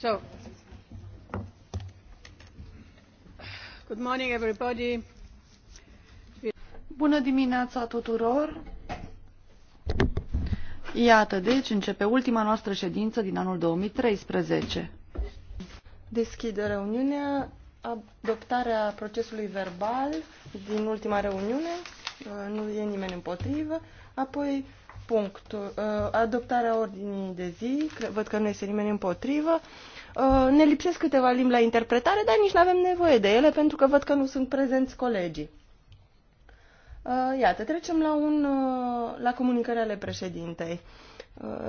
So, good morning everybody. Bună dimineața tuturor! Iată, deci începe ultima noastră ședință din anul 2013. Deschid reuniunea, adoptarea procesului verbal din ultima reuniune, nu e nimeni împotrivă, apoi punctul, uh, adoptarea ordinii de zi, văd că nu este nimeni împotrivă. Uh, ne lipsesc câteva limbi la interpretare, dar nici nu avem nevoie de ele pentru că văd că nu sunt prezenți colegii. Uh, iată, trecem la, un, la comunicarea ale președintei.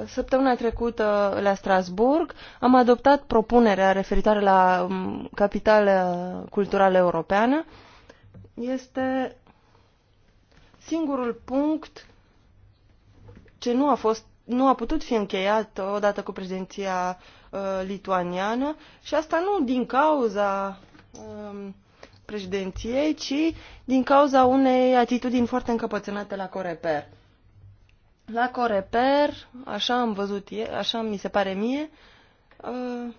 Săptămâna trecută la Strasburg am adoptat propunerea referitoare la um, capitala culturală europeană. Este singurul punct ce nu a, fost, nu a putut fi încheiat odată cu prezenția uh, lituaniană și asta nu din cauza um, președinției, ci din cauza unei atitudini foarte încăpățânate la Coreper. La Coreper, așa am văzut, așa mi se pare mie, uh,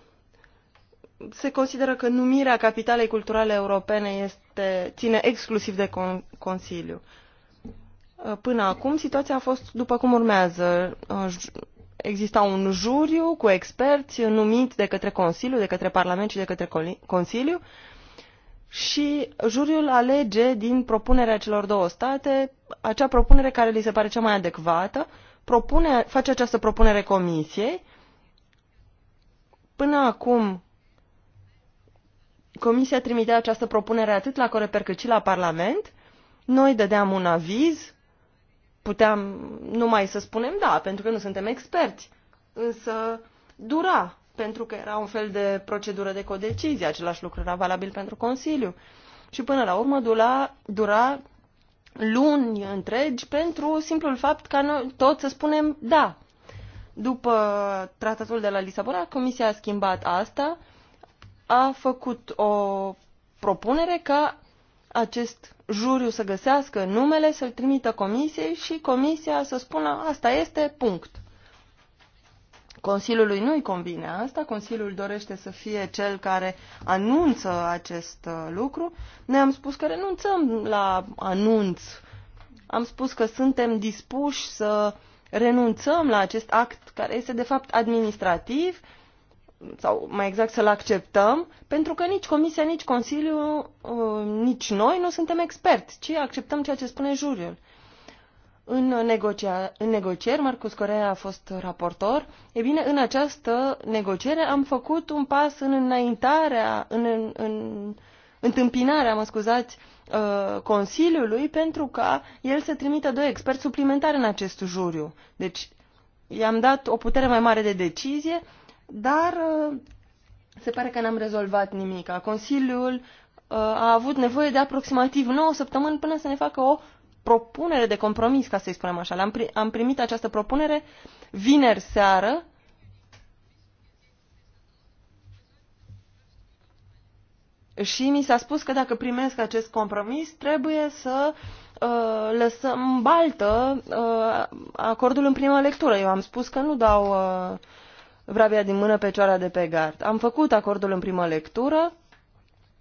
se consideră că numirea capitalei culturale europene este, ține exclusiv de con Consiliu. Uh, până acum, situația a fost după cum urmează. Uh, exista un juriu cu experți numiți de către Consiliu, de către Parlament și de către Consiliu și juriul alege din propunerea celor două state acea propunere care li se pare cea mai adecvată, propune, face această propunere Comisiei. Până acum, Comisia trimitea această propunere atât la Coreper cât și la Parlament. Noi dădeam un aviz puteam numai să spunem da, pentru că nu suntem experți, însă dura, pentru că era un fel de procedură de codecizie, același lucru era valabil pentru Consiliu. Și până la urmă dura, dura luni întregi pentru simplul fapt ca noi toți să spunem da. După tratatul de la Lisabona, Comisia a schimbat asta, a făcut o propunere ca acest juriu să găsească numele, să-l trimită comisiei și comisia să spună asta este, punct. Consiliului nu-i convine asta, Consiliul dorește să fie cel care anunță acest uh, lucru. Ne-am spus că renunțăm la anunț, am spus că suntem dispuși să renunțăm la acest act care este de fapt administrativ, uh, sau mai exact să-l acceptăm, pentru că nici Comisia, nici Consiliul, uh, nici noi nu suntem experți, ci acceptăm ceea ce spune juriul. În, negocia, în negocieri, Marcus Corea a fost raportor. E bine, în această negociere am făcut un pas în înaintarea, în, în, în întâmpinarea, mă scuzați, uh, Consiliului pentru ca el să trimită doi experți suplimentari în acest juriu. Deci i-am dat o putere mai mare de decizie dar uh, se pare că n-am rezolvat nimic. Consiliul uh, a avut nevoie de aproximativ 9 săptămâni până să ne facă o propunere de compromis, ca să-i spunem așa. Am, primit această propunere vineri seară. Și mi s-a spus că dacă primesc acest compromis, trebuie să uh, lăsăm baltă uh, acordul în prima lectură. Eu am spus că nu dau uh, vrabia din mână pe de pe gard. Am făcut acordul în primă lectură,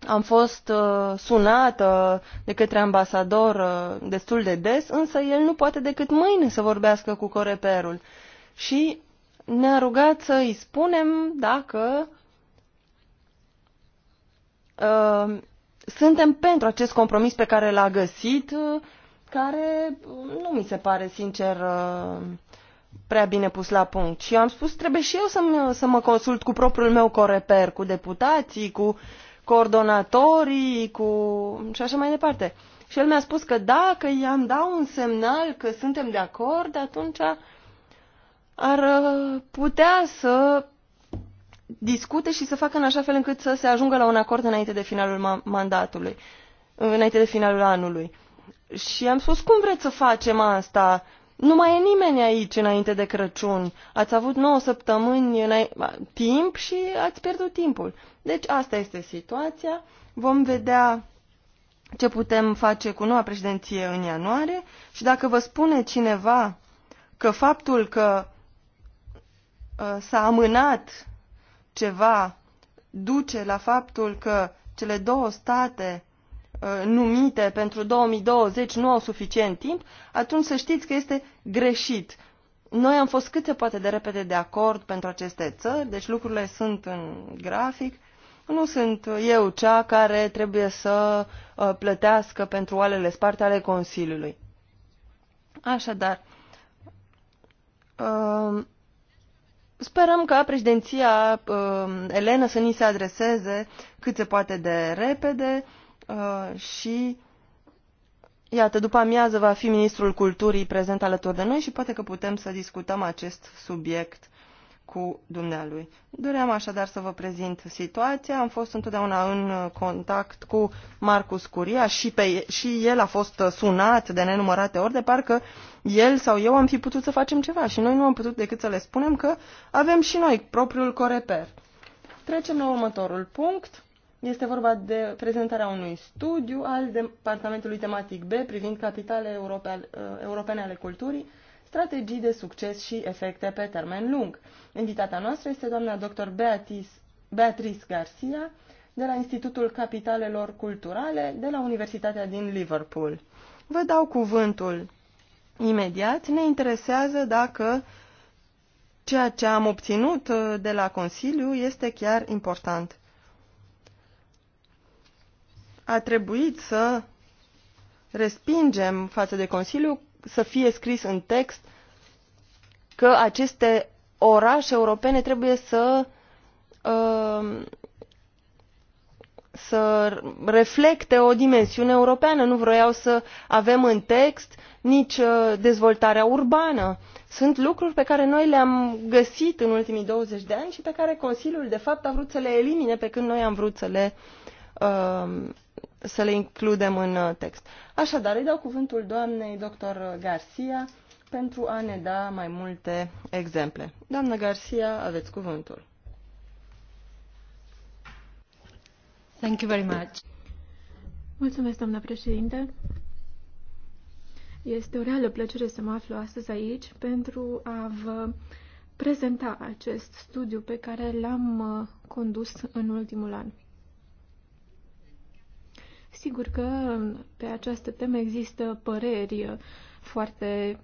am fost uh, sunată de către ambasador uh, destul de des, însă el nu poate decât mâine să vorbească cu coreperul. Și ne-a rugat să îi spunem dacă uh, suntem pentru acest compromis pe care l-a găsit, uh, care uh, nu mi se pare sincer uh, prea bine pus la punct. Și eu am spus, trebuie și eu să, mă, să mă consult cu propriul meu coreper, cu deputații, cu coordonatorii, cu... și așa mai departe. Și el mi-a spus că dacă i-am dat un semnal că suntem de acord, atunci ar uh, putea să discute și să facă în așa fel încât să se ajungă la un acord înainte de finalul mandatului, înainte de finalul anului. Și am spus, cum vreți să facem asta? Nu mai e nimeni aici înainte de Crăciun. Ați avut 9 săptămâni timp și ați pierdut timpul. Deci asta este situația. Vom vedea ce putem face cu noua președinție în ianuarie și dacă vă spune cineva că faptul că uh, s-a amânat ceva duce la faptul că cele două state Uh, numite pentru 2020 nu au suficient timp, atunci să știți că este greșit. Noi am fost cât se poate de repede de acord pentru aceste țări, deci lucrurile sunt în grafic. Nu sunt eu cea care trebuie să uh, plătească pentru oalele sparte ale Consiliului. Așadar, uh, sperăm ca președinția Elena să ni se adreseze cât se poate de repede Uh, și iată, după amiază va fi ministrul culturii prezent alături de noi și poate că putem să discutăm acest subiect cu dumnealui. Doream așadar să vă prezint situația. Am fost întotdeauna în contact cu Marcus Curia și, pe, și el a fost sunat de nenumărate ori de parcă el sau eu am fi putut să facem ceva și noi nu am putut decât să le spunem că avem și noi propriul coreper. Trecem la următorul punct. Este vorba de prezentarea unui studiu al Departamentului Tematic B privind capitale europene ale culturii, strategii de succes și efecte pe termen lung. Invitata noastră este doamna dr. Beatrice Garcia de la Institutul Capitalelor Culturale de la Universitatea din Liverpool. Vă dau cuvântul imediat. Ne interesează dacă ceea ce am obținut uh, de la Consiliu este chiar important a trebuit să respingem față de Consiliu să fie scris în text că aceste orașe europene trebuie să um, să reflecte o dimensiune europeană. Nu vroiau să avem în text nici uh, dezvoltarea urbană. Sunt lucruri pe care noi le-am găsit în ultimii 20 de ani și pe care Consiliul, de fapt, a vrut să le elimine pe când noi am vrut să le uh, să le includem în uh, text. Așadar, îi dau cuvântul doamnei dr. Garcia pentru a ne da mai multe exemple. Doamna Garcia, aveți cuvântul. Thank you very much. Mulțumesc, doamna președinte. Este o reală plăcere să mă aflu astăzi aici pentru a vă prezenta acest studiu pe care l-am uh, condus în ultimul an. Sigur că pe această temă există păreri foarte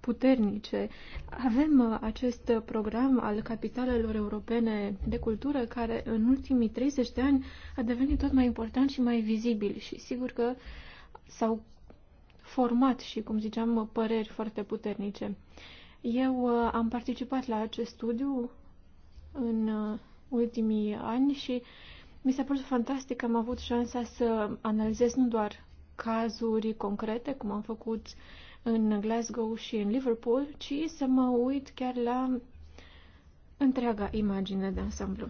puternice. Avem acest program al capitalelor europene de cultură care în ultimii 30 de ani a devenit tot mai important și mai vizibil și sigur că s-au format și, cum ziceam, păreri foarte puternice. Eu uh, am participat la acest studiu în uh, ultimii ani și mi s-a părut fantastic că am avut șansa să analizez nu doar cazuri concrete, cum am făcut în Glasgow și în Liverpool, ci să mă uit chiar la întreaga imagine de ansamblu.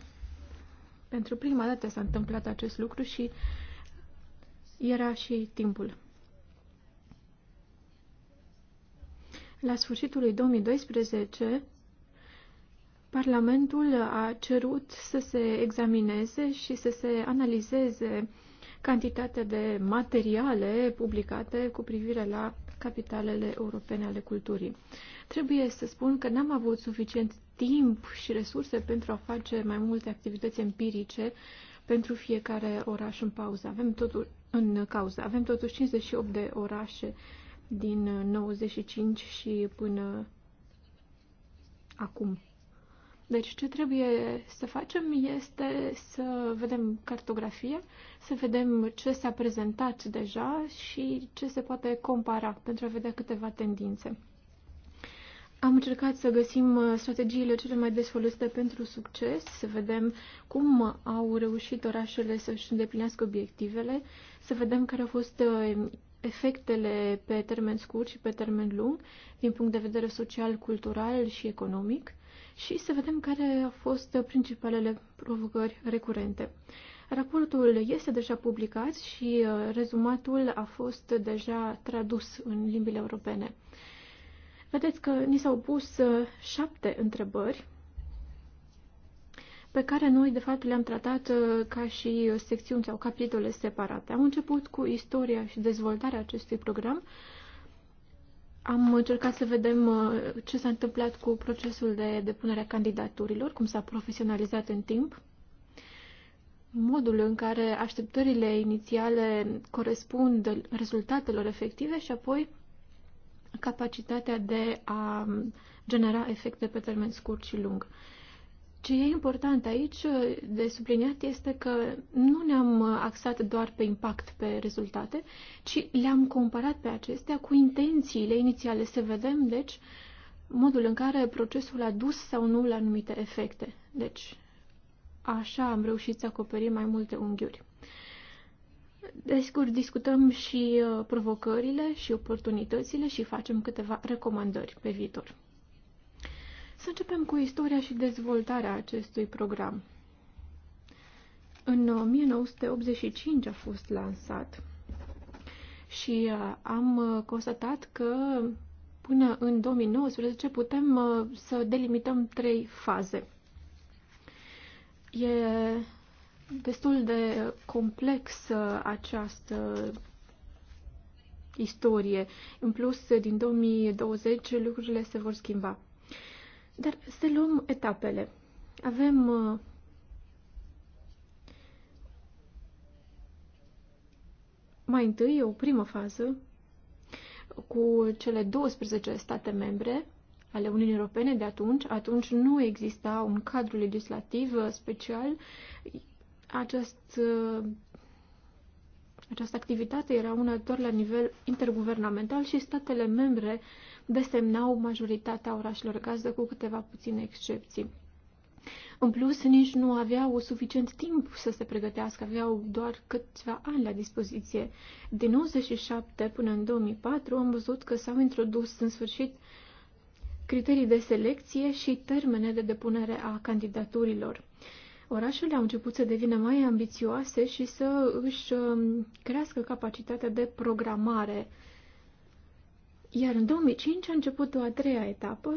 Pentru prima dată s-a întâmplat acest lucru și era și timpul. La sfârșitul lui 2012 Parlamentul a cerut să se examineze și să se analizeze cantitatea de materiale publicate cu privire la capitalele europene ale culturii. Trebuie să spun că n-am avut suficient timp și resurse pentru a face mai multe activități empirice pentru fiecare oraș în pauză. Avem totul în cauză. Avem totuși 58 de orașe din 95 și până acum. Deci ce trebuie să facem este să vedem cartografie, să vedem ce s-a prezentat deja și ce se poate compara pentru a vedea câteva tendințe. Am încercat să găsim uh, strategiile cele mai des folosite pentru succes, să vedem cum au reușit orașele să-și îndeplinească obiectivele, să vedem care au fost uh, efectele pe termen scurt și pe termen lung, din punct de vedere social, cultural și economic și să vedem care au fost principalele provocări recurente. Raportul este deja publicat și uh, rezumatul a fost deja tradus în limbile europene. Vedeți că ni s-au pus uh, șapte întrebări pe care noi, de fapt, le-am tratat uh, ca și secțiuni sau capitole separate. Am început cu istoria și dezvoltarea acestui program am încercat să vedem uh, ce s-a întâmplat cu procesul de depunere a candidaturilor, cum s-a profesionalizat în timp, modul în care așteptările inițiale corespund rezultatelor efective și apoi capacitatea de a um, genera efecte pe termen scurt și lung. Ce e important aici uh, de subliniat este că nu ne-am uh, axat doar pe impact, pe rezultate, ci le-am comparat pe acestea cu intențiile inițiale, să vedem, deci, modul în care procesul a dus sau nu la anumite efecte. Deci, așa am reușit să acoperim mai multe unghiuri. Desigur, discutăm și uh, provocările și oportunitățile și facem câteva recomandări pe viitor. Să începem cu istoria și dezvoltarea acestui program. În 1985 uh, a fost lansat și uh, am uh, constatat că până în 2019 putem să delimităm trei faze. E destul de complex această istorie. În plus, din 2020 lucrurile se vor schimba. Dar să luăm etapele. Avem uh, mai întâi o primă fază cu cele 12 state membre ale Uniunii Europene de atunci. Atunci nu exista un cadru legislativ uh, special. Acest uh, această activitate era una doar la nivel interguvernamental și statele membre desemnau majoritatea orașelor gazdă cu câteva puține excepții. În plus, nici nu aveau suficient timp să se pregătească, aveau doar câțiva ani la dispoziție. Din 97 până în 2004 am văzut că s-au introdus în sfârșit criterii de selecție și termene de depunere a candidaturilor orașele au început să devină mai ambițioase și să își um, crească capacitatea de programare. Iar în 2005 a început o a treia etapă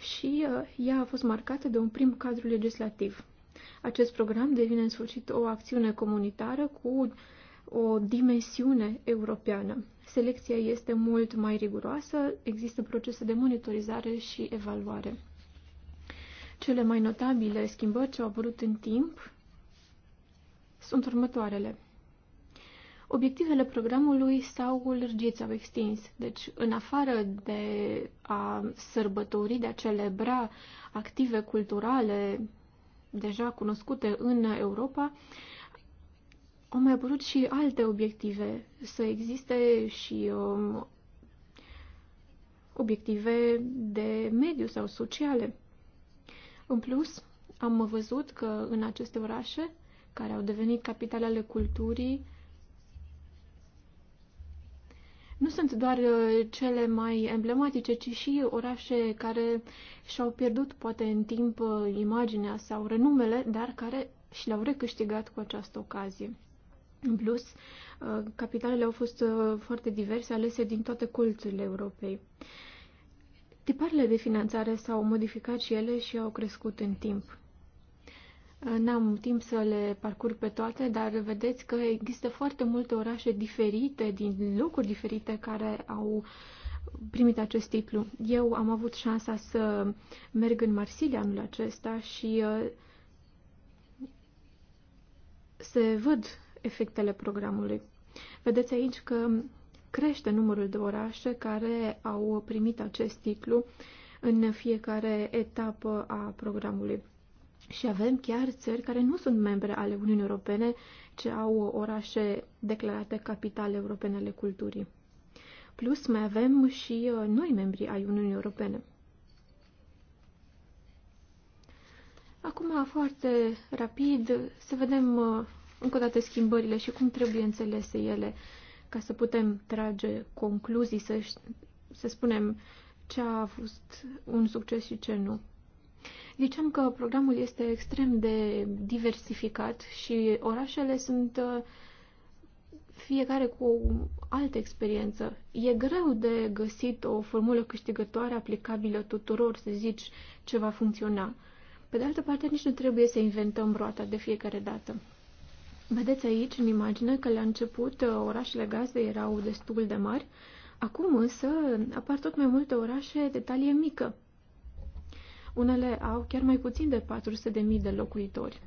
și uh, ea a fost marcată de un prim cadru legislativ. Acest program devine în sfârșit o acțiune comunitară cu o dimensiune europeană. Selecția este mult mai riguroasă, există procese de monitorizare și evaluare. Cele mai notabile schimbări ce au apărut în timp sunt următoarele. Obiectivele programului s-au lărgit, s-au extins. Deci, în afară de a sărbători, de a celebra active culturale deja cunoscute în Europa, au mai apărut și alte obiective. Să existe și um, obiective de mediu sau sociale. În plus, am văzut că în aceste orașe, care au devenit capitale ale culturii, nu sunt doar uh, cele mai emblematice, ci și orașe care și-au pierdut poate în timp uh, imaginea sau renumele, dar care și le au recâștigat cu această ocazie. În plus, uh, capitalele au fost foarte diverse, alese din toate colțurile Europei. Tiparele de finanțare s-au modificat și ele și au crescut în timp. Uh, n-am timp să le parcurg pe toate, dar vedeți că există foarte multe orașe diferite, din locuri diferite, care au primit acest titlu. Eu am avut șansa să merg în Marsilia anul acesta și uh, se văd efectele programului. Vedeți aici că crește numărul de orașe care au primit acest titlu în fiecare etapă a programului. Și avem chiar țări care nu sunt membre ale Uniunii Europene, ce au orașe declarate capitale europene ale culturii. Plus, mai avem și uh, noi membri ai Uniunii Europene. Acum, foarte rapid, să vedem uh, încă o dată schimbările și cum trebuie înțelese ele ca să putem trage concluzii, să, să spunem ce a fost un succes și ce nu. Ziceam că programul este extrem de diversificat și orașele sunt uh, fiecare cu altă experiență. E greu de găsit o formulă câștigătoare aplicabilă tuturor, să zici ce va funcționa. Pe de altă parte, nici nu trebuie să inventăm roata de fiecare dată. Vedeți aici în imagine că la început uh, orașele gazde erau destul de mari, acum însă apar tot mai multe orașe de talie mică. Unele au chiar mai puțin de 400.000 de locuitori.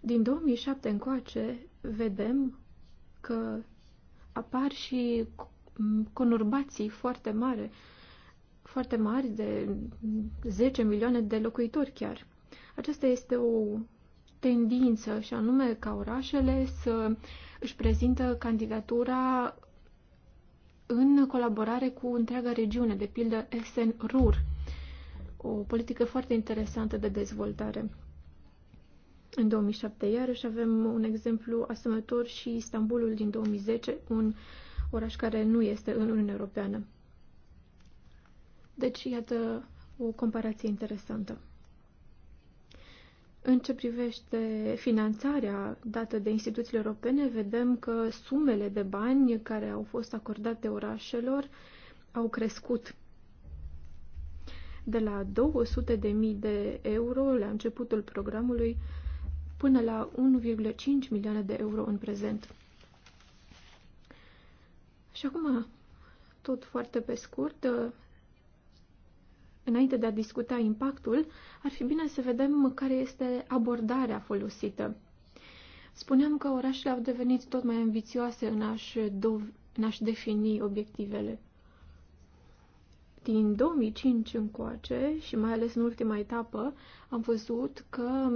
Din 2007 încoace vedem că apar și conurbații foarte mari, foarte mari de 10 milioane de locuitori chiar. Aceasta este o tendință, și anume ca orașele să își prezintă candidatura în colaborare cu întreaga regiune, de pildă Essen-Rur, o politică foarte interesantă de dezvoltare. În 2007 iarăși avem un exemplu asemănător și Istanbulul din 2010, un oraș care nu este în Uniunea Europeană. Deci, iată o comparație interesantă. În ce privește finanțarea dată de instituțiile europene, vedem că sumele de bani care au fost acordate orașelor au crescut de la 200.000 de euro la începutul programului până la 1,5 milioane de euro în prezent. Și acum, tot foarte pe scurt, înainte de a discuta impactul, ar fi bine să vedem care este abordarea folosită. Spuneam că orașele au devenit tot mai ambițioase în a-și, în a defini obiectivele. Din 2005 încoace, și mai ales în ultima etapă, am văzut că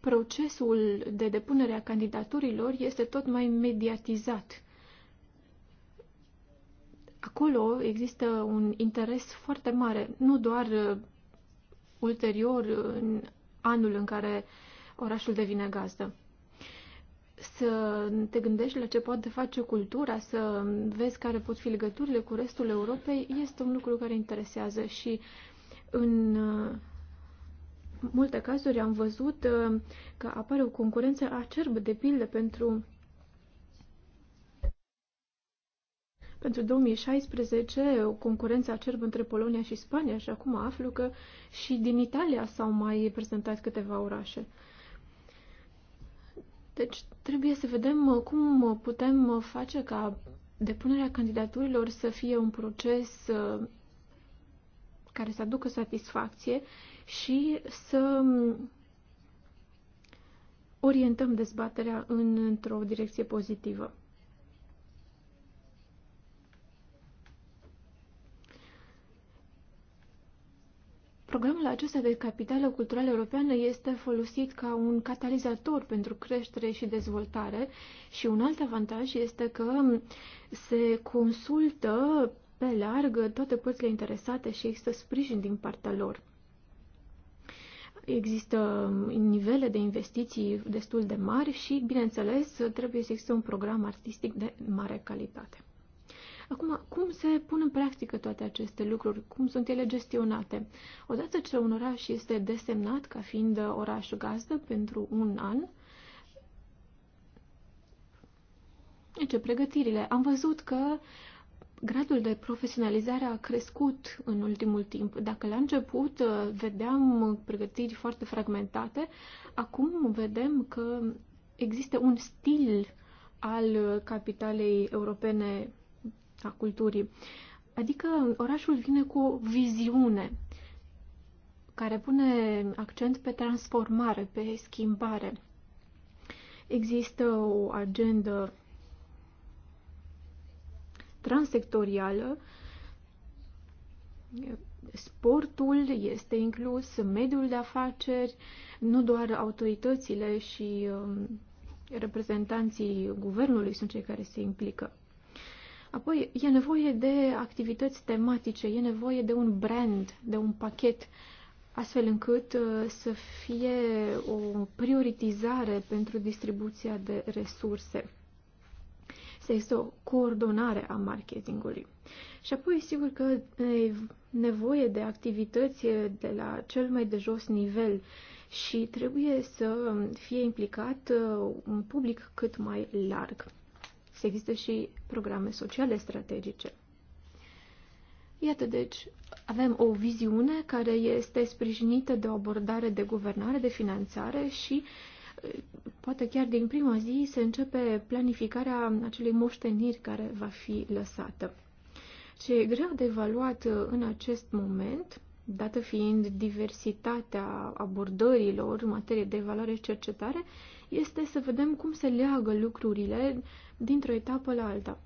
procesul de depunere a candidaturilor este tot mai mediatizat Acolo există un interes foarte mare, nu doar uh, ulterior în anul în care orașul devine gazdă. Să te gândești la ce poate face cultura, să vezi care pot fi legăturile cu restul Europei, este un lucru care interesează și în uh, multe cazuri am văzut uh, că apare o concurență acerbă de pildă pentru Pentru 2016, o concurență acerbă între Polonia și Spania și acum aflu că și din Italia s-au mai prezentat câteva orașe. Deci trebuie să vedem uh, cum uh, putem uh, face ca depunerea candidaturilor să fie un proces care să aducă satisfacție și să um, orientăm dezbaterea în, într-o direcție pozitivă. Programul acesta de capitală culturală europeană este folosit ca un catalizator pentru creștere și dezvoltare și un alt avantaj este că se consultă pe larg toate părțile interesate și există sprijin din partea lor. Există nivele de investiții destul de mari și, bineînțeles, trebuie să existe un program artistic de mare calitate. Acum, cum se pun în practică toate aceste lucruri? Cum sunt ele gestionate? Odată ce un oraș este desemnat ca fiind oraș gazdă pentru un an, ce pregătirile? Am văzut că gradul de profesionalizare a crescut în ultimul timp. Dacă la început uh, vedeam pregătiri foarte fragmentate, acum vedem că există un stil al capitalei europene a culturii. Adică orașul vine cu o viziune care pune accent pe transformare, pe schimbare. Există o agendă transsectorială. Sportul este inclus, mediul de afaceri, nu doar autoritățile și um, reprezentanții guvernului sunt cei care se implică. Apoi, e nevoie de activități tematice, e nevoie de un brand, de un pachet, astfel încât uh, să fie o prioritizare pentru distribuția de resurse. Să este o coordonare a marketingului. Și apoi, sigur că e nevoie de activități de la cel mai de jos nivel și trebuie să fie implicat uh, un public cât mai larg să existe și programe sociale strategice. Iată, deci, avem o viziune care este sprijinită de o abordare de guvernare, de finanțare și uh, poate chiar din prima zi se începe planificarea acelei moșteniri care va fi lăsată. Ce e greu de evaluat uh, în acest moment, dată fiind diversitatea abordărilor în materie de evaluare și cercetare, este să vedem cum se leagă lucrurile dintr-o etapă la alta.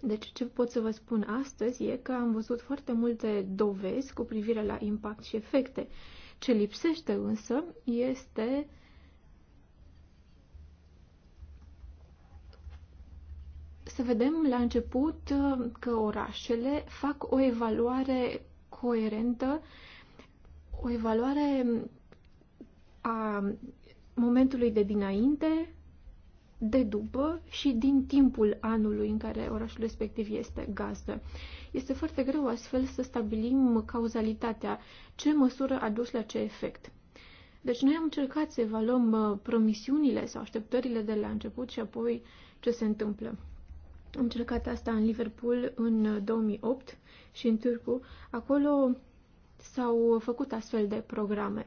Deci ce pot să vă spun astăzi e că am văzut foarte multe dovezi cu privire la impact și efecte. Ce lipsește însă este să vedem la început uh, că orașele fac o evaluare coerentă, o evaluare a momentului de dinainte, de după și din timpul anului în care orașul respectiv este gazdă. Este foarte greu astfel să stabilim cauzalitatea, ce măsură a dus la ce efect. Deci noi am încercat să evaluăm uh, promisiunile sau așteptările de la început și apoi ce se întâmplă. Am încercat asta în Liverpool în 2008 uh, și în Turcu. Acolo s-au făcut astfel de programe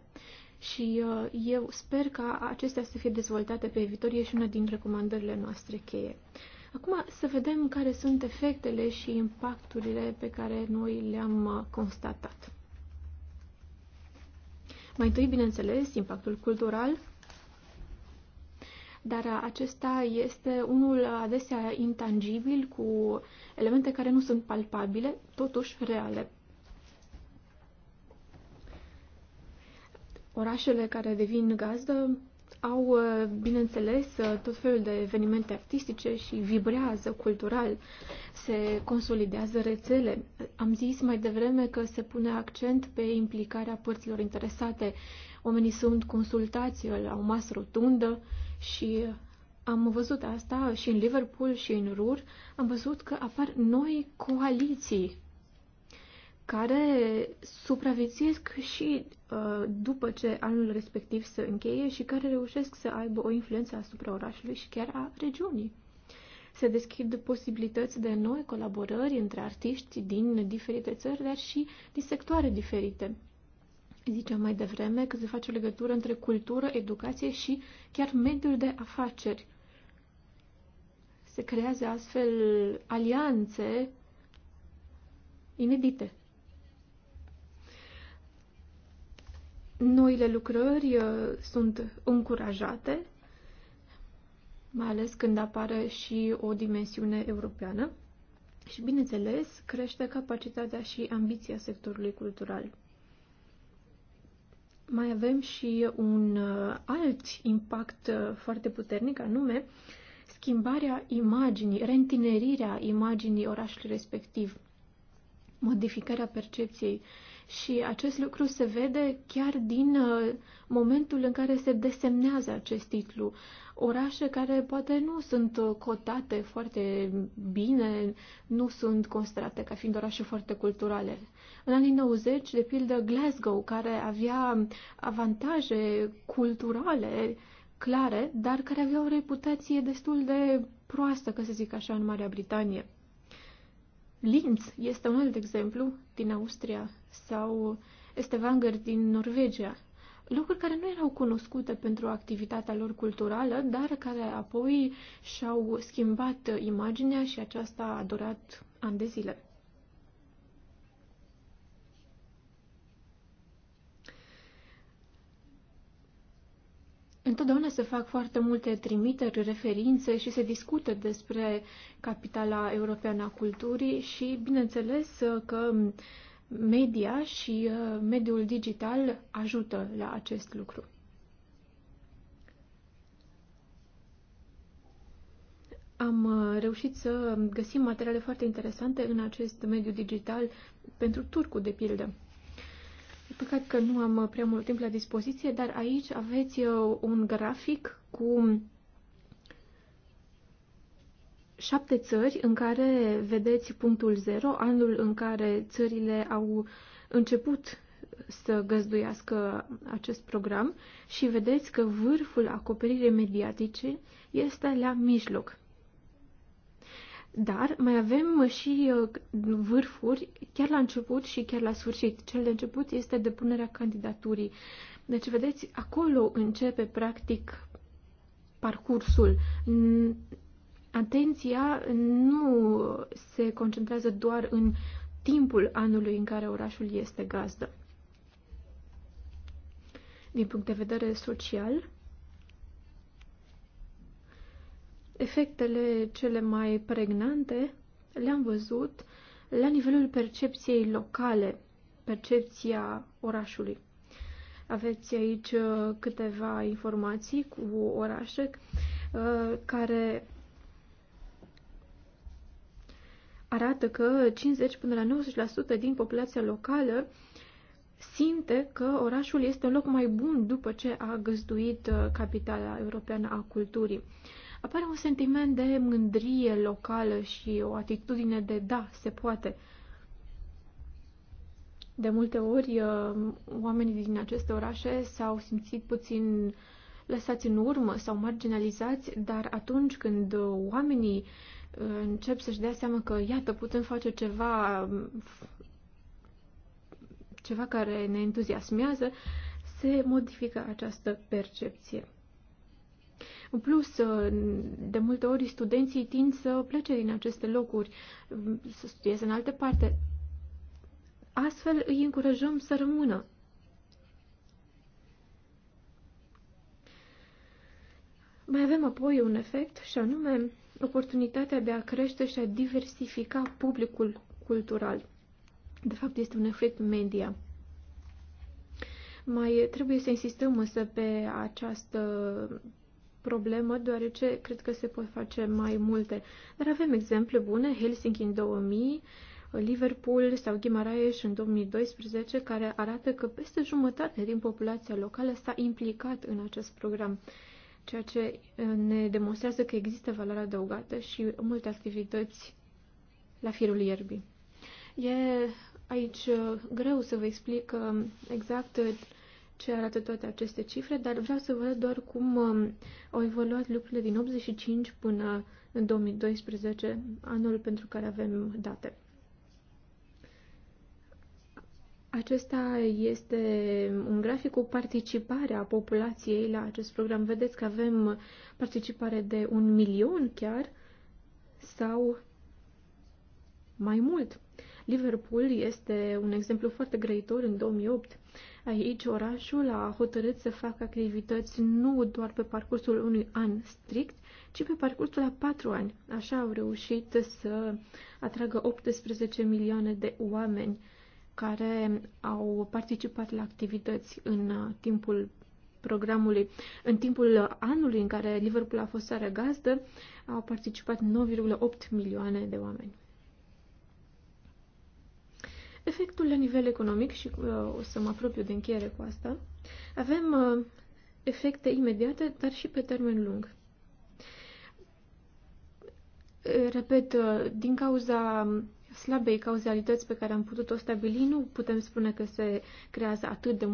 și uh, eu sper ca acestea să fie dezvoltate pe viitor. E și una din recomandările noastre cheie. Acum să vedem care sunt efectele și impacturile pe care noi le-am uh, constatat. Mai întâi, bineînțeles, impactul cultural, dar uh, acesta este unul adesea intangibil, cu elemente care nu sunt palpabile, totuși reale. orașele care devin gazdă au, uh, bineînțeles, uh, tot felul de evenimente artistice și vibrează cultural, se consolidează rețele. Am zis mai devreme că se pune accent pe implicarea părților interesate. Oamenii sunt consultați la o masă rotundă și am văzut asta și în Liverpool și în Rur. Am văzut că apar noi coaliții care supraviețuiesc și uh, după ce anul respectiv se încheie și care reușesc să aibă o influență asupra orașului și chiar a regiunii. Se deschid posibilități de noi colaborări între artiști din diferite țări, dar și din sectoare diferite. Ziceam mai devreme că se face o legătură între cultură, educație și chiar mediul de afaceri. Se creează astfel alianțe inedite. noile lucrări uh, sunt încurajate, mai ales când apare și o dimensiune europeană și, bineînțeles, crește capacitatea și ambiția sectorului cultural. Mai avem și un uh, alt impact uh, foarte puternic, anume schimbarea imaginii, rentinerirea imaginii orașului respectiv, modificarea percepției. Și acest lucru se vede chiar din uh, momentul în care se desemnează acest titlu. Orașe care poate nu sunt uh, cotate foarte bine, nu sunt considerate ca fiind orașe foarte culturale. În anii 90, de pildă, Glasgow, care avea avantaje culturale clare, dar care avea o reputație destul de proastă, ca să zic așa, în Marea Britanie. Linz este un alt exemplu din Austria sau Estevanger din Norvegia, locuri care nu erau cunoscute pentru activitatea lor culturală, dar care apoi și-au schimbat imaginea și aceasta a durat ani de zile. Întotdeauna se fac foarte multe trimiteri, referințe și se discută despre capitala europeană a culturii și, bineînțeles, că media și uh, mediul digital ajută la acest lucru. Am uh, reușit să găsim materiale foarte interesante în acest mediu digital pentru Turcu, de pildă. Păcat că nu am uh, prea mult timp la dispoziție, dar aici aveți uh, un grafic cu șapte țări în care vedeți punctul zero, anul în care țările au început să găzduiască acest program și vedeți că vârful acoperirii mediatice este la mijloc. Dar mai avem și uh, vârfuri chiar la început și chiar la sfârșit. Cel de început este depunerea candidaturii. Deci, vedeți, acolo începe practic parcursul. Atenția nu se concentrează doar în timpul anului în care orașul este gazdă. Din punct de vedere social, Efectele cele mai pregnante le-am văzut la nivelul percepției locale, percepția orașului. Aveți aici uh, câteva informații cu orașe uh, care arată că 50 până la 90% din populația locală simte că orașul este un loc mai bun după ce a găzduit uh, capitala europeană a culturii apare un sentiment de mândrie locală și o atitudine de da, se poate. De multe ori, uh, oamenii din aceste orașe s-au simțit puțin lăsați în urmă sau marginalizați, dar atunci când oamenii uh, încep să-și dea seama că, iată, putem face ceva, ceva care ne entuziasmează, se modifică această percepție. În plus, uh, de multe ori studenții tind să plece din aceste locuri, mm, să studieze în alte parte. Astfel îi încurajăm să rămână. Mai avem apoi un efect și anume oportunitatea de a crește și a diversifica publicul cultural. De fapt, este un efect media. Mai trebuie să insistăm însă pe această problemă, deoarece cred că se pot face mai multe. Dar avem exemple bune, Helsinki în 2000, Liverpool sau Ghimaraes în 2012, care arată că peste jumătate din populația locală s-a implicat în acest program, ceea ce uh, ne demonstrează că există valoare adăugată și multe activități la firul ierbii. E aici uh, greu să vă explic uh, exact ce arată toate aceste cifre, dar vreau să văd doar cum um, au evoluat lucrurile din 85 până în 2012, anul pentru care avem date. Acesta este un grafic cu participarea populației la acest program. Vedeți că avem participare de un milion chiar sau mai mult. Liverpool este un exemplu foarte grăitor în 2008. Aici orașul a hotărât să facă activități nu doar pe parcursul unui an strict, ci pe parcursul a patru ani. Așa au reușit să atragă 18 milioane de oameni care au participat la activități în uh, timpul programului. În timpul anului în care Liverpool a fost țară gazdă, au participat 9,8 milioane de oameni. Efectul la nivel economic, și uh, o să mă apropiu de încheiere cu asta, avem uh, efecte imediate, dar și pe termen lung. Uh, repet, din cauza slabei cauzalități pe care am putut-o stabili, nu putem spune că se creează atât de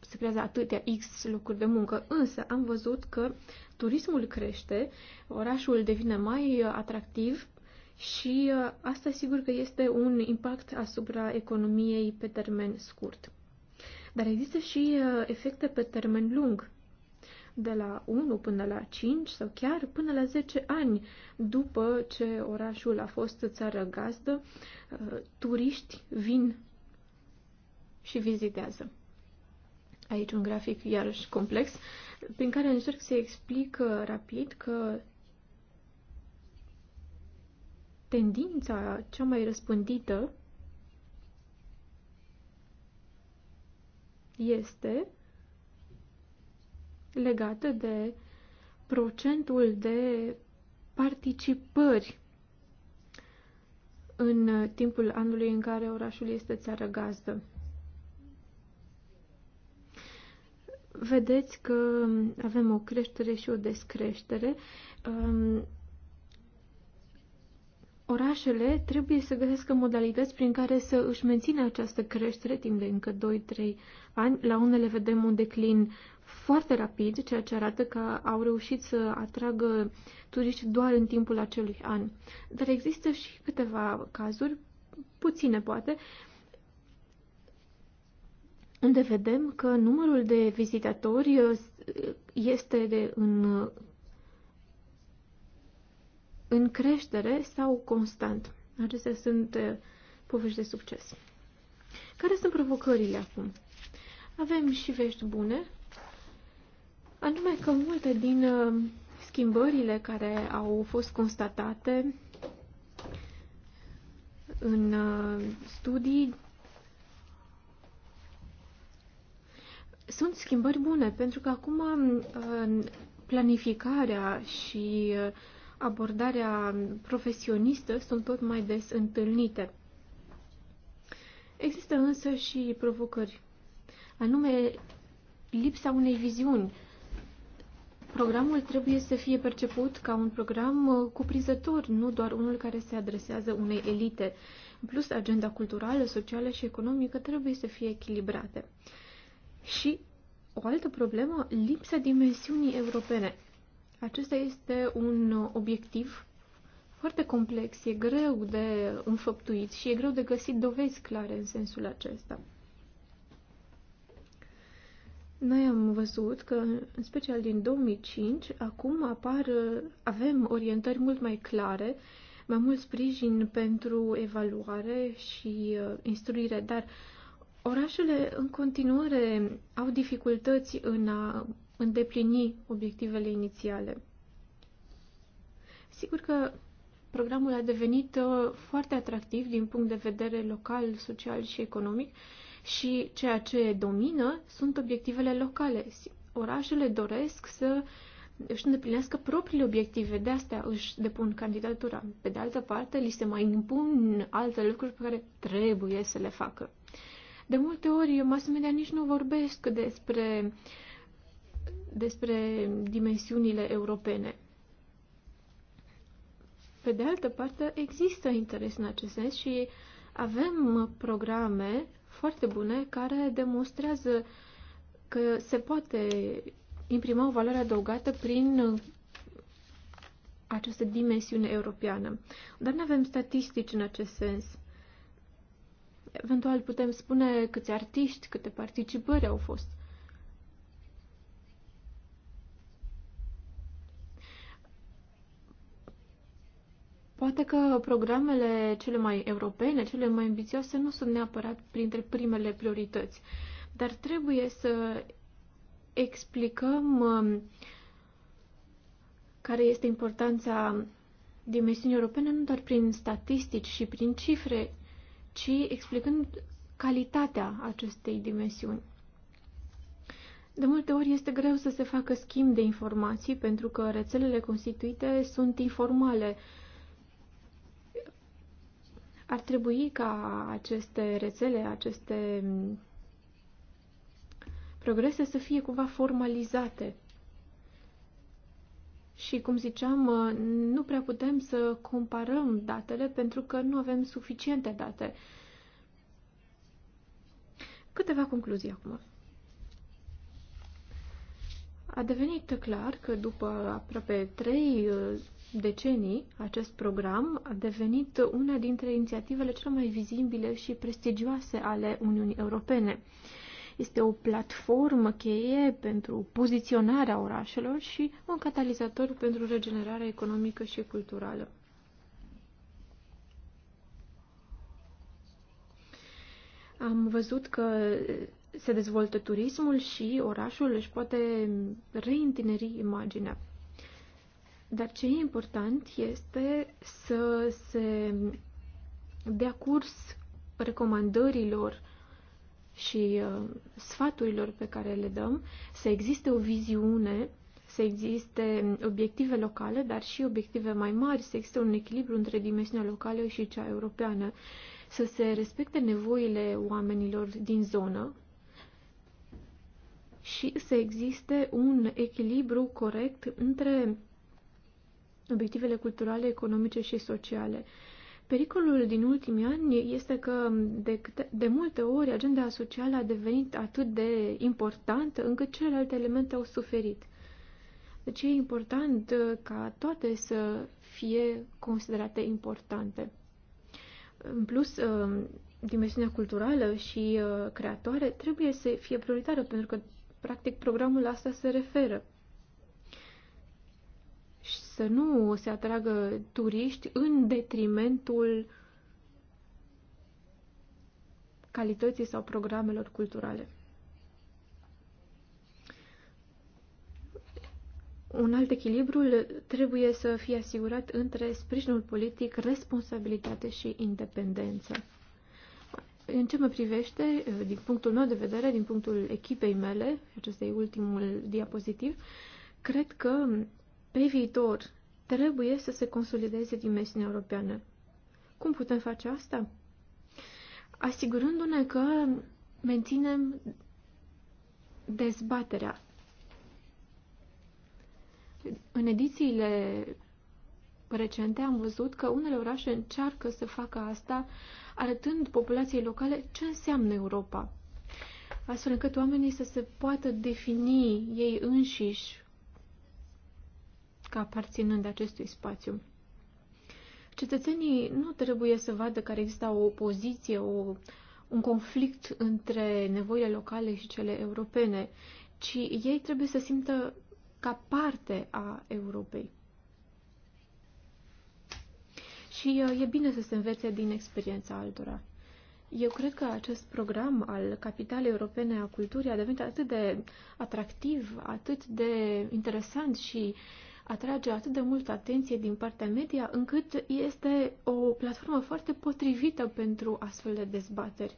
se creează atâtea X locuri de muncă, însă am văzut că turismul crește, orașul devine mai atractiv și uh, asta sigur că este un impact asupra economiei pe termen scurt. Dar există și uh, efecte pe termen lung, de la 1 până la 5 sau chiar până la 10 ani după ce orașul a fost țară gazdă, uh, turiști vin și vizitează. Aici un grafic iarăși complex, prin care încerc să explic rapid că tendința cea mai răspândită este legată de procentul de participări în timpul anului în care orașul este țară gazdă. Vedeți că avem o creștere și o descreștere. Um, orașele trebuie să găsească modalități prin care să își mențină această creștere timp de încă 2-3 ani. La unele vedem un declin foarte rapid, ceea ce arată că au reușit să atragă turiști doar în timpul acelui an. Dar există și câteva cazuri, puține poate, unde vedem că numărul de vizitatori este de, în în creștere sau constant. Acestea sunt eh, povești de succes. Care sunt provocările acum? Avem și vești bune, anume că multe din eh, schimbările care au fost constatate în eh, studii sunt schimbări bune, pentru că acum planificarea și abordarea profesionistă sunt tot mai des întâlnite. Există însă și provocări, anume lipsa unei viziuni. Programul trebuie să fie perceput ca un program uh, cuprinzător, nu doar unul care se adresează unei elite. În plus, agenda culturală, socială și economică trebuie să fie echilibrate. Și o altă problemă, lipsa dimensiunii europene. Acesta este un obiectiv foarte complex, e greu de înfăptuit și e greu de găsit dovezi clare în sensul acesta. Noi am văzut că, în special din 2005, acum apar, avem orientări mult mai clare, mai mult sprijin pentru evaluare și uh, instruire, dar orașele în continuare au dificultăți în a îndeplini obiectivele inițiale. Sigur că programul a devenit uh, foarte atractiv din punct de vedere local, social și economic și ceea ce domină sunt obiectivele locale. Orașele doresc să își îndeplinească propriile obiective, de astea își depun candidatura. Pe de altă parte, li se mai impun alte lucruri pe care trebuie să le facă. De multe ori, mass media nici nu vorbesc despre uh, despre dimensiunile europene. Pe de altă parte, există interes în acest sens și avem programe foarte bune care demonstrează că se poate imprima o valoare adăugată prin această dimensiune europeană. Dar nu avem statistici în acest sens. Eventual putem spune câți artiști, câte participări au fost. Poate că programele cele mai europene, cele mai ambițioase, nu sunt neapărat printre primele priorități, dar trebuie să explicăm um, care este importanța dimensiunii europene nu doar prin statistici și prin cifre, ci explicând calitatea acestei dimensiuni. De multe ori este greu să se facă schimb de informații pentru că rețelele constituite sunt informale, ar trebui ca aceste rețele, aceste progrese să fie cumva formalizate. Și, cum ziceam, nu prea putem să comparăm datele pentru că nu avem suficiente date. Câteva concluzii acum. A devenit clar că după aproape trei uh, decenii, acest program a devenit una dintre inițiativele cele mai vizibile și prestigioase ale Uniunii Europene. Este o platformă cheie pentru poziționarea orașelor și un catalizator pentru regenerarea economică și culturală. Am văzut că se dezvoltă turismul și orașul își poate reîntineri imaginea. Dar ce e important este să se dea curs recomandărilor și uh, sfaturilor pe care le dăm, să existe o viziune, să existe obiective locale, dar și obiective mai mari, să existe un echilibru între dimensiunea locală și cea europeană, să se respecte nevoile oamenilor din zonă, și să existe un echilibru corect între obiectivele culturale, economice și sociale. Pericolul din ultimii ani este că de, de multe ori agenda socială a devenit atât de importantă încât celelalte elemente au suferit. Deci e important uh, ca toate să fie considerate importante. În plus, uh, dimensiunea culturală și uh, creatoare trebuie să fie prioritară pentru că Practic, programul asta se referă. Și să nu se atragă turiști în detrimentul calității sau programelor culturale. Un alt echilibru trebuie să fie asigurat între sprijinul politic, responsabilitate și independență. În ce mă privește, eh, din punctul meu de vedere, din punctul echipei mele, acesta e ultimul diapozitiv, cred că pe viitor trebuie să se consolideze dimensiunea europeană. Cum putem face asta? Asigurându-ne că menținem dezbaterea. În edițiile recente am văzut că unele orașe încearcă să facă asta, arătând populației locale ce înseamnă Europa, astfel încât oamenii să se poată defini ei înșiși ca aparținând acestui spațiu. Cetățenii nu trebuie să vadă că există o opoziție, o, un conflict între nevoile locale și cele europene, ci ei trebuie să simtă ca parte a Europei și uh, e bine să se învețe din experiența altora. Eu cred că acest program al Capitalei Europene a Culturii a devenit atât de atractiv, atât de interesant și atrage atât de multă atenție din partea media, încât este o platformă foarte potrivită pentru astfel de dezbateri.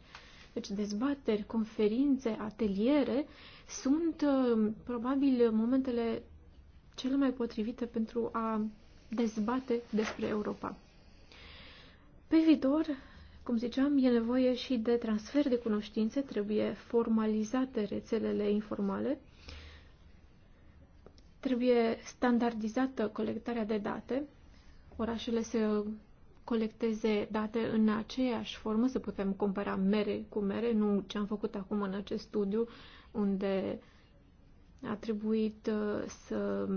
Deci dezbateri, conferințe, ateliere sunt uh, probabil momentele cele mai potrivite pentru a dezbate despre Europa. Pe viitor, cum ziceam, e nevoie și de transfer de cunoștințe, trebuie formalizate rețelele informale, trebuie standardizată colectarea de date, orașele să colecteze date în aceeași formă, să putem compara mere cu mere, nu ce am făcut acum în acest studiu, unde a trebuit uh, să,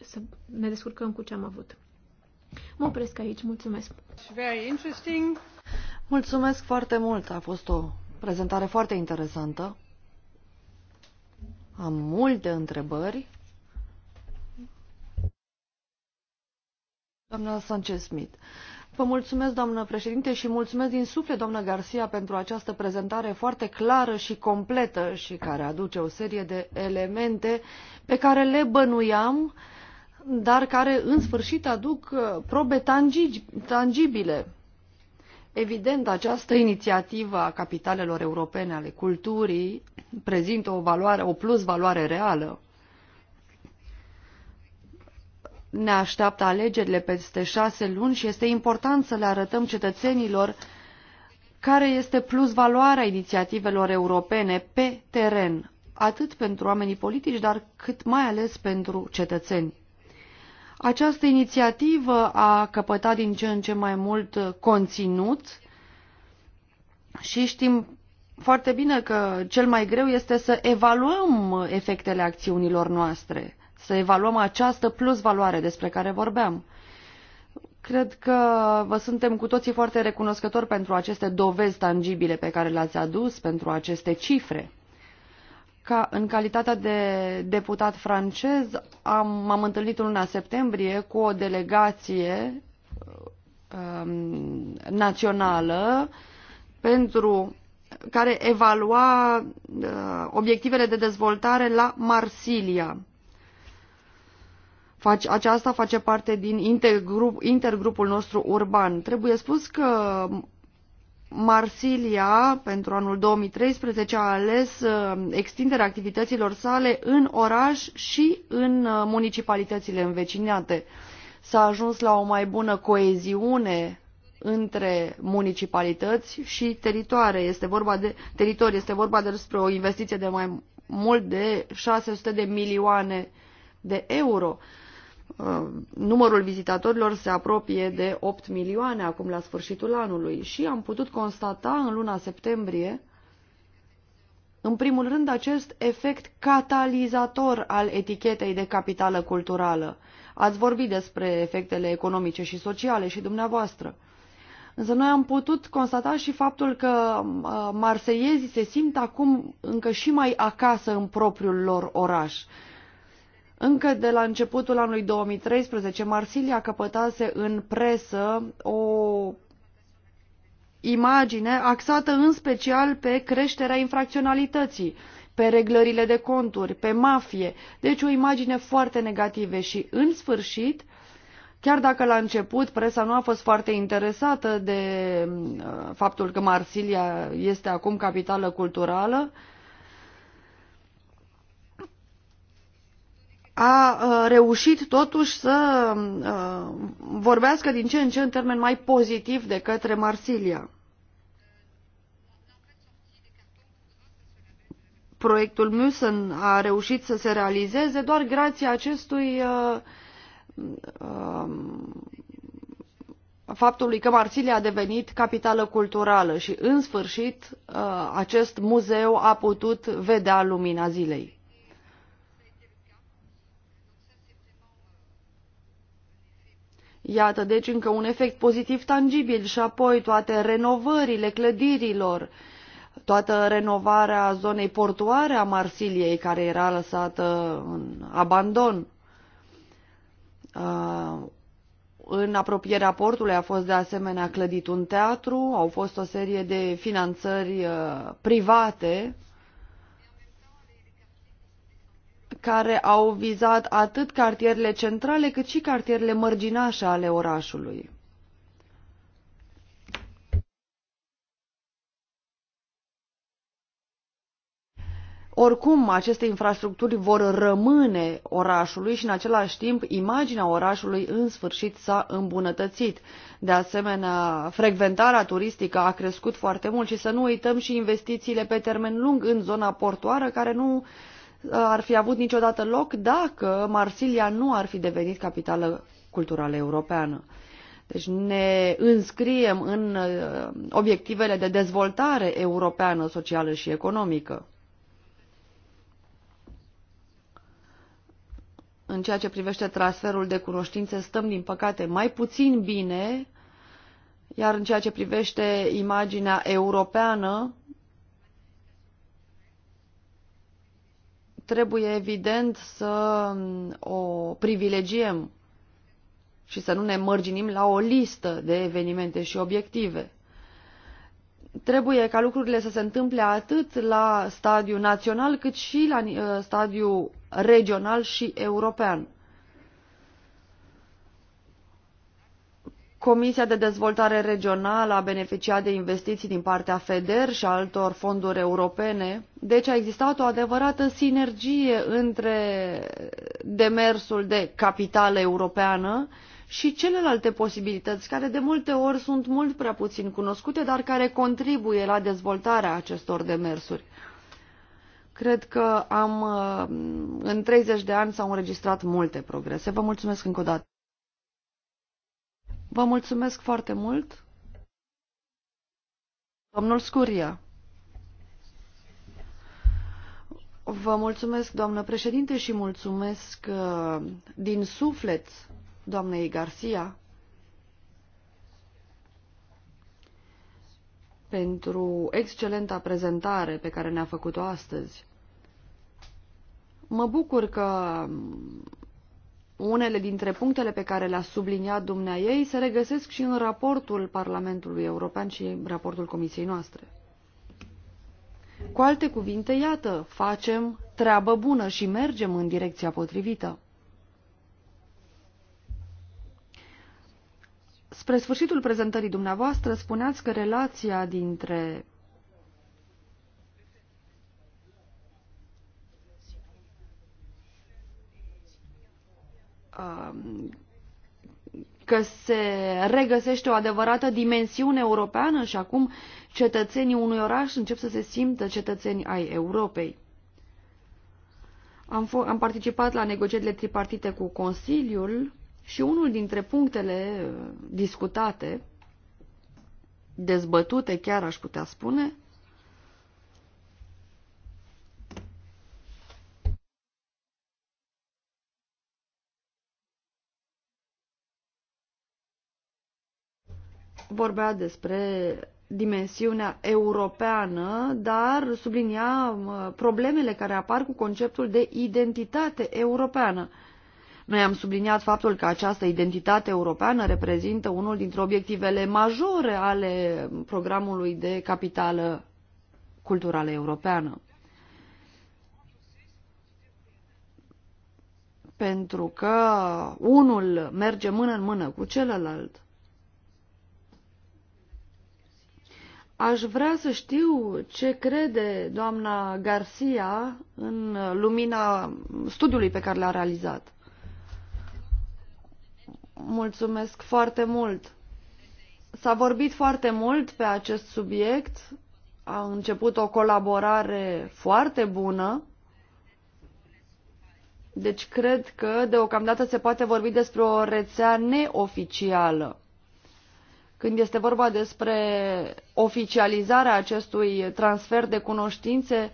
să ne descurcăm cu ce am avut. Mă opresc aici. Mulțumesc. Mulțumesc foarte mult. A fost o prezentare foarte interesantă. Am multe întrebări. Doamna Sanchez-Smith. Vă mulțumesc, doamnă președinte, și mulțumesc din suflet, doamnă Garcia, pentru această prezentare foarte clară și completă și care aduce o serie de elemente pe care le bănuiam, dar care în sfârșit aduc uh, probe tangibile. Evident, această inițiativă a capitalelor europene ale culturii prezintă o, valoare, o plus valoare reală. Ne așteaptă alegerile peste șase luni și este important să le arătăm cetățenilor care este plus valoarea inițiativelor europene pe teren, atât pentru oamenii politici, dar cât mai ales pentru cetățeni. Această inițiativă a căpătat din ce în ce mai mult conținut și știm foarte bine că cel mai greu este să evaluăm efectele acțiunilor noastre, să evaluăm această plus valoare despre care vorbeam. Cred că vă suntem cu toții foarte recunoscători pentru aceste dovezi tangibile pe care le-ați adus, pentru aceste cifre ca, în calitatea de deputat francez, am, am întâlnit în luna septembrie cu o delegație um, națională pentru care evalua uh, obiectivele de dezvoltare la Marsilia. Face, aceasta face parte din intergrup, intergrupul nostru urban. Trebuie spus că Marsilia, pentru anul 2013, a ales uh, extinderea activităților sale în oraș și în uh, municipalitățile învecinate. S-a ajuns la o mai bună coeziune între municipalități și teritoare. Este vorba de teritorii, este vorba despre o investiție de mai mult de 600 de milioane de euro. Uh, numărul vizitatorilor se apropie de 8 milioane acum la sfârșitul anului și am putut constata în luna septembrie, în primul rând, acest efect catalizator al etichetei de capitală culturală. Ați vorbit despre efectele economice și sociale și dumneavoastră. Însă noi am putut constata și faptul că uh, marseiezii se simt acum încă și mai acasă în propriul lor oraș. Încă de la începutul anului 2013, Marsilia căpătase în presă o imagine axată în special pe creșterea infracționalității, pe reglările de conturi, pe mafie, deci o imagine foarte negativă. și, în sfârșit, Chiar dacă la început presa nu a fost foarte interesată de uh, faptul că Marsilia este acum capitală culturală, a uh, reușit totuși să uh, vorbească din ce în ce în termen mai pozitiv de către Marsilia. Proiectul Musen a reușit să se realizeze doar grație acestui uh, um, faptului că Marsilia a devenit capitală culturală și, în sfârșit, acest muzeu a putut vedea lumina zilei. Iată deci încă un efect pozitiv tangibil și apoi toate renovările clădirilor, toată renovarea zonei portoare a Marsiliei care era lăsată în abandon. Uh, în apropierea portului a fost de asemenea clădit un teatru, au fost o serie de finanțări uh, private care au vizat atât cartierele centrale cât și cartierele mărginașe ale orașului. Oricum, aceste infrastructuri vor rămâne orașului și, în același timp, imaginea orașului în sfârșit s-a îmbunătățit. De asemenea, frecventarea turistică a crescut foarte mult și să nu uităm și investițiile pe termen lung în zona portoară, care nu uh, ar fi avut niciodată loc dacă Marsilia nu ar fi devenit capitală culturală europeană. Deci ne înscriem în uh, obiectivele de dezvoltare europeană, socială și economică. În ceea ce privește transferul de cunoștințe, stăm, din păcate, mai puțin bine, iar în ceea ce privește imaginea europeană, trebuie evident să um, o privilegiem și să nu ne mărginim la o listă de evenimente și obiective. Trebuie ca lucrurile să se întâmple atât la stadiu național cât și la uh, stadiu regional și european. Comisia de Dezvoltare Regională a beneficiat de investiții din partea FEDER și altor fonduri europene, deci a existat o adevărată sinergie între demersul de capitală europeană și celelalte posibilități, care de multe ori sunt mult prea puțin cunoscute, dar care contribuie la dezvoltarea acestor demersuri. Cred că am, în 30 de ani s-au înregistrat multe progrese. Vă mulțumesc încă o dată. Vă mulțumesc foarte mult. Domnul Scuria. Vă mulțumesc, doamnă președinte, și mulțumesc uh, din suflet doamnei Garcia pentru excelenta prezentare pe care ne-a făcut-o astăzi. Mă bucur că unele dintre punctele pe care le-a subliniat dumneaei se regăsesc și în raportul Parlamentului European și în raportul Comisiei noastre. Cu alte cuvinte, iată, facem treabă bună și mergem în direcția potrivită. Spre sfârșitul prezentării dumneavoastră spuneați că relația dintre Um, că se regăsește o adevărată dimensiune europeană și acum cetățenii unui oraș încep să se simtă cetățeni ai Europei. Am, am participat la negocierile tripartite cu Consiliul și unul dintre punctele uh, discutate, dezbătute chiar aș putea spune, vorbea despre dimensiunea europeană, dar sublinia uh, problemele care apar cu conceptul de identitate europeană. Noi am subliniat faptul că această identitate europeană reprezintă unul dintre obiectivele majore ale programului de capitală culturală europeană. Pentru că unul merge mână în mână cu celălalt. Aș vrea să știu ce crede doamna Garcia în lumina studiului pe care l-a realizat. Mulțumesc foarte mult! S-a vorbit foarte mult pe acest subiect, a început o colaborare foarte bună, deci cred că deocamdată se poate vorbi despre o rețea neoficială când este vorba despre oficializarea acestui transfer de cunoștințe,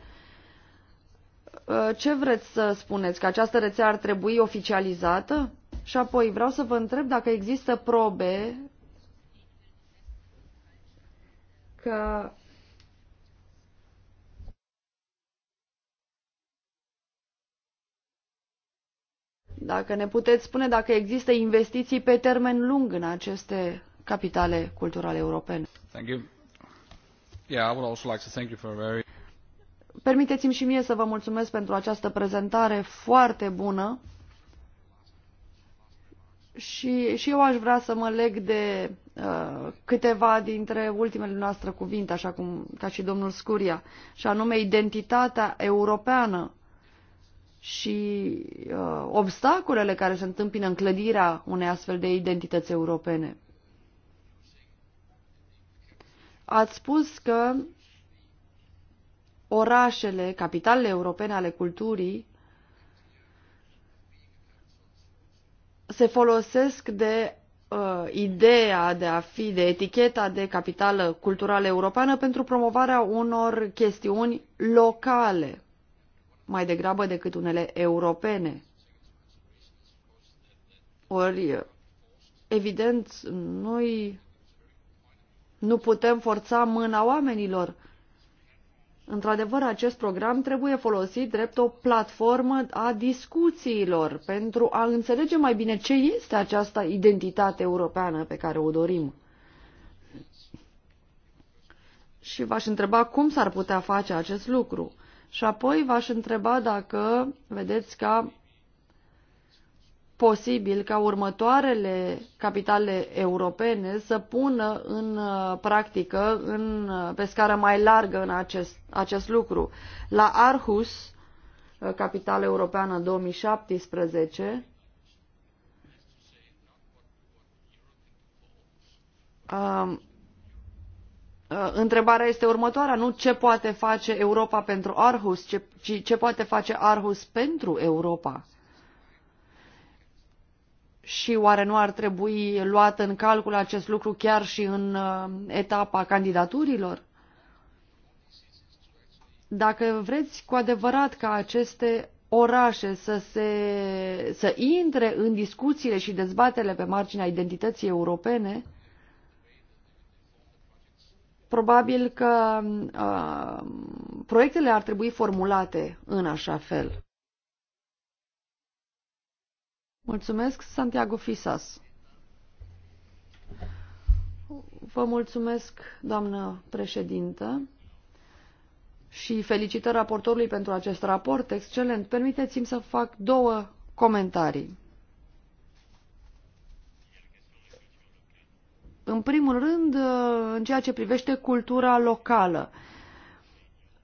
uh, ce vreți să spuneți? Că această rețea ar trebui oficializată? Și apoi vreau să vă întreb dacă există probe că Dacă ne puteți spune dacă există investiții pe termen lung în aceste capitale culturale europene. Thank you. Yeah, I would also like to thank you for a very... Permiteți-mi și mie să vă mulțumesc pentru această prezentare foarte bună și, și eu aș vrea să mă leg de uh, câteva dintre ultimele noastre cuvinte, așa cum ca și domnul Scuria, și anume identitatea europeană și uh, obstacolele care se întâmpină în clădirea unei astfel de identități europene. Ați spus că orașele, capitalele europene ale culturii, se folosesc de uh, ideea de a fi, de eticheta de capitală culturală europeană pentru promovarea unor chestiuni locale, mai degrabă decât unele europene. Ori, evident, nu-i nu putem forța mâna oamenilor. Într-adevăr, acest program trebuie folosit drept o platformă a discuțiilor pentru a înțelege mai bine ce este această identitate europeană pe care o dorim. Și v-aș întreba cum s-ar putea face acest lucru. Și apoi v-aș întreba dacă vedeți ca posibil ca următoarele capitale europene să pună în uh, practică, în, uh, pe scară mai largă, în acest, acest lucru. La Arhus, uh, capitală europeană 2017, um, întrebarea este următoarea, nu ce poate face Europa pentru Arhus, ci ce poate face Arhus pentru Europa și oare nu ar trebui luat în calcul acest lucru chiar și în uh, etapa candidaturilor? Dacă vreți cu adevărat ca aceste orașe să, se, să intre în discuțiile și dezbatele pe marginea identității europene, probabil că uh, proiectele ar trebui formulate în așa fel. Mulțumesc, Santiago Fisas. Vă mulțumesc, doamnă președintă, și felicită raportorului pentru acest raport excelent. Permiteți-mi să fac două comentarii. În primul rând, în ceea ce privește cultura locală.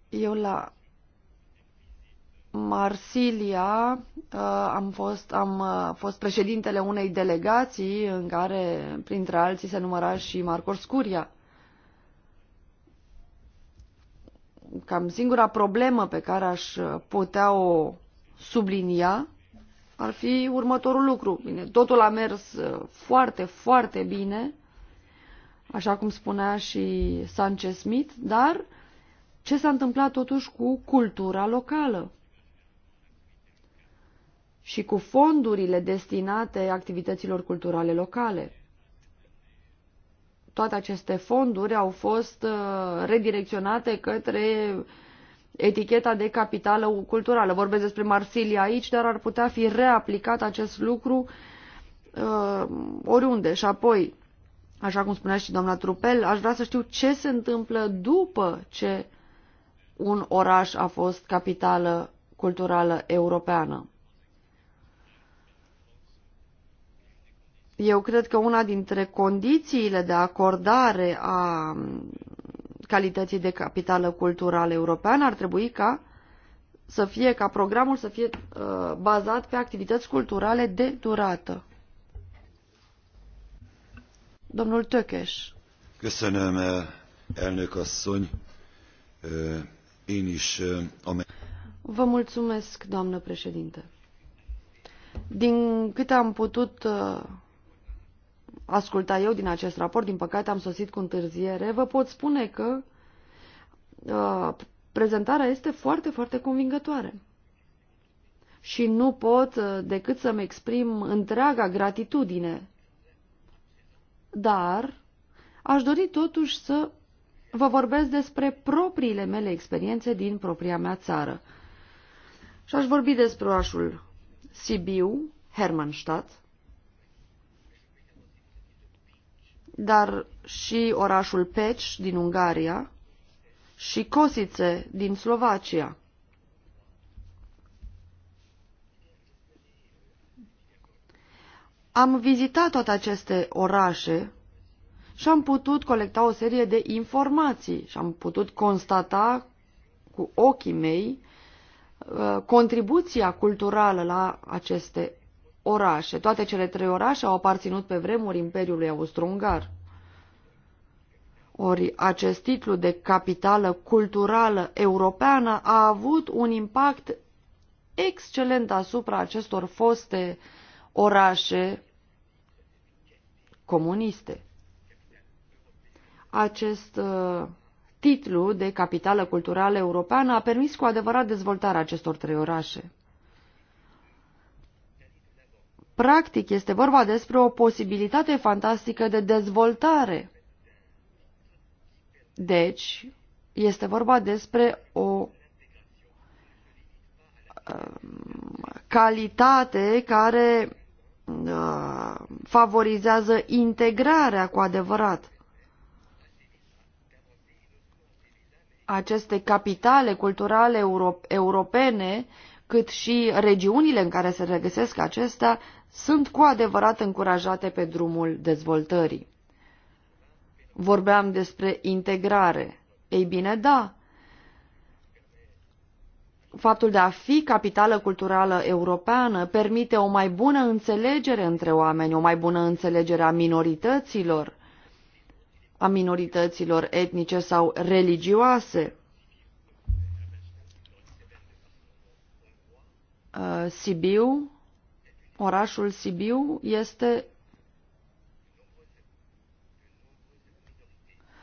Eu la Marsilia uh, am fost, am uh, fost președintele unei delegații în care, printre alții, se număra și Marcos Scuria. Cam singura problemă pe care aș putea o sublinia ar fi următorul lucru. Bine, totul a mers uh, foarte, foarte bine, așa cum spunea și Sanchez Smith, dar ce s-a întâmplat totuși cu cultura locală? și cu fondurile destinate activităților culturale locale. Toate aceste fonduri au fost uh, redirecționate către eticheta de capitală culturală. Vorbesc despre Marsilia aici, dar ar putea fi reaplicat acest lucru uh, oriunde. Și apoi, așa cum spunea și doamna Trupel, aș vrea să știu ce se întâmplă după ce un oraș a fost capitală culturală europeană. Eu cred că una dintre condițiile de acordare a calității de capitală culturală europeană ar trebui ca să fie ca programul să fie uh, bazat pe activități culturale de durată. Domnul Tökes. Köszönöm, elnök asszony. Uh, én is uh, Vă mulțumesc, doamnă președinte. Din câte am putut uh, asculta eu din acest raport, din păcate am sosit cu întârziere, vă pot spune că uh, prezentarea este foarte, foarte convingătoare. Și nu pot uh, decât să-mi exprim întreaga gratitudine. Dar aș dori totuși să vă vorbesc despre propriile mele experiențe din propria mea țară. Și aș vorbi despre orașul Sibiu, Hermannstadt, dar și orașul Peci din Ungaria și Cosice din Slovacia. Am vizitat toate aceste orașe și am putut colecta o serie de informații și am putut constata cu ochii mei uh, contribuția culturală la aceste orașe. Toate cele trei orașe au aparținut pe vremuri Imperiului Austro-Ungar. Ori acest titlu de capitală culturală europeană a avut un impact excelent asupra acestor foste orașe comuniste. Acest uh, titlu de capitală culturală europeană a permis cu adevărat dezvoltarea acestor trei orașe. Practic, este vorba despre o posibilitate fantastică de dezvoltare. Deci, este vorba despre o um, calitate care uh, favorizează integrarea cu adevărat. Aceste capitale culturale europene cât și regiunile în care se regăsesc acestea sunt cu adevărat încurajate pe drumul dezvoltării. Vorbeam despre integrare. Ei bine, da. Faptul de a fi capitală culturală europeană permite o mai bună înțelegere între oameni, o mai bună înțelegere a minorităților, a minorităților etnice sau religioase, Uh, Sibiu, orașul Sibiu, este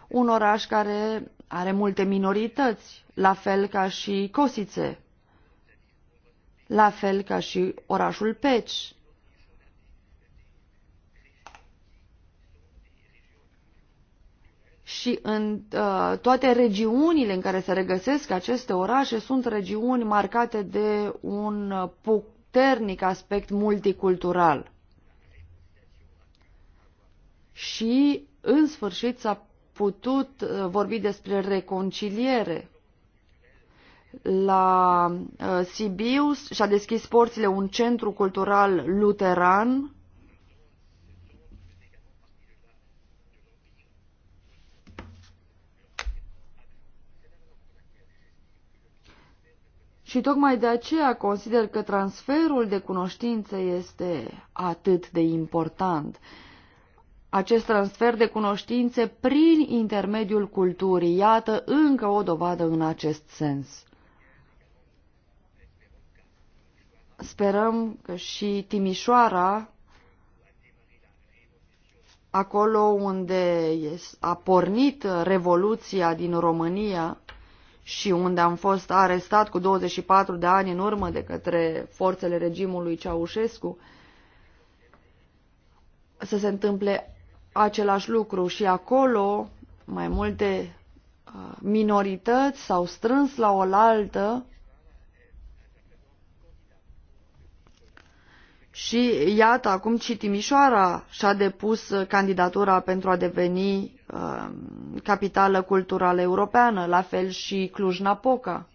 un oraș care are multe minorități, la fel ca și Cosițe, la fel ca și orașul Peci. și în uh, toate regiunile în care se regăsesc aceste orașe sunt regiuni marcate de un puternic aspect multicultural. Și, în sfârșit, s-a putut uh, vorbi despre reconciliere. La uh, Sibiu și-a deschis porțile un centru cultural luteran Și tocmai de aceea consider că transferul de cunoștință este atât de important. Acest transfer de cunoștințe prin intermediul culturii, iată încă o dovadă în acest sens. Sperăm că și Timișoara, acolo unde a pornit Revoluția din România, și unde am fost arestat cu 24 de ani în urmă de către forțele regimului Ceaușescu, să se întâmple același lucru și acolo mai multe uh, minorități s-au strâns la oaltă Și iată, acum și Timișoara și-a depus candidatura pentru a deveni uh, capitală culturală europeană, la fel și Cluj-Napoca.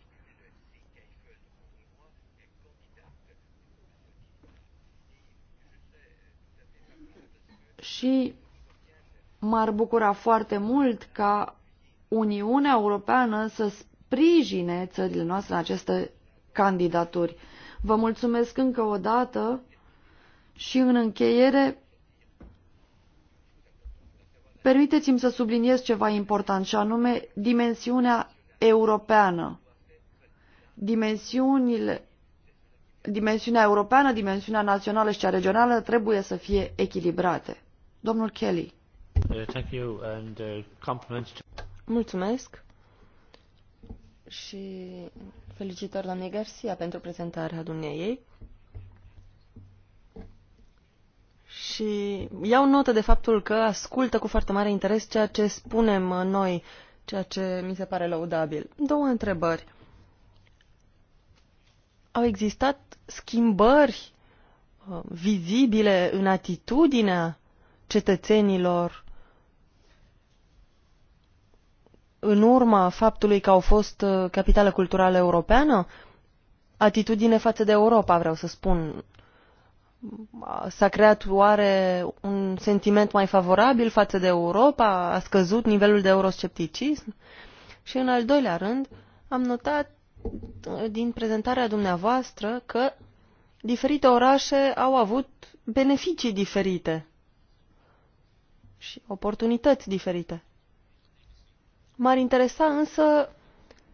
Și m-ar bucura foarte mult ca Uniunea Europeană să sprijine țările noastre în aceste candidaturi. Vă mulțumesc încă o dată și în încheiere, permiteți-mi să subliniez ceva important, și anume dimensiunea europeană. Dimensiunile, dimensiunea europeană, dimensiunea națională și cea regională trebuie să fie echilibrate. Domnul Kelly. Uh, uh, Mulțumesc și felicitări doamnei Garcia pentru prezentarea dumneiei. ei. și iau notă de faptul că ascultă cu foarte mare interes ceea ce spunem noi, ceea ce mi se pare lăudabil. Două întrebări. Au existat schimbări uh, vizibile în atitudinea cetățenilor în urma faptului că au fost uh, capitală culturală europeană? Atitudine față de Europa, vreau să spun. S-a creat oare un sentiment mai favorabil față de Europa? A scăzut nivelul de euroscepticism? Și în al doilea rând, am notat uh, din prezentarea dumneavoastră că diferite orașe au avut beneficii diferite și oportunități diferite. M-ar interesa însă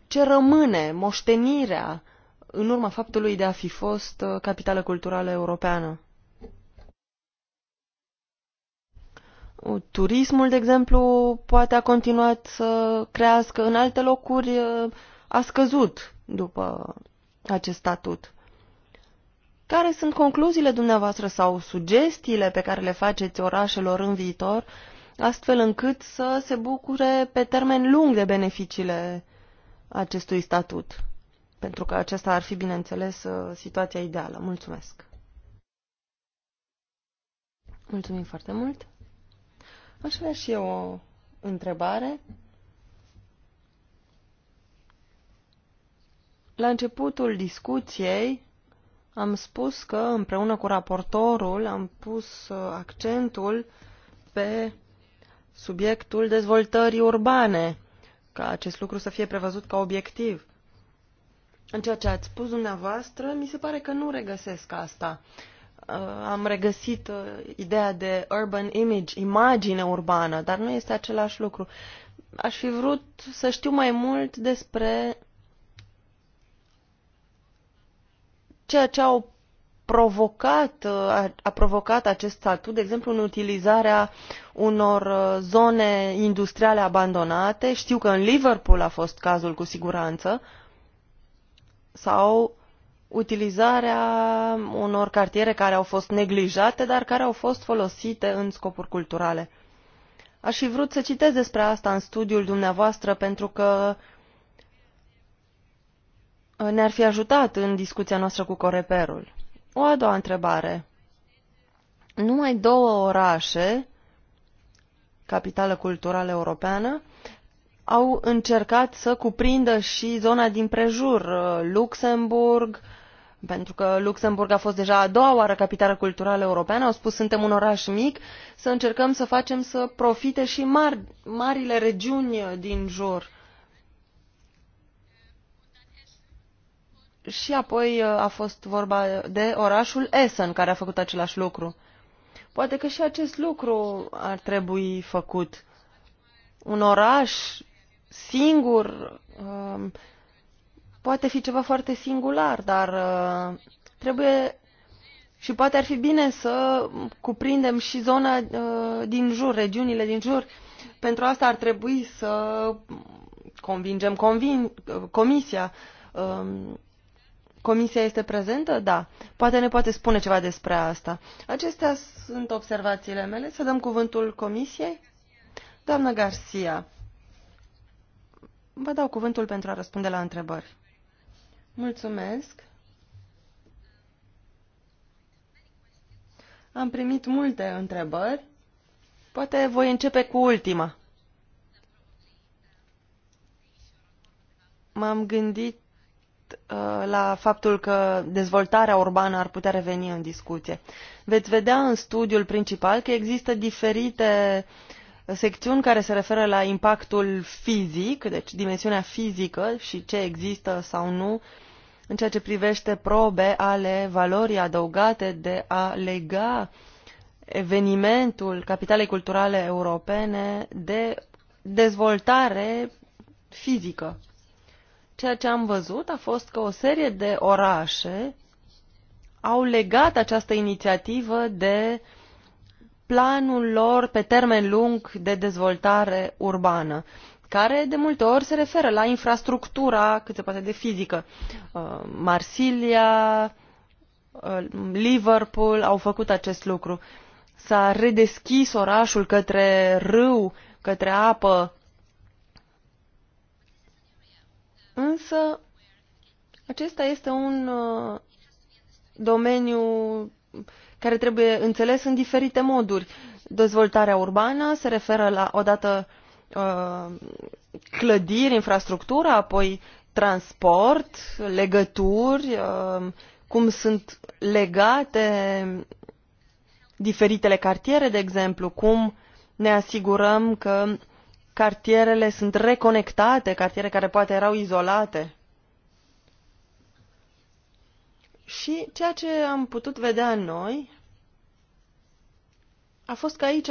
ce rămâne, moștenirea în urma faptului de a fi fost uh, capitală culturală europeană. Uh, turismul, de exemplu, poate a continuat să crească în alte locuri, uh, a scăzut după acest statut. Care sunt concluziile dumneavoastră sau sugestiile pe care le faceți orașelor în viitor, astfel încât să se bucure pe termen lung de beneficiile acestui statut? pentru că acesta ar fi, bineînțeles, uh, situația ideală. Mulțumesc! Mulțumim foarte mult! Aș vrea și eu o întrebare. La începutul discuției am spus că împreună cu raportorul am pus uh, accentul pe subiectul dezvoltării urbane, ca acest lucru să fie prevăzut ca obiectiv în ceea ce ați spus dumneavoastră, mi se pare că nu regăsesc asta. Uh, am regăsit uh, ideea de urban image, imagine urbană, dar nu este același lucru. Aș fi vrut să știu mai mult despre ceea ce au provocat, uh, a, a provocat acest statut, de exemplu, în utilizarea unor zone industriale abandonate. Știu că în Liverpool a fost cazul cu siguranță. Uh, sau utilizarea unor cartiere care au fost neglijate, dar care au fost folosite în scopuri culturale. Aș fi vrut să citesc despre asta în studiul dumneavoastră, pentru că ne-ar fi ajutat în discuția noastră cu Coreperul. O a doua întrebare. Numai două orașe, capitală culturală europeană, au încercat să cuprindă și zona din prejur, uh, Luxemburg, pentru că Luxemburg a fost deja a doua oară capitală culturală europeană, au spus suntem un oraș mic, să încercăm să facem să profite și marile regiuni din jur. Și apoi uh, a fost vorba de orașul Essen, care a făcut același lucru. Poate că și acest lucru ar trebui făcut. Un oraș singur um, poate fi ceva foarte singular, dar uh, trebuie și poate ar fi bine să cuprindem și zona uh, din jur, regiunile din jur. Pentru asta ar trebui să convingem convin, uh, comisia. Um, comisia este prezentă? Da. Poate ne poate spune ceva despre asta. Acestea sunt observațiile mele. Să dăm cuvântul comisiei. Doamna Garcia. Vă dau cuvântul pentru a răspunde la întrebări. Mulțumesc. Am primit multe întrebări. Poate voi începe cu ultima. M-am gândit uh, la faptul că dezvoltarea urbană ar putea reveni în discuție. Veți vedea în studiul principal că există diferite uh, secțiuni care se referă la impactul fizic, deci dimensiunea fizică și ce există sau nu în ceea ce privește probe ale valorii adăugate de a lega evenimentul capitalei culturale europene de dezvoltare fizică. Ceea ce am văzut a fost că o serie de orașe au legat această inițiativă de uh, planul lor pe termen lung de dezvoltare urbană care de multe ori se referă la infrastructura cât se poate de fizică. Uh, Marsilia, uh, Liverpool au făcut acest lucru. S-a redeschis orașul către râu, către apă. Însă, acesta este un uh, domeniu care trebuie înțeles în diferite moduri. Dezvoltarea urbană se referă la odată uh, clădiri, infrastructură, apoi transport, legături, uh, cum sunt legate diferitele cartiere, de exemplu, cum ne asigurăm că cartierele sunt reconectate, cartiere care poate erau izolate. Și ceea ce am putut vedea noi a fost că aici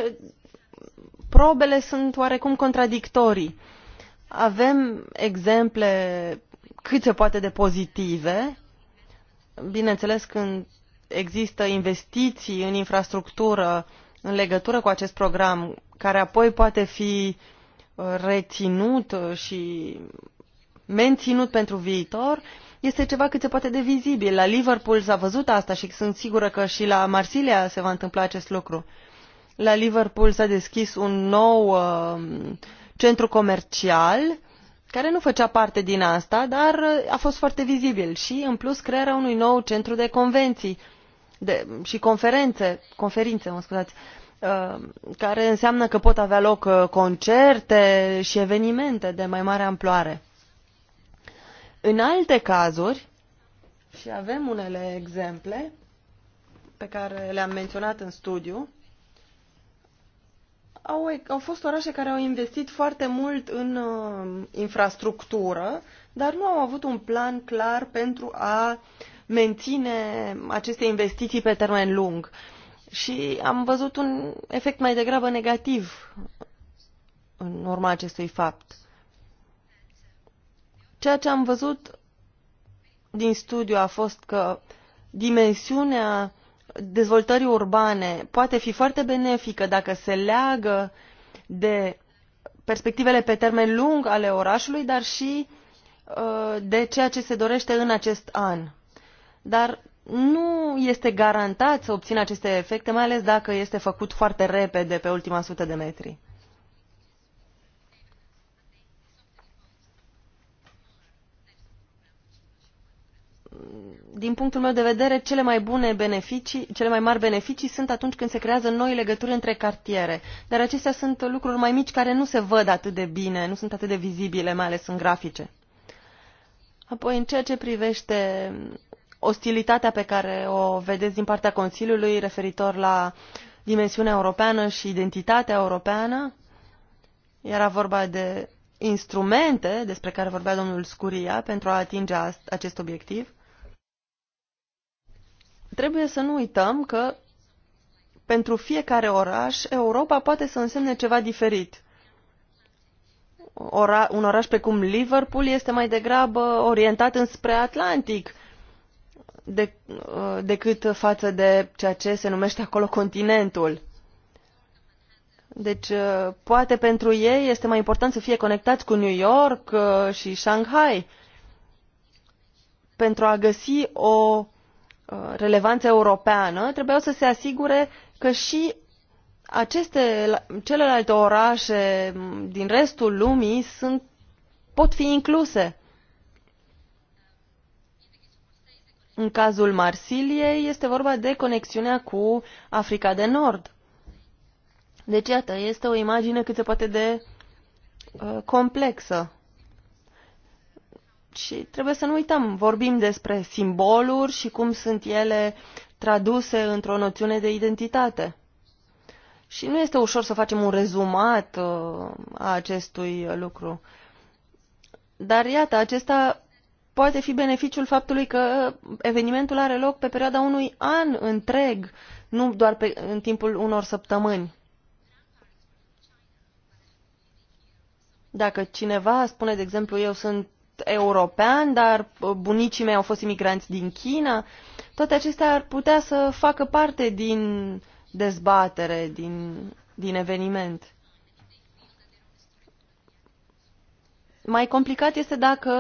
probele sunt oarecum contradictorii. Avem exemple cât se poate de pozitive, bineînțeles când există investiții în infrastructură în legătură cu acest program, care apoi poate fi uh, reținut și menținut pentru viitor, uh, este ceva cât se poate de vizibil. La Liverpool s-a văzut asta și sunt sigură că și la Marsilia se va întâmpla acest lucru. La Liverpool s-a deschis un nou uh, centru comercial care nu făcea parte din asta, dar uh, a fost foarte vizibil și, în plus, crearea unui nou centru de convenții de, și conferințe, conferințe, mă scuzați, uh, care înseamnă că pot avea loc uh, concerte și evenimente de mai mare amploare. În alte cazuri, și avem unele exemple pe care le-am menționat în studiu, au, au fost orașe care au investit foarte mult în uh, infrastructură, dar nu au avut un plan clar pentru a menține aceste investiții pe termen lung. Și am văzut un efect mai degrabă negativ în urma acestui fapt. Uh, Ceea ce am văzut din studiu a fost că dimensiunea dezvoltării urbane poate fi foarte benefică dacă se leagă de perspectivele pe termen lung ale orașului, dar și uh, de ceea ce se dorește în acest an. Dar nu este garantat să obțină aceste efecte, mai ales dacă este făcut foarte repede pe ultima sută de metri. din punctul meu de vedere, cele mai bune beneficii, cele mai mari beneficii sunt atunci când se creează noi legături între cartiere. Dar acestea sunt lucruri mai mici care nu se văd atât de bine, nu sunt atât de vizibile, mai ales în grafice. Apoi, în ceea ce privește ostilitatea pe care o vedeți din partea Consiliului referitor la dimensiunea europeană și identitatea europeană, era vorba de instrumente despre care vorbea domnul Scuria pentru a atinge acest obiectiv trebuie să nu uităm că pentru fiecare oraș, Europa poate să însemne ceva diferit. Ora, un oraș precum Liverpool este mai degrabă orientat înspre Atlantic de, uh, decât față de ceea ce se numește acolo continentul. Deci, uh, poate pentru ei este mai important să fie conectați cu New York uh, și Shanghai pentru a găsi o Uh, relevanță europeană, trebuiau să se asigure că și aceste celelalte orașe din restul lumii sunt, pot fi incluse. În cazul Marsiliei este vorba de conexiunea cu Africa de Nord. Deci, iată, este o imagine cât se poate de uh, complexă. Și trebuie să nu uităm, vorbim despre simboluri și cum sunt ele traduse într-o noțiune de identitate. Și nu este ușor să facem un rezumat uh, a acestui lucru. Dar iată, acesta poate fi beneficiul faptului că evenimentul are loc pe perioada unui an întreg, nu doar pe, în timpul unor săptămâni. Dacă cineva spune, de exemplu, eu sunt european, dar uh, bunicii mei au fost imigranți din China. Toate acestea ar putea să facă parte din dezbatere, din, din eveniment. Mai complicat este dacă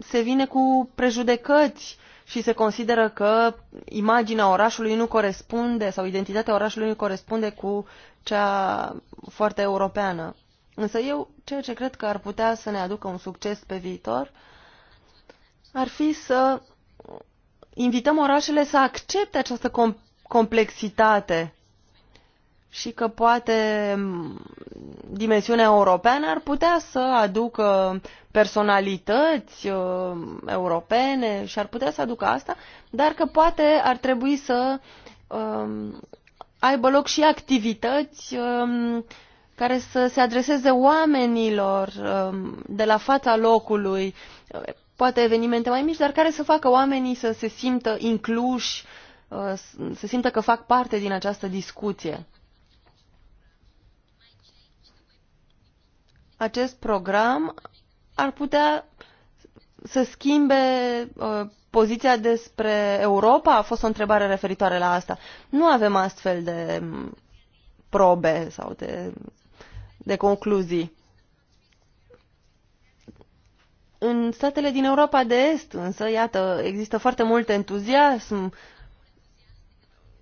se vine cu prejudecăți și se consideră că imaginea orașului nu corespunde sau identitatea orașului nu corespunde cu cea foarte europeană. Însă eu ceea ce cred că ar putea să ne aducă un succes pe viitor ar fi să invităm orașele să accepte această com complexitate și că poate dimensiunea europeană ar putea să aducă personalități uh, europene și ar putea să aducă asta, dar că poate ar trebui să uh, aibă loc și activități uh, care să se adreseze oamenilor um, de la fața locului, uh, poate evenimente mai mici, dar care să facă oamenii să se simtă incluși, uh, să simtă că fac parte din această discuție. Acest program ar putea să schimbe uh, poziția despre Europa? A fost o întrebare referitoare la asta. Nu avem astfel de um, probe sau de de concluzii. În statele din Europa de Est, însă, iată, există foarte mult entuziasm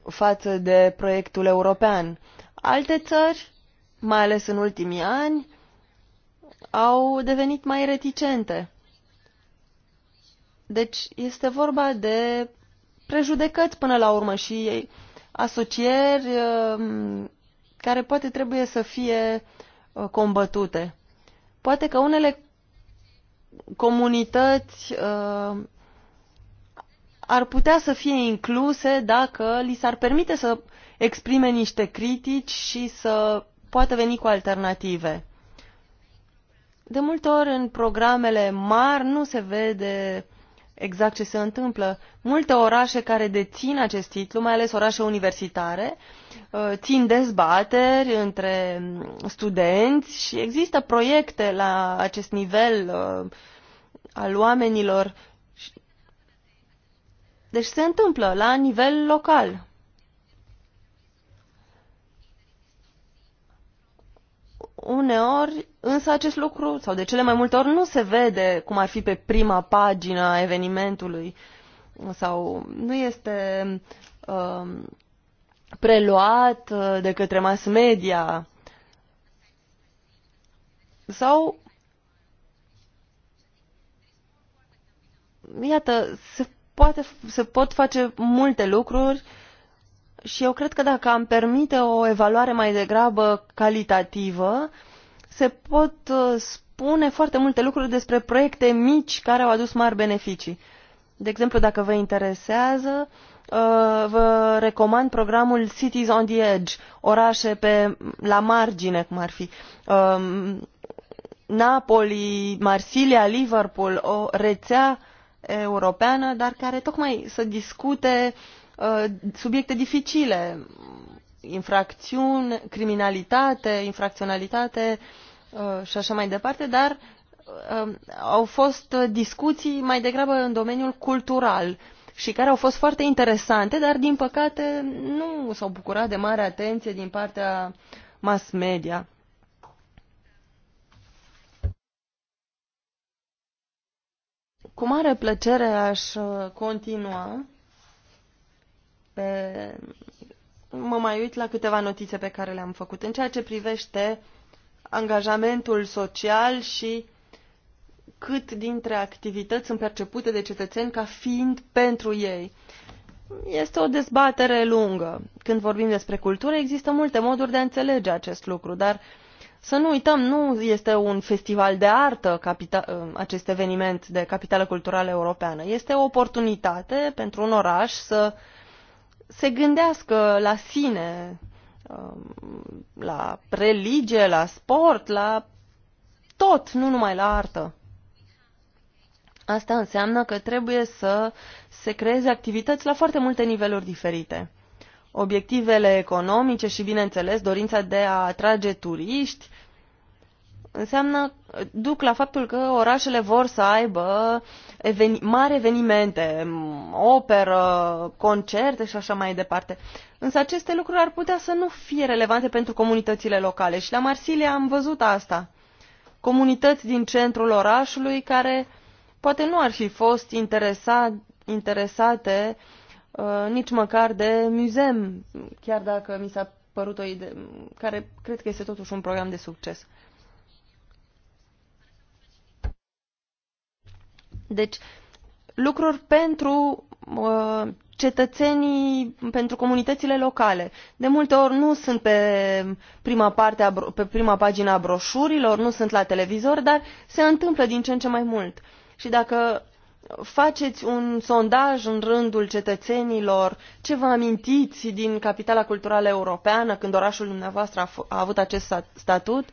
față de proiectul european. Alte țări, mai ales în ultimii ani, au devenit mai reticente. Deci este vorba de prejudecăți până la urmă și asocieri um, care poate trebuie să fie Uh, combătute. Poate că unele comunități uh, ar putea să fie incluse dacă li s-ar permite să exprime niște critici și să poată veni cu alternative. De multe ori în programele mari nu se vede exact ce se întâmplă. Multe orașe care dețin acest titlu, mai ales orașe universitare, uh, Uh, țin dezbateri între studenți și există proiecte la acest nivel uh, al oamenilor. Deci se întâmplă la nivel local. Uneori, însă acest lucru, sau de cele mai multe ori, nu se vede cum ar fi pe prima pagină a evenimentului sau nu este uh, um, preluat uh, de către mass media sau iată, se, poate, se pot face multe lucruri și eu cred că dacă am permite o evaluare mai degrabă calitativă, se pot uh, spune foarte multe lucruri despre proiecte mici care au adus mari beneficii. De exemplu, dacă vă interesează, uh, Uh, vă recomand programul Cities on the Edge, orașe pe, la margine, cum ar fi. Um, Napoli, Marsilia, Liverpool, o rețea europeană, dar care tocmai să discute uh, subiecte dificile, infracțiuni, criminalitate, infracționalitate uh, și așa mai departe, dar au fost discuții mai degrabă în domeniul cultural și care au fost foarte interesante, dar din păcate nu s-au bucurat de mare atenție din partea mass media. Cu mare plăcere aș uh, continua. Pe... Mă mai uit la câteva notițe pe care le-am făcut în ceea ce privește angajamentul social și cât dintre activități sunt percepute de cetățeni ca fiind pentru ei. Este o dezbatere lungă. Când vorbim despre cultură, există multe moduri de a înțelege acest lucru, dar să nu uităm, nu este un festival de artă ă, acest eveniment de capitală culturală europeană. Este o oportunitate pentru un oraș să se gândească la sine, ă, la religie, la sport, la tot, nu numai la artă. Asta înseamnă că trebuie să se creeze activități la foarte multe niveluri diferite. Obiectivele economice și, bineînțeles, dorința de a atrage turiști înseamnă, duc la faptul că orașele vor să aibă eveni- mari evenimente, operă, concerte și așa mai departe. Însă aceste lucruri ar putea să nu fie relevante pentru comunitățile locale și la Marsilia am văzut asta. Comunități din centrul orașului care uh, poate nu ar fi fost interesa, interesate uh, nici măcar de muzeu, chiar dacă mi s-a părut o idee, care cred că este totuși un program de succes. Deci, lucruri pentru uh, cetățenii, pentru comunitățile locale. De multe ori nu sunt pe prima, parte a, pe prima pagina broșurilor, nu sunt la televizor, dar se întâmplă din ce în ce mai mult. Uh, și dacă faceți un sondaj în rândul cetățenilor, ce vă amintiți din capitala culturală europeană, când orașul dumneavoastră a, a avut acest statut,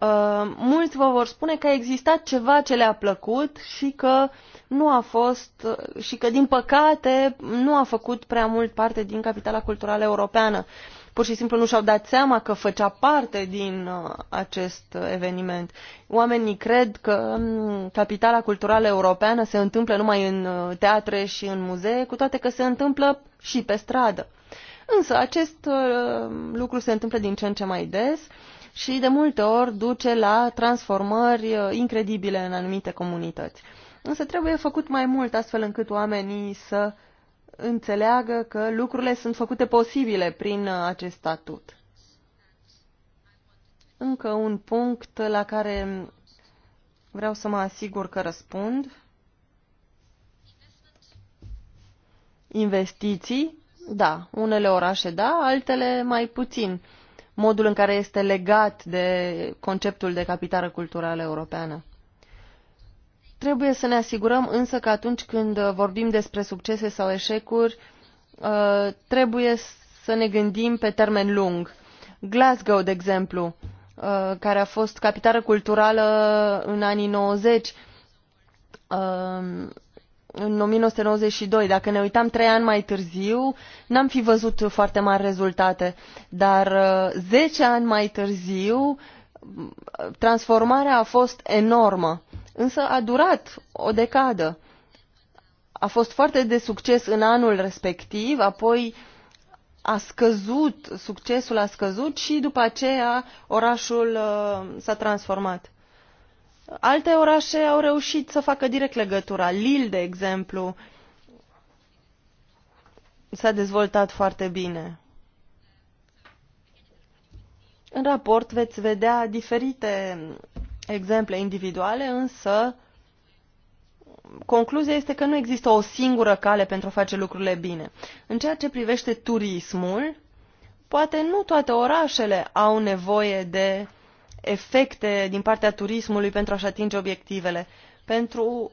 Uh, mulți vă vor spune că a existat ceva ce le-a plăcut și că nu a fost uh, și că din păcate nu a făcut prea mult parte din capitala culturală europeană pur și simplu nu și-au dat seama că făcea parte din uh, acest eveniment. Oamenii cred că mm, capitala culturală europeană se întâmplă numai în uh, teatre și în muzee, cu toate că se întâmplă și pe stradă. Însă acest uh, lucru se întâmplă din ce în ce mai des și de multe ori duce la transformări incredibile în anumite comunități. Însă trebuie făcut mai mult astfel încât oamenii să înțeleagă că lucrurile sunt făcute posibile prin uh, acest statut. Încă un punct la care vreau să mă asigur că răspund. Investiții, da, unele orașe da, altele mai puțin. Modul în care este legat de conceptul de capitală culturală europeană. Trebuie să ne asigurăm însă că atunci când uh, vorbim despre succese sau eșecuri, uh, trebuie să ne gândim pe termen lung. Glasgow, de exemplu, uh, care a fost capitală culturală în anii 90, um, în 1992. Dacă ne uitam trei ani mai târziu, n-am fi văzut foarte mari rezultate, dar zece ani mai târziu transformarea a fost enormă însă a durat o decadă. A fost foarte de succes în anul respectiv, apoi a scăzut, succesul a scăzut și după aceea orașul uh, s-a transformat. Alte orașe au reușit să facă direct legătura. Lille, de exemplu, s-a dezvoltat foarte bine. În raport veți vedea diferite exemple individuale, însă concluzia este că nu există o singură cale pentru a face lucrurile bine. În ceea ce privește turismul, poate nu toate orașele au nevoie de efecte din partea turismului pentru a-și atinge obiectivele. Pentru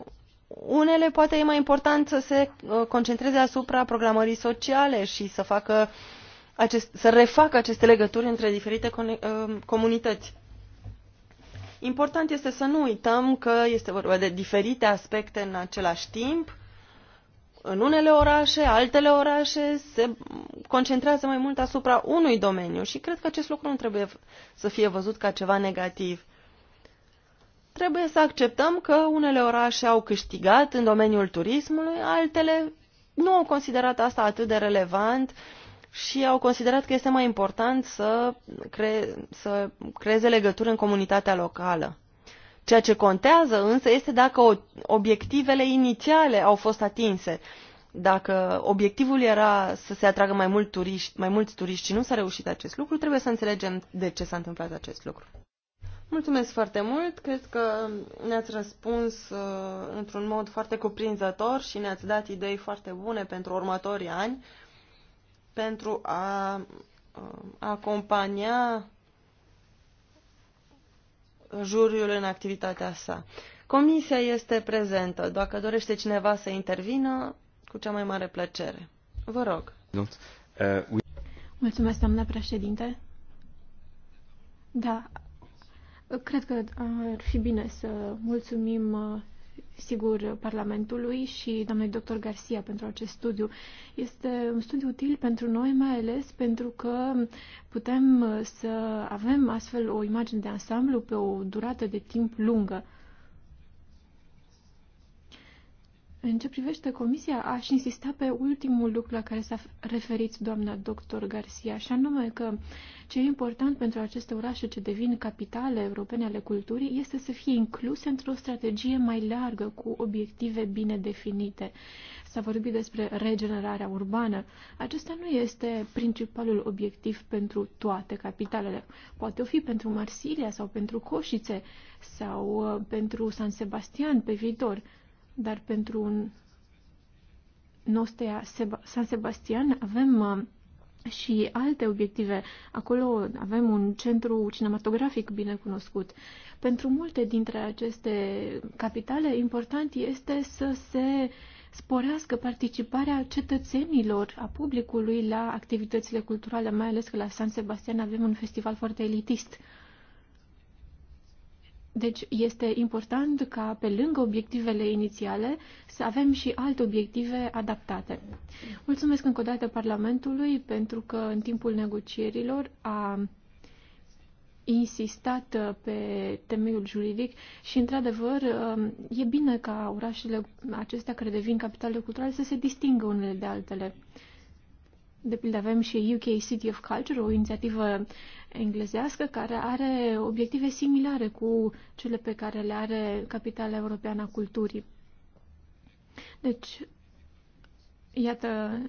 unele poate e mai important să se uh, concentreze asupra programării sociale și să facă acest, să refacă aceste legături între diferite uh, comunități. Important este să nu uităm că este vorba de diferite aspecte în același timp. În unele orașe, altele orașe se concentrează mai mult asupra unui domeniu și cred că acest lucru nu trebuie să fie văzut ca ceva negativ. Trebuie să acceptăm că unele orașe au câștigat în domeniul turismului, altele nu au considerat asta atât de relevant și au considerat că este mai important să, cre- să creeze legături în comunitatea locală. Ceea ce contează însă este dacă obiectivele inițiale au fost atinse. Dacă obiectivul era să se atragă mai, mult turiști, mai mulți turiști și nu s-a reușit acest lucru, trebuie să înțelegem de ce s-a întâmplat acest lucru. Mulțumesc foarte mult, cred că ne-ați răspuns uh, într-un mod foarte cuprinzător și ne-ați dat idei foarte bune pentru următorii ani pentru a acompania juriul în activitatea sa. Comisia este prezentă. Dacă dorește cineva să intervină, cu cea mai mare plăcere. Vă rog. Uh, Mulțumesc, doamna președinte. Da, cred că ar fi bine să mulțumim uh, sigur, Parlamentului și doamnei dr. Garcia pentru acest studiu. Este un studiu util pentru noi, mai ales pentru că putem să avem astfel o imagine de ansamblu pe o durată de timp lungă. În ce privește comisia, aș insista pe ultimul lucru la care s-a referit doamna doctor Garcia, și anume că ce e important pentru aceste orașe ce devin capitale europene ale culturii este să fie incluse într-o strategie mai largă, cu obiective bine definite. S-a vorbit despre regenerarea urbană. Acesta nu este principalul obiectiv pentru toate capitalele. Poate o fi pentru Marsilia sau pentru Coșițe sau uh, pentru San Sebastian pe viitor – dar pentru un Nostea San Sebastian avem uh, și alte obiective. Acolo avem un centru cinematografic bine cunoscut. Pentru multe dintre aceste capitale, important este să se sporească participarea cetățenilor, a publicului la activitățile culturale, mai ales că la San Sebastian avem un festival foarte elitist. Deci este important ca pe lângă obiectivele inițiale să avem și alte obiective adaptate. Mulțumesc încă o dată Parlamentului pentru că în timpul negocierilor a insistat uh, pe temeiul juridic și, într-adevăr, um, e bine ca orașele acestea care devin capitale culturale să se distingă unele de altele. De pildă avem și UK City of Culture, o inițiativă englezească, care are obiective similare cu cele pe care le are Capitala Europeană a Culturii. Deci, iată,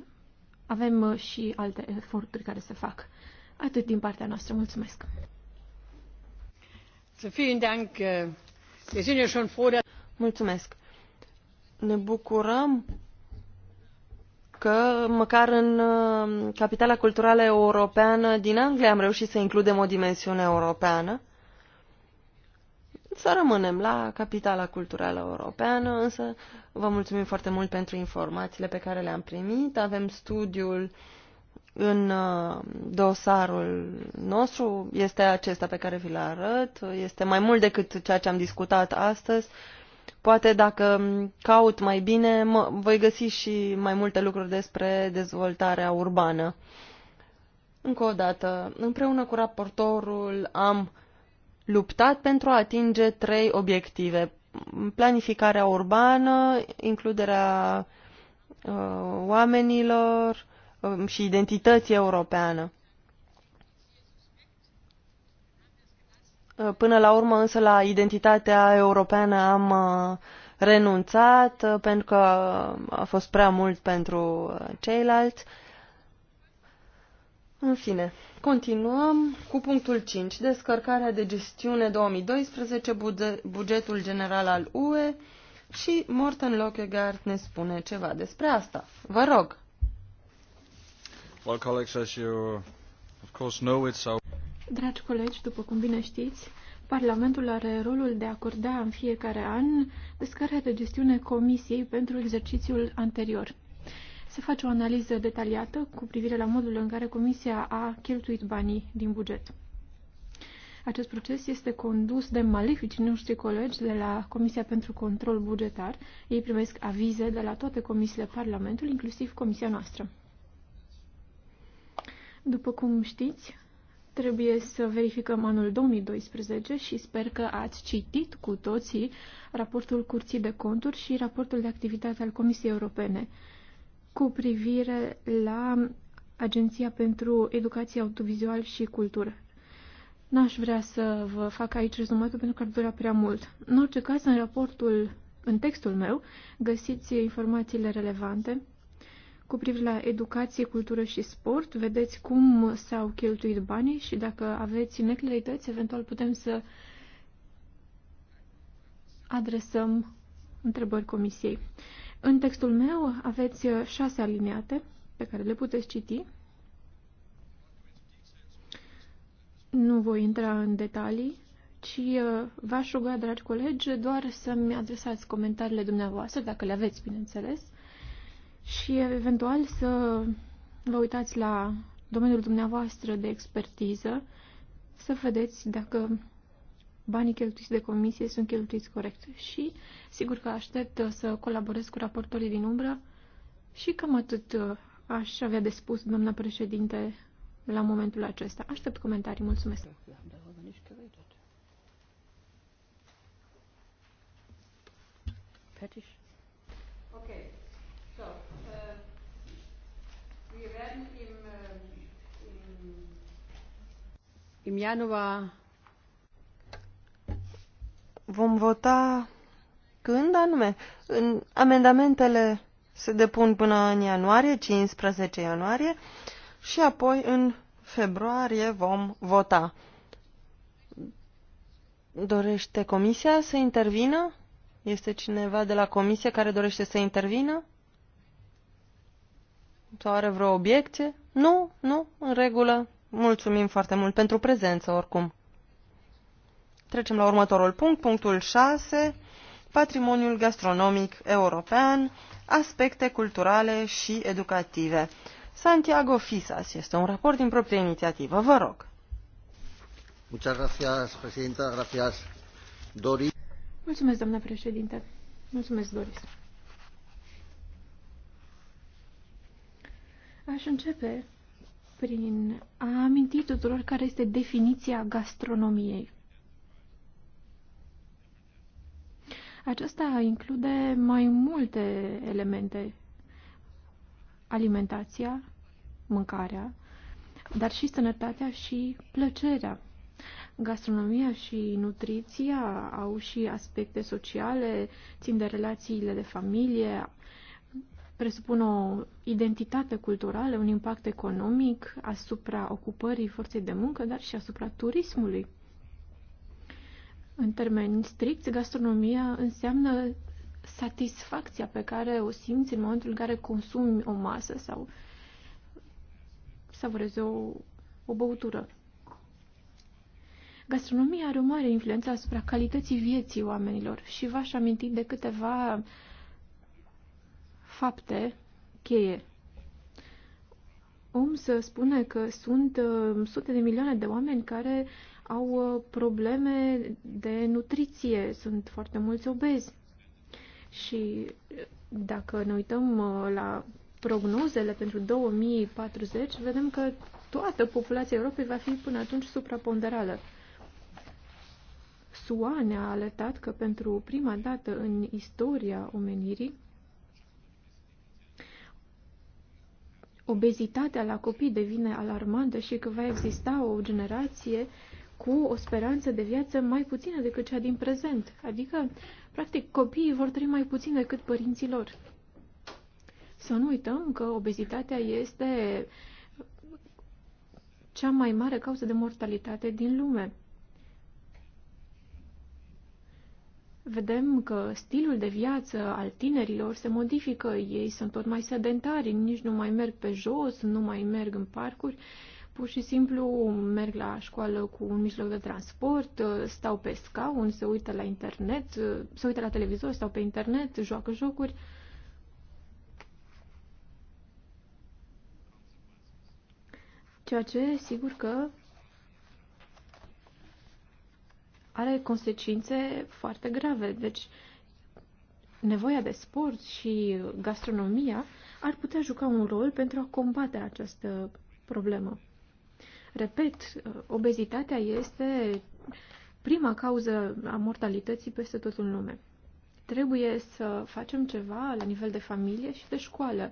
avem și alte eforturi care se fac. Atât din partea noastră. Mulțumesc! Mulțumesc! Ne bucurăm că măcar în uh, capitala culturală europeană din Anglia am reușit să includem o dimensiune europeană. Să rămânem la capitala culturală europeană, însă vă mulțumim foarte mult pentru informațiile pe care le-am primit. Avem studiul în uh, dosarul nostru, este acesta pe care vi-l arăt, este mai mult decât ceea ce am discutat astăzi Poate dacă caut mai bine, mă, voi găsi și mai multe lucruri despre dezvoltarea urbană. Încă o dată, împreună cu raportorul am luptat pentru a atinge trei obiective. Planificarea urbană, includerea uh, oamenilor uh, și identității europeană. Uh, până la urmă însă la identitatea europeană am uh, renunțat uh, pentru că a fost prea mult pentru ceilalți. În fine, continuăm cu punctul 5, descărcarea de gestiune 2012, bugetul general al UE și Morten Lockegaard ne spune ceva despre asta. Vă rog! Well, colleagues, as you of course know, it's our Dragi colegi, după cum bine știți, Parlamentul are rolul de a acorda în fiecare an descărcarea de gestiune Comisiei pentru exercițiul anterior. Se face o analiză detaliată cu privire la modul în care Comisia a cheltuit banii din buget. Acest proces este condus de maleficii noștri colegi de la Comisia pentru Control Bugetar. Ei primesc avize de la toate comisiile Parlamentului, inclusiv comisia noastră. După cum știți, Trebuie să verificăm anul 2012 și sper că ați citit cu toții raportul Curții de Conturi și raportul de activitate al Comisiei Europene cu privire la Agenția pentru Educație Autovizual și Cultură. N-aș vrea să vă fac aici rezumatul pentru că ar dura prea mult. În orice caz, în raportul, în textul meu, găsiți informațiile relevante cu privire la educație, cultură și sport, vedeți cum s-au cheltuit banii și dacă aveți neclarități, eventual putem să adresăm întrebări comisiei. În textul meu aveți șase aliniate pe care le puteți citi. Nu voi intra în detalii, ci uh, v-aș ruga, dragi colegi, doar să-mi adresați comentariile dumneavoastră, dacă le aveți, bineînțeles, și eventual să vă uitați la domeniul dumneavoastră de expertiză să vedeți dacă banii cheltuiți de comisie sunt cheltuiți corect. Și sigur că aștept să colaborez cu raportorii din umbră și cam atât uh, aș avea de spus, doamna președinte, la momentul acesta. Aștept comentarii. Mulțumesc! Fertig? Im Januar vom vota când anume? În amendamentele se depun până în ianuarie, 15 ianuarie, și apoi în februarie vom vota. Dorește comisia să intervină? Este cineva de la comisie care dorește să intervină? Sau are vreo obiecție? Nu, nu, în regulă. Mulțumim foarte mult pentru prezență, oricum. Trecem la următorul punct, punctul 6, patrimoniul gastronomic european, aspecte culturale și educative. Santiago Fisas este un raport din proprie inițiativă. Vă rog. Muchas gracias, presidenta. Gracias, Doris. Mulțumesc, doamna președinte. Mulțumesc, Doris. Aș începe prin a aminti tuturor care este definiția gastronomiei. Aceasta include mai multe elemente. Alimentația, mâncarea, dar și sănătatea și plăcerea. Gastronomia și nutriția au și aspecte sociale, țin de relațiile de familie, presupun o identitate culturală, un impact economic asupra ocupării forței de muncă, dar și asupra turismului. În termeni strict, gastronomia înseamnă satisfacția pe care o simți în momentul în care consumi o masă sau savorezi o, o băutură. Gastronomia are o mare influență asupra calității vieții oamenilor și v-aș aminti de câteva uh, fapte cheie. să spune că sunt uh, sute de milioane de oameni care au uh, probleme de nutriție, sunt foarte mulți obezi. Și dacă ne uităm uh, la prognozele pentru 2040, vedem că toată populația Europei va fi până atunci supraponderală. SUA ne-a alertat că pentru prima dată în istoria omenirii, obezitatea la copii devine alarmantă și că va exista o generație cu o speranță de viață mai puțină decât cea din prezent. Adică, practic, copiii vor trăi mai puțin decât părinții lor. Să nu uităm că obezitatea este cea mai mare cauză de mortalitate din lume. vedem că stilul de viață al tinerilor se modifică, ei sunt tot mai sedentari, nici nu mai merg pe jos, nu mai merg în parcuri, pur și simplu merg la școală cu un mijloc de transport, stau pe scaun, se uită la internet, se uită la televizor, stau pe internet, joacă jocuri. Ceea ce, sigur că are consecințe foarte grave. Deci, nevoia de sport și gastronomia ar putea juca un rol pentru a combate această problemă. Repet, obezitatea este prima cauză a mortalității peste tot în lume. Trebuie să facem ceva la nivel de familie și de școală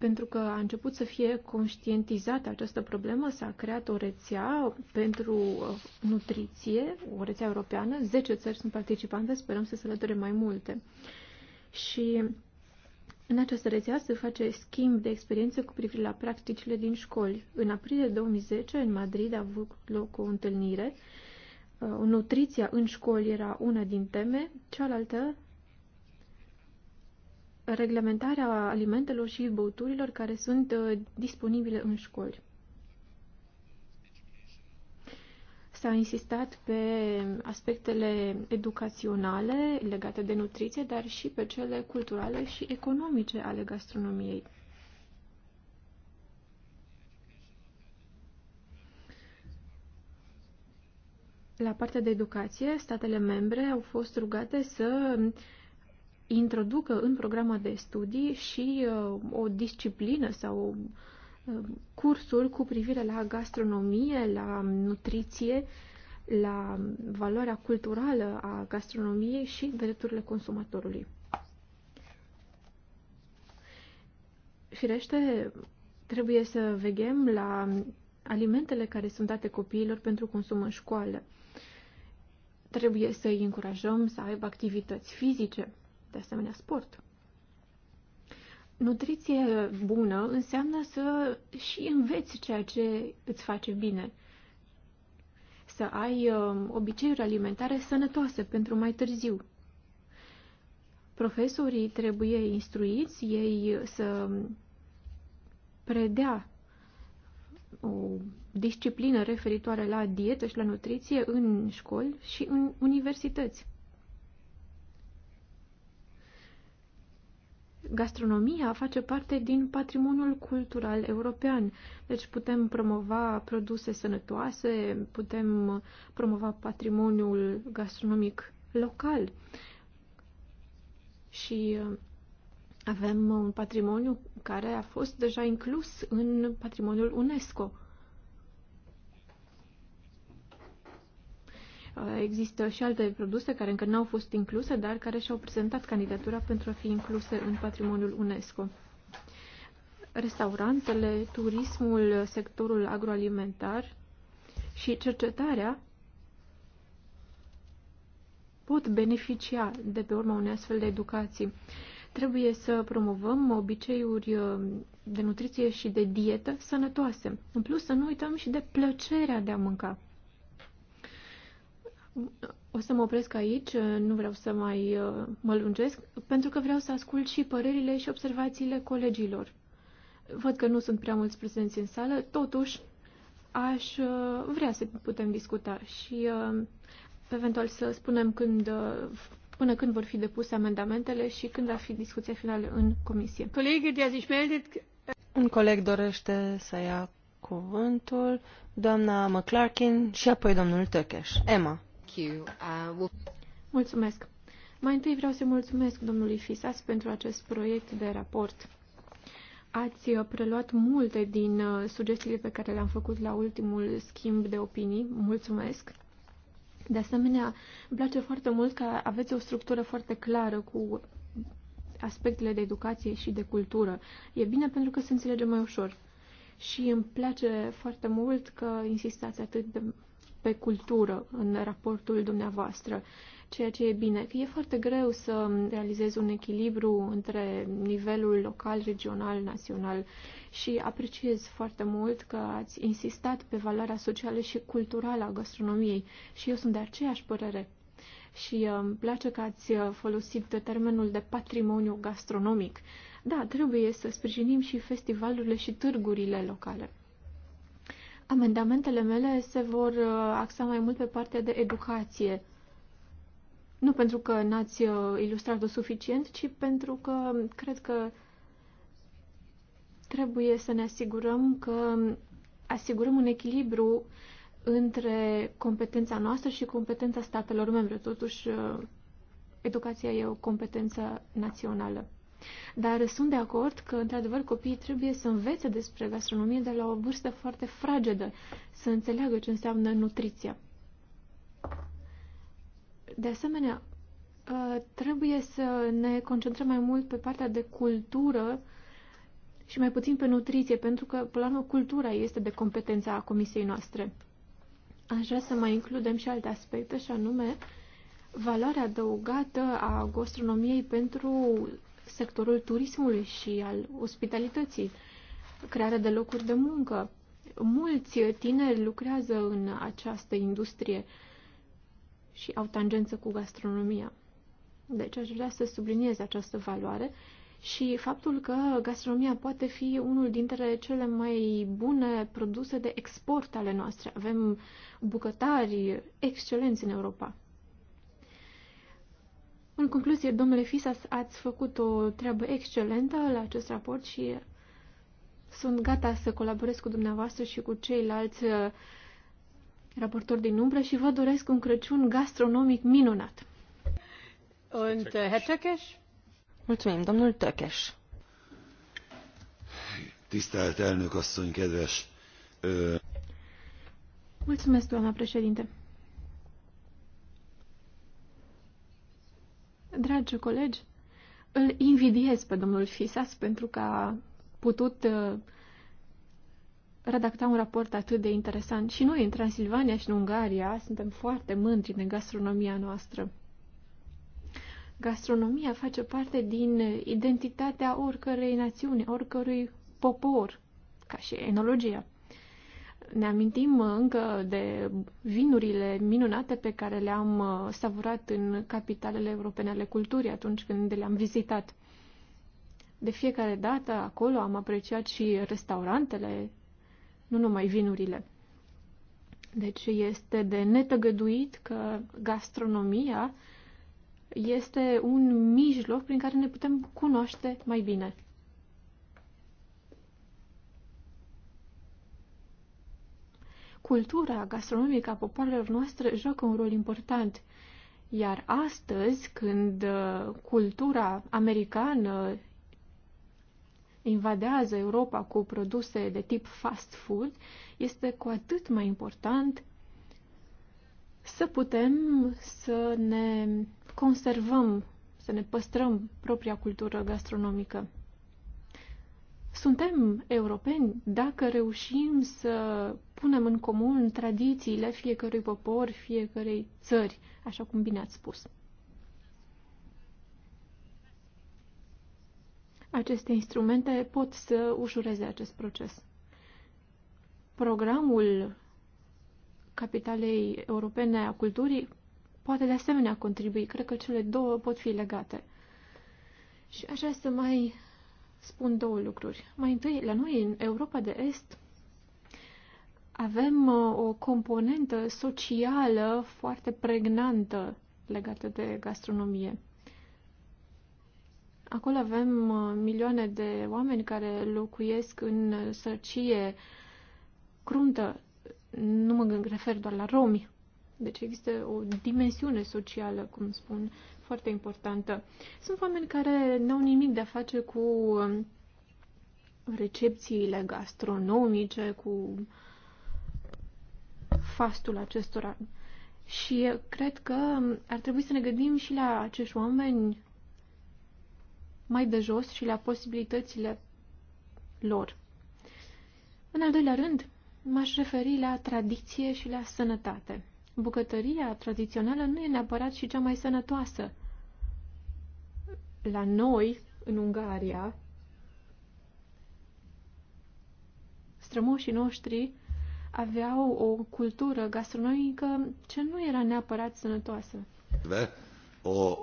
pentru că a început să fie conștientizată această problemă, s-a creat o rețea pentru uh, nutriție, o rețea europeană, 10 țări sunt participante, sperăm să se alăture mai multe. Și în această rețea se face schimb de experiențe cu privire la practicile din școli. În aprilie 2010, în Madrid, a avut loc o întâlnire. Uh, nutriția în școli era una din teme, cealaltă reglementarea alimentelor și băuturilor care sunt uh, disponibile în școli. S-a insistat pe aspectele educaționale legate de nutriție, dar și pe cele culturale și economice ale gastronomiei. La partea de educație, statele membre au fost rugate să uh, introducă în programa de studii și uh, o disciplină sau uh, cursul cu privire la gastronomie, la nutriție, la valoarea culturală a gastronomiei și drepturile consumatorului. Firește, trebuie să vegem la alimentele care sunt date copiilor pentru consum în școală. Trebuie să îi încurajăm să aibă activități fizice de asemenea sport. Nutriție bună înseamnă să și înveți ceea ce îți face bine. Să ai um, obiceiuri alimentare sănătoase pentru mai târziu. Profesorii trebuie instruiți, ei să predea o disciplină referitoare la dietă și la nutriție în școli și în universități. gastronomia face parte din patrimoniul cultural european. Deci putem promova produse sănătoase, putem promova patrimoniul gastronomic local. Și uh, avem un patrimoniu care a fost deja inclus în patrimoniul UNESCO. Uh, există și alte produse care încă nu au fost incluse, dar care și-au prezentat candidatura pentru a fi incluse în patrimoniul UNESCO. Restaurantele, turismul, sectorul agroalimentar și cercetarea pot beneficia de pe urma unei astfel de educații. Trebuie să promovăm obiceiuri uh, de nutriție și de dietă sănătoase. În plus, să nu uităm și de plăcerea de a mânca. O să mă opresc aici, nu vreau să mai uh, mă lungesc, pentru că vreau să ascult și părerile și observațiile colegilor. Văd că nu sunt prea mulți prezenți în sală, totuși aș uh, vrea să putem discuta și uh, eventual să spunem când, până când vor fi depuse amendamentele și când va fi discuția finală în comisie. Colegii Un coleg dorește să ia cuvântul, doamna McClarkin și apoi domnul Tăcheș. Emma. Uh, mulțumesc. Mai întâi vreau să mulțumesc domnului Fisas pentru acest proiect de raport. Ați uh, preluat multe din uh, sugestiile pe care le-am făcut la ultimul schimb de opinii. Mulțumesc! De asemenea, îmi place foarte mult că aveți o structură foarte clară cu aspectele de educație și de cultură. E bine pentru că se înțelege mai ușor. Și îmi place foarte mult că insistați atât de pe cultură în raportul dumneavoastră, ceea ce e bine, că e foarte greu să realizezi un echilibru între nivelul local, regional, național și apreciez foarte mult că ați insistat pe valoarea socială și culturală a gastronomiei și eu sunt de aceeași părere și uh, îmi place că ați uh, folosit termenul de patrimoniu gastronomic. Da, trebuie să sprijinim și festivalurile și târgurile locale. Amendamentele mele se vor uh, axa mai mult pe partea de educație. Nu pentru că n-ați uh, ilustrat-o suficient, ci pentru că cred că trebuie să ne asigurăm că asigurăm un echilibru între competența noastră și competența statelor membre. Totuși, uh, educația e o competență națională. Dar sunt de acord că, într-adevăr, copiii trebuie să învețe despre gastronomie de la o vârstă foarte fragedă, să înțeleagă ce înseamnă nutriția. De asemenea, ă, trebuie să ne concentrăm mai mult pe partea de cultură și mai puțin pe nutriție, pentru că, pe la urmă, cultura este de competența a comisiei noastre. Aș vrea să mai includem și alte aspecte, și anume valoarea adăugată a gastronomiei pentru sectorul turismului și al ospitalității, crearea de locuri de muncă. Mulți tineri lucrează în această industrie și au tangență cu gastronomia. Deci aș vrea să subliniez această valoare și faptul că gastronomia poate fi unul dintre cele mai bune produse de export ale noastre. Avem bucătari excelenți în Europa. În concluzie, domnule Fisas, ați făcut o treabă excelentă la acest raport și sunt gata să colaborez cu dumneavoastră și cu ceilalți uh, raportori din umbră și vă doresc un Crăciun gastronomic minunat. Und uh, Herr Tökes? Mulțumim, domnul Tökes. Tisztelt elnök asszony, kedves... Uh, Mulțumesc, doamna președinte. Dragi colegi, îl invidiez pe domnul Fisas pentru că a putut uh, redacta un raport atât de interesant. Și noi, în Transilvania și în Ungaria, suntem foarte mândri de gastronomia noastră. Gastronomia face parte din identitatea oricărei națiuni, oricărui popor, ca și enologia ne amintim încă de vinurile minunate pe care le-am uh, savurat în capitalele europene ale culturii atunci când le-am vizitat. De fiecare dată acolo am apreciat și restaurantele, nu numai vinurile. Deci este de netăgăduit că gastronomia este un mijloc prin care ne putem cunoaște mai bine. cultura gastronomică a popoarelor noastre joacă un rol important. Iar astăzi, când uh, cultura americană invadează Europa cu produse de tip fast food, este cu atât mai important să putem să ne conservăm, să ne păstrăm propria cultură gastronomică. Suntem europeni dacă reușim să punem în comun tradițiile fiecărui popor, fiecărei țări, așa cum bine ați spus. Aceste instrumente pot să ușureze acest proces. Programul Capitalei Europene a Culturii poate de asemenea contribui. Cred că cele două pot fi legate. Și așa să mai spun două lucruri. Mai întâi, la noi, în Europa de Est, avem uh, o componentă socială foarte pregnantă legată de gastronomie. Acolo avem uh, milioane de oameni care locuiesc în sărcie cruntă. Nu mă refer doar la romi. Deci există o dimensiune socială, cum spun foarte importantă. Sunt oameni care n-au nimic de a face cu um, recepțiile gastronomice, cu fastul acestora. Și uh, cred că um, ar trebui să ne gândim și la acești oameni mai de jos și la posibilitățile lor. În al doilea rând, m-aș referi la tradiție și la sănătate. Bucătăria tradițională nu e neapărat și cea mai sănătoasă la noi, în Ungaria, strămoșii noștri aveau o cultură gastronomică ce nu era neapărat sănătoasă. O,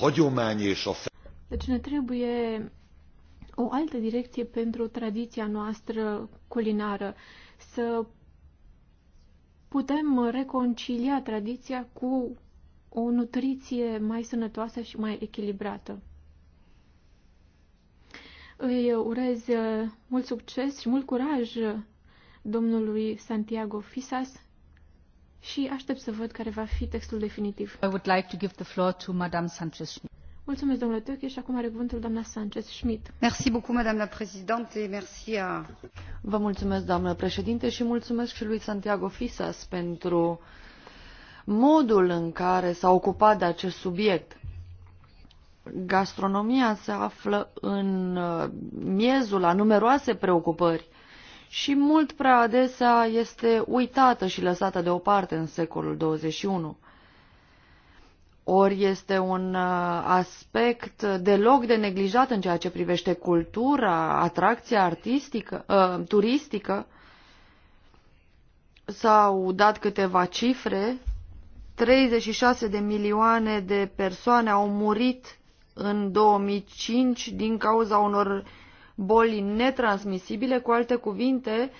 hagyomány és a... Deci ne trebuie o altă direcție pentru tradiția noastră culinară, să putem reconcilia tradiția cu o nutriție mai sănătoasă și mai echilibrată. Îi urez uh, mult succes și mult curaj uh, domnului Santiago Fisas și aștept să văd care va fi textul definitiv. I would like to give the floor to Madame Sanchez Schmidt. Mulțumesc, domnule Tăche, și acum are cuvântul doamna Sanchez Schmidt. Merci beaucoup, madame la présidente, et merci à... Vă mulțumesc, doamnă președinte, și mulțumesc și lui Santiago Fisas pentru modul în care s-a ocupat de acest subiect Gastronomia se află în uh, miezul a numeroase preocupări și mult prea adesea este uitată și lăsată deoparte în secolul 21. Ori este un uh, aspect deloc de neglijat în ceea ce privește cultura, atracția artistică, uh, turistică. S-au dat câteva cifre. 36 de milioane de persoane au murit în 2005 din cauza unor boli netransmisibile, cu alte cuvinte,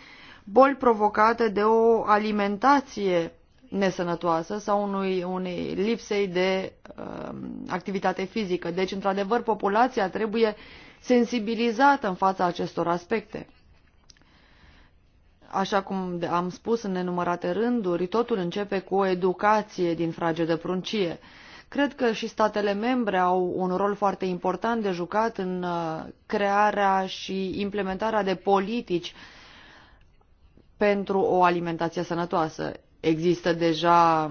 boli provocate de o alimentație nesănătoasă sau unui, unei lipsei de uh, activitate fizică. Deci, într-adevăr, populația trebuie sensibilizată în fața acestor aspecte. Așa cum am spus în nenumărate rânduri, totul începe cu o educație din frage de pruncie. Uh, Cred că și statele membre au un rol foarte important de jucat în uh, crearea și implementarea de politici pentru o alimentație sănătoasă. Există deja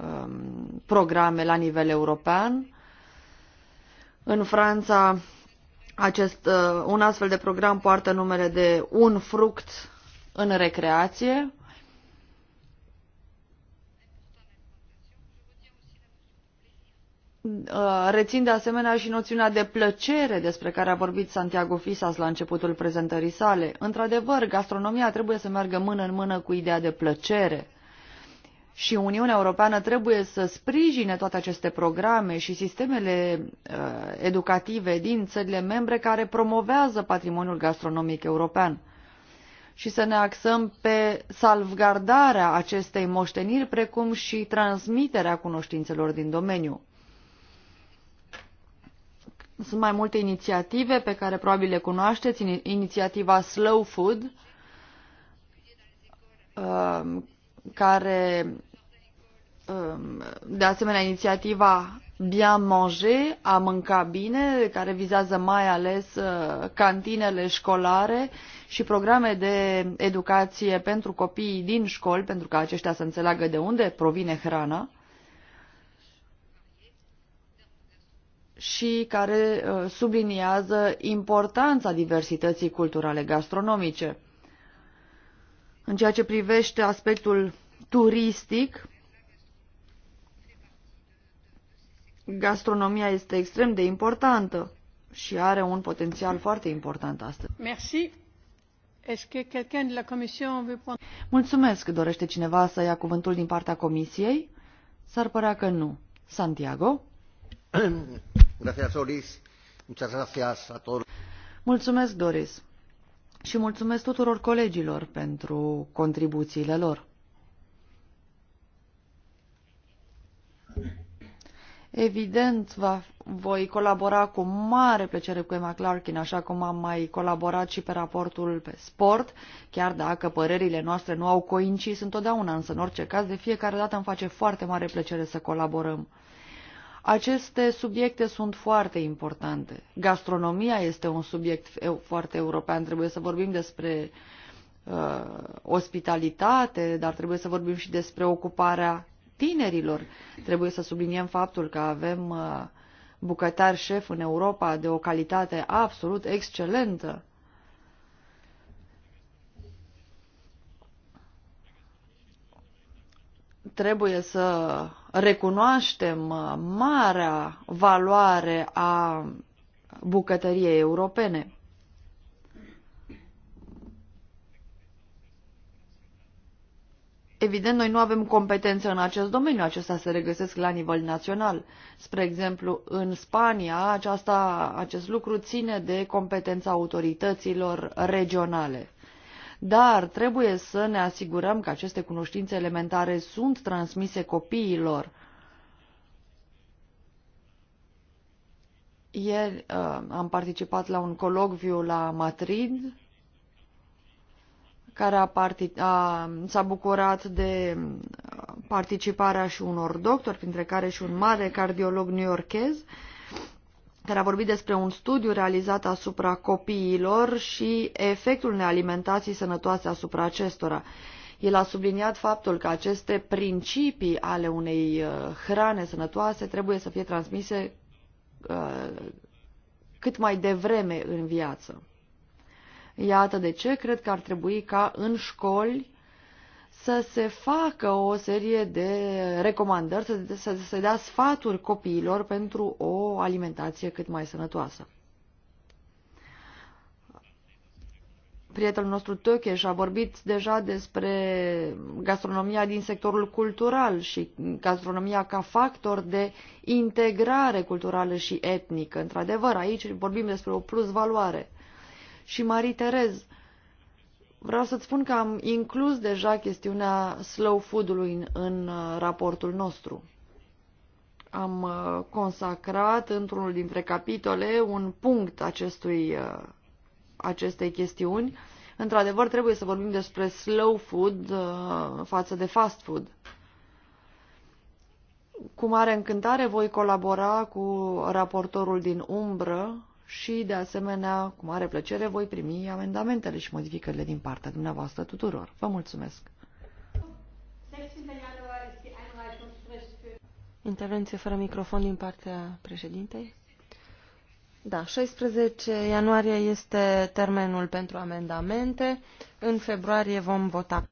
um, programe la nivel european. În Franța, acest, uh, un astfel de program poartă numele de Un fruct în recreație Uh, rețin de asemenea și noțiunea de plăcere despre care a vorbit Santiago Fisas la începutul prezentării sale. Într-adevăr, gastronomia trebuie să meargă mână în mână cu ideea de plăcere. Și Uniunea Europeană trebuie să sprijine toate aceste programe și sistemele uh, educative din țările membre care promovează patrimoniul gastronomic european și să ne axăm pe salvgardarea acestei moșteniri, precum și transmiterea cunoștințelor din domeniu. Sunt mai multe inițiative pe care probabil le cunoașteți, inițiativa Slow Food, um, care, um, de asemenea, inițiativa Bien Manger, a mânca bine, care vizează mai ales uh, cantinele școlare și programe de educație pentru copiii din școli, pentru ca aceștia să înțeleagă de unde provine hrana. și care uh, subliniază importanța diversității culturale gastronomice. În ceea ce privește aspectul turistic, gastronomia este extrem de importantă și are un potențial foarte important astăzi. Merci. Mulțumesc. Dorește cineva să ia cuvântul din partea Comisiei? S-ar părea că nu. Santiago? Mulțumesc, Doris. Și mulțumesc tuturor colegilor pentru contribuțiile lor. Evident, va, voi colabora cu mare plăcere cu Emma Clarkin, așa cum am mai colaborat și pe raportul pe sport, chiar dacă părerile noastre nu au coincis întotdeauna, însă în orice caz, de fiecare dată îmi face foarte mare plăcere să colaborăm. Aceste subiecte sunt foarte importante. Gastronomia este un subiect foarte european. Trebuie să vorbim despre uh, ospitalitate, dar trebuie să vorbim și despre ocuparea tinerilor. Trebuie să subliniem faptul că avem uh, bucătar șef în Europa de o calitate absolut excelentă. Trebuie să recunoaștem uh, marea valoare a bucătăriei europene. Evident, noi nu avem competență în acest domeniu, acestea se regăsesc la nivel național. Spre exemplu, în Spania, aceasta, acest lucru ține de competența autorităților regionale dar trebuie să ne asigurăm că aceste cunoștințe elementare sunt transmise copiilor. Ieri uh, am participat la un colocviu la Madrid care a a, s-a bucurat de uh, participarea și unor doctori, printre care și un mare cardiolog newyorkez, uh, care a vorbit despre un studiu realizat asupra copiilor și efectul nealimentației sănătoase asupra acestora. El a subliniat faptul că aceste principii ale unei uh, hrane sănătoase trebuie să fie transmise uh, cât mai devreme în viață. Iată de ce cred că ar trebui ca în școli să se facă o serie de recomandări, să, să se dea sfaturi copiilor pentru o alimentație cât mai sănătoasă. Prietenul nostru Tökeș a vorbit deja despre gastronomia din sectorul cultural și gastronomia ca factor de integrare culturală și etnică. Într-adevăr, aici vorbim despre o plusvaloare. Și Marie Terez Vreau să-ți spun că am inclus deja chestiunea slow food-ului în, în uh, raportul nostru. Am uh, consacrat într-unul dintre capitole un punct acestui, uh, acestei chestiuni. Într-adevăr, trebuie să vorbim despre slow food față de fast food. Cu mare încântare voi colabora cu raportorul din umbră și, de asemenea, cu mare plăcere voi primi amendamentele și modificările din partea dumneavoastră tuturor. Vă mulțumesc! Intervenție fără microfon din partea președintei. Da, 16 ianuarie este termenul pentru amendamente. În februarie vom vota.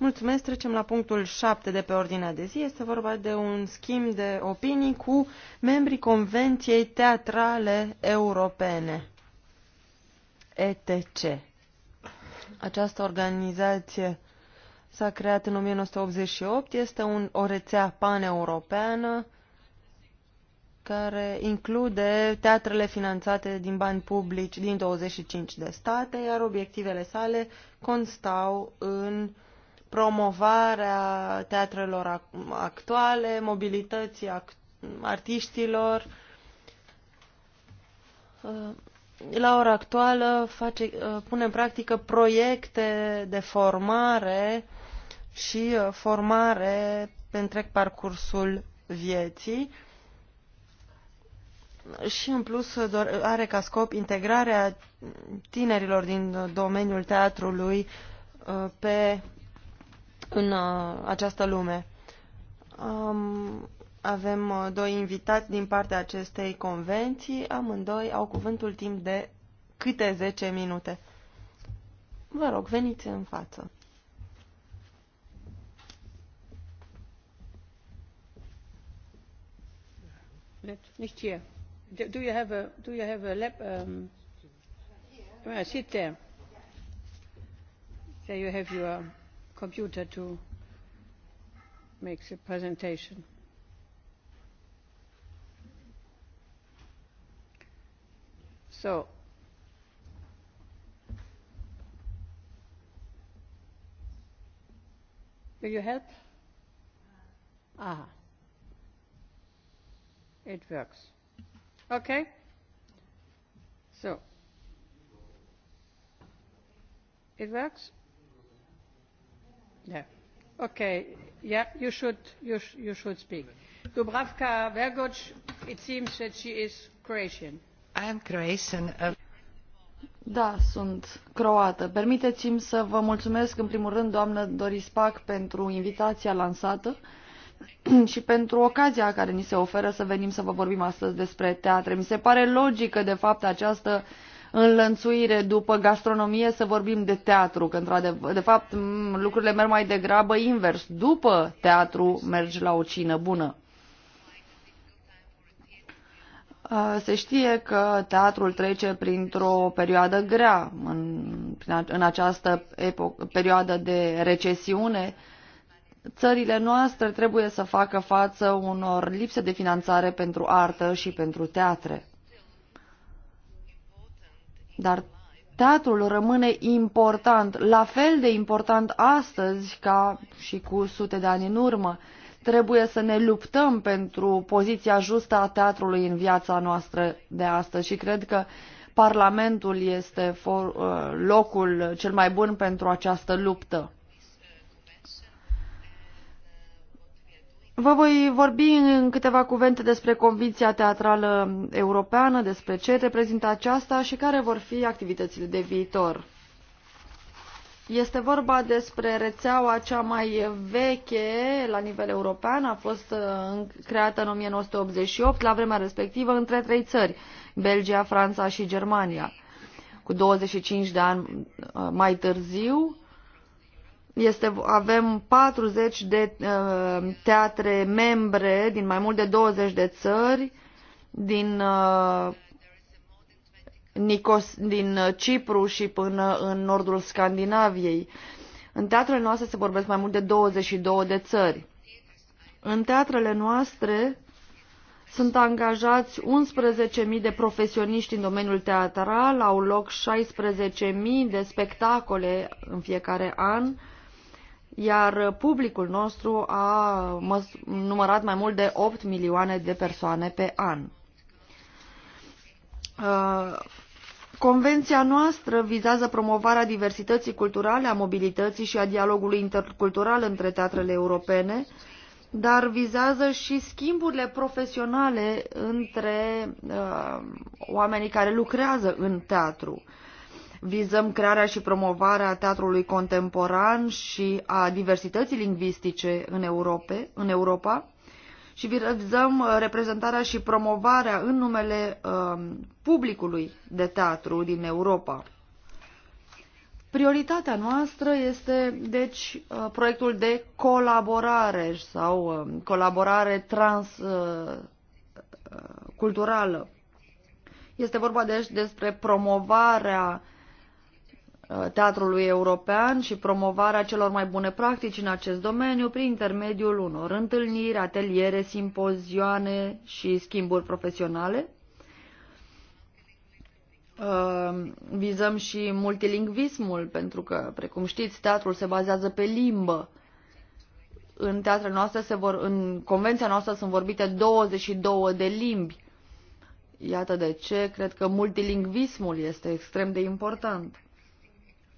Mulțumesc. Trecem la punctul 7 de pe ordinea de zi. Este vorba de un schimb de opinii cu membrii Convenției Teatrale Europene, ETC. Această organizație s-a creat în 1988, este un, o rețea paneuropeană care include teatrele finanțate din bani publici din 25 de state, iar obiectivele sale constau în uh, promovarea teatrelor actuale, mobilității act artiștilor. Uh, la ora actuală face, uh, pune în practică proiecte de formare și uh, formare pe întreg parcursul vieții și în plus are ca scop integrarea tinerilor din domeniul teatrului pe în uh, această lume. Um, avem uh, doi invitați din partea acestei convenții. Amândoi au cuvântul timp de câte 10 minute. Vă rog, veniți în față. Nici hier. Do you have a do you have a lab um yeah, sit there. There you have your computer to make the presentation. So, will you help? Ah, it works. Okay. So, it works. Dubravka Vergoc, it seems that she is Croatian. I am Croatian. Uh, da, sunt croată. Permiteți-mi să vă mulțumesc în primul rând, doamnă Doris Pac, pentru invitația lansată și pentru ocazia care ni se oferă să venim să vă vorbim astăzi despre teatre. Mi se pare logică, de fapt, această uh, înlănțuire după gastronomie să vorbim de teatru, că într-adevăr de fapt lucrurile merg mai degrabă invers. După teatru mergi la o cină bună. Se știe că teatrul trece printr-o perioadă grea. În, în această epoc, perioadă de recesiune, țările noastre trebuie să facă față unor lipse de finanțare pentru artă și pentru teatre. Dar teatrul rămâne important, la fel de important astăzi ca și cu sute de ani în urmă. Trebuie să ne luptăm pentru poziția justă a teatrului în viața noastră de astăzi și cred că Parlamentul este for, uh, locul cel mai bun pentru această luptă. Vă voi vorbi în câteva cuvinte despre convinția teatrală europeană, despre ce reprezintă aceasta și care vor fi activitățile de viitor. Este vorba despre rețeaua cea mai veche la nivel european, a fost uh, creată în 1988, la vremea respectivă, între trei țări, Belgia, Franța și Germania. Cu 25 de ani uh, mai târziu, este, avem 40 de uh, teatre membre din mai mult de 20 de țări, din, uh, Nicos, din uh, Cipru și până în nordul Scandinaviei. În teatrele noastre se vorbesc mai mult de 22 de țări. În teatrele noastre sunt angajați 11.000 de profesioniști în domeniul teatral, au loc 16.000 de spectacole în fiecare an iar publicul nostru a numărat mai mult de 8 milioane de persoane pe an. Uh, convenția noastră vizează promovarea diversității culturale, a mobilității și a dialogului intercultural între teatrele europene, dar vizează și schimburile profesionale între uh, oamenii care lucrează în teatru. Uh, Vizăm crearea și promovarea teatrului contemporan și a diversității lingvistice în, Europe, în Europa și vizăm uh, reprezentarea și promovarea în numele uh, publicului de teatru din Europa. Prioritatea noastră este, deci, uh, proiectul de colaborare sau um, colaborare transculturală. Uh, este vorba, deci, despre promovarea Uh, teatrului european și promovarea celor mai bune practici în acest domeniu prin intermediul unor întâlniri, ateliere, simpozioane și schimburi profesionale. Uh, vizăm și multilingvismul, pentru că, precum știți, teatrul se bazează pe limbă. În teatrele noastre se vor, în convenția noastră sunt vorbite 22 de limbi. Iată de ce cred că multilingvismul este extrem de important.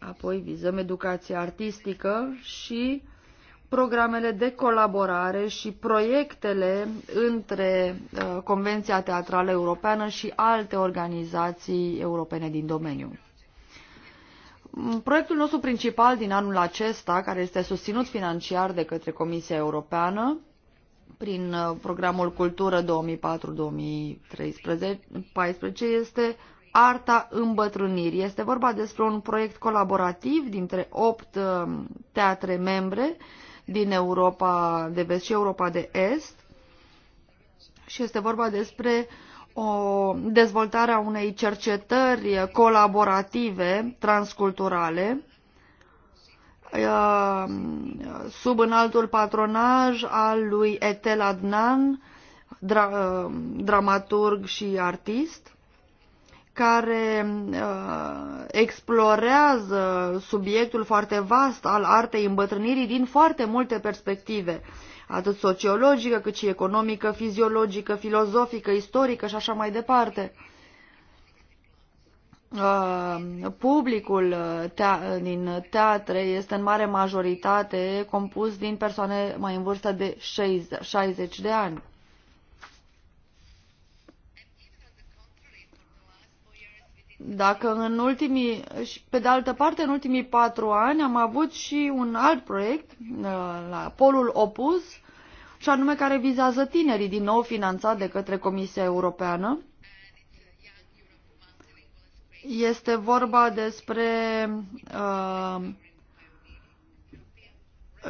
Apoi vizăm educația artistică și programele de colaborare și proiectele între uh, Convenția Teatrală Europeană și alte organizații europene din domeniu. Proiectul nostru principal din anul acesta, care este susținut financiar de către Comisia Europeană prin uh, programul Cultură 2004-2014, este Arta îmbătrânirii. Este vorba despre un proiect colaborativ dintre opt um, teatre membre din Europa de Vest și Europa de Est și este vorba despre o dezvoltare a unei cercetări colaborative transculturale um, sub înaltul patronaj al lui Etel Adnan, dra um, dramaturg și artist care uh, explorează subiectul foarte vast al artei îmbătrânirii din foarte multe perspective, atât sociologică cât și economică, fiziologică, filozofică, istorică și așa mai departe. Uh, publicul uh, tea din teatre este în mare majoritate compus din persoane mai în vârstă de 60, 60 de ani. Dacă în ultimii, și pe de altă parte, în ultimii patru ani am avut și un alt proiect uh, la polul opus, și anume care vizează tinerii, din nou finanțat de către Comisia Europeană. Este vorba despre uh,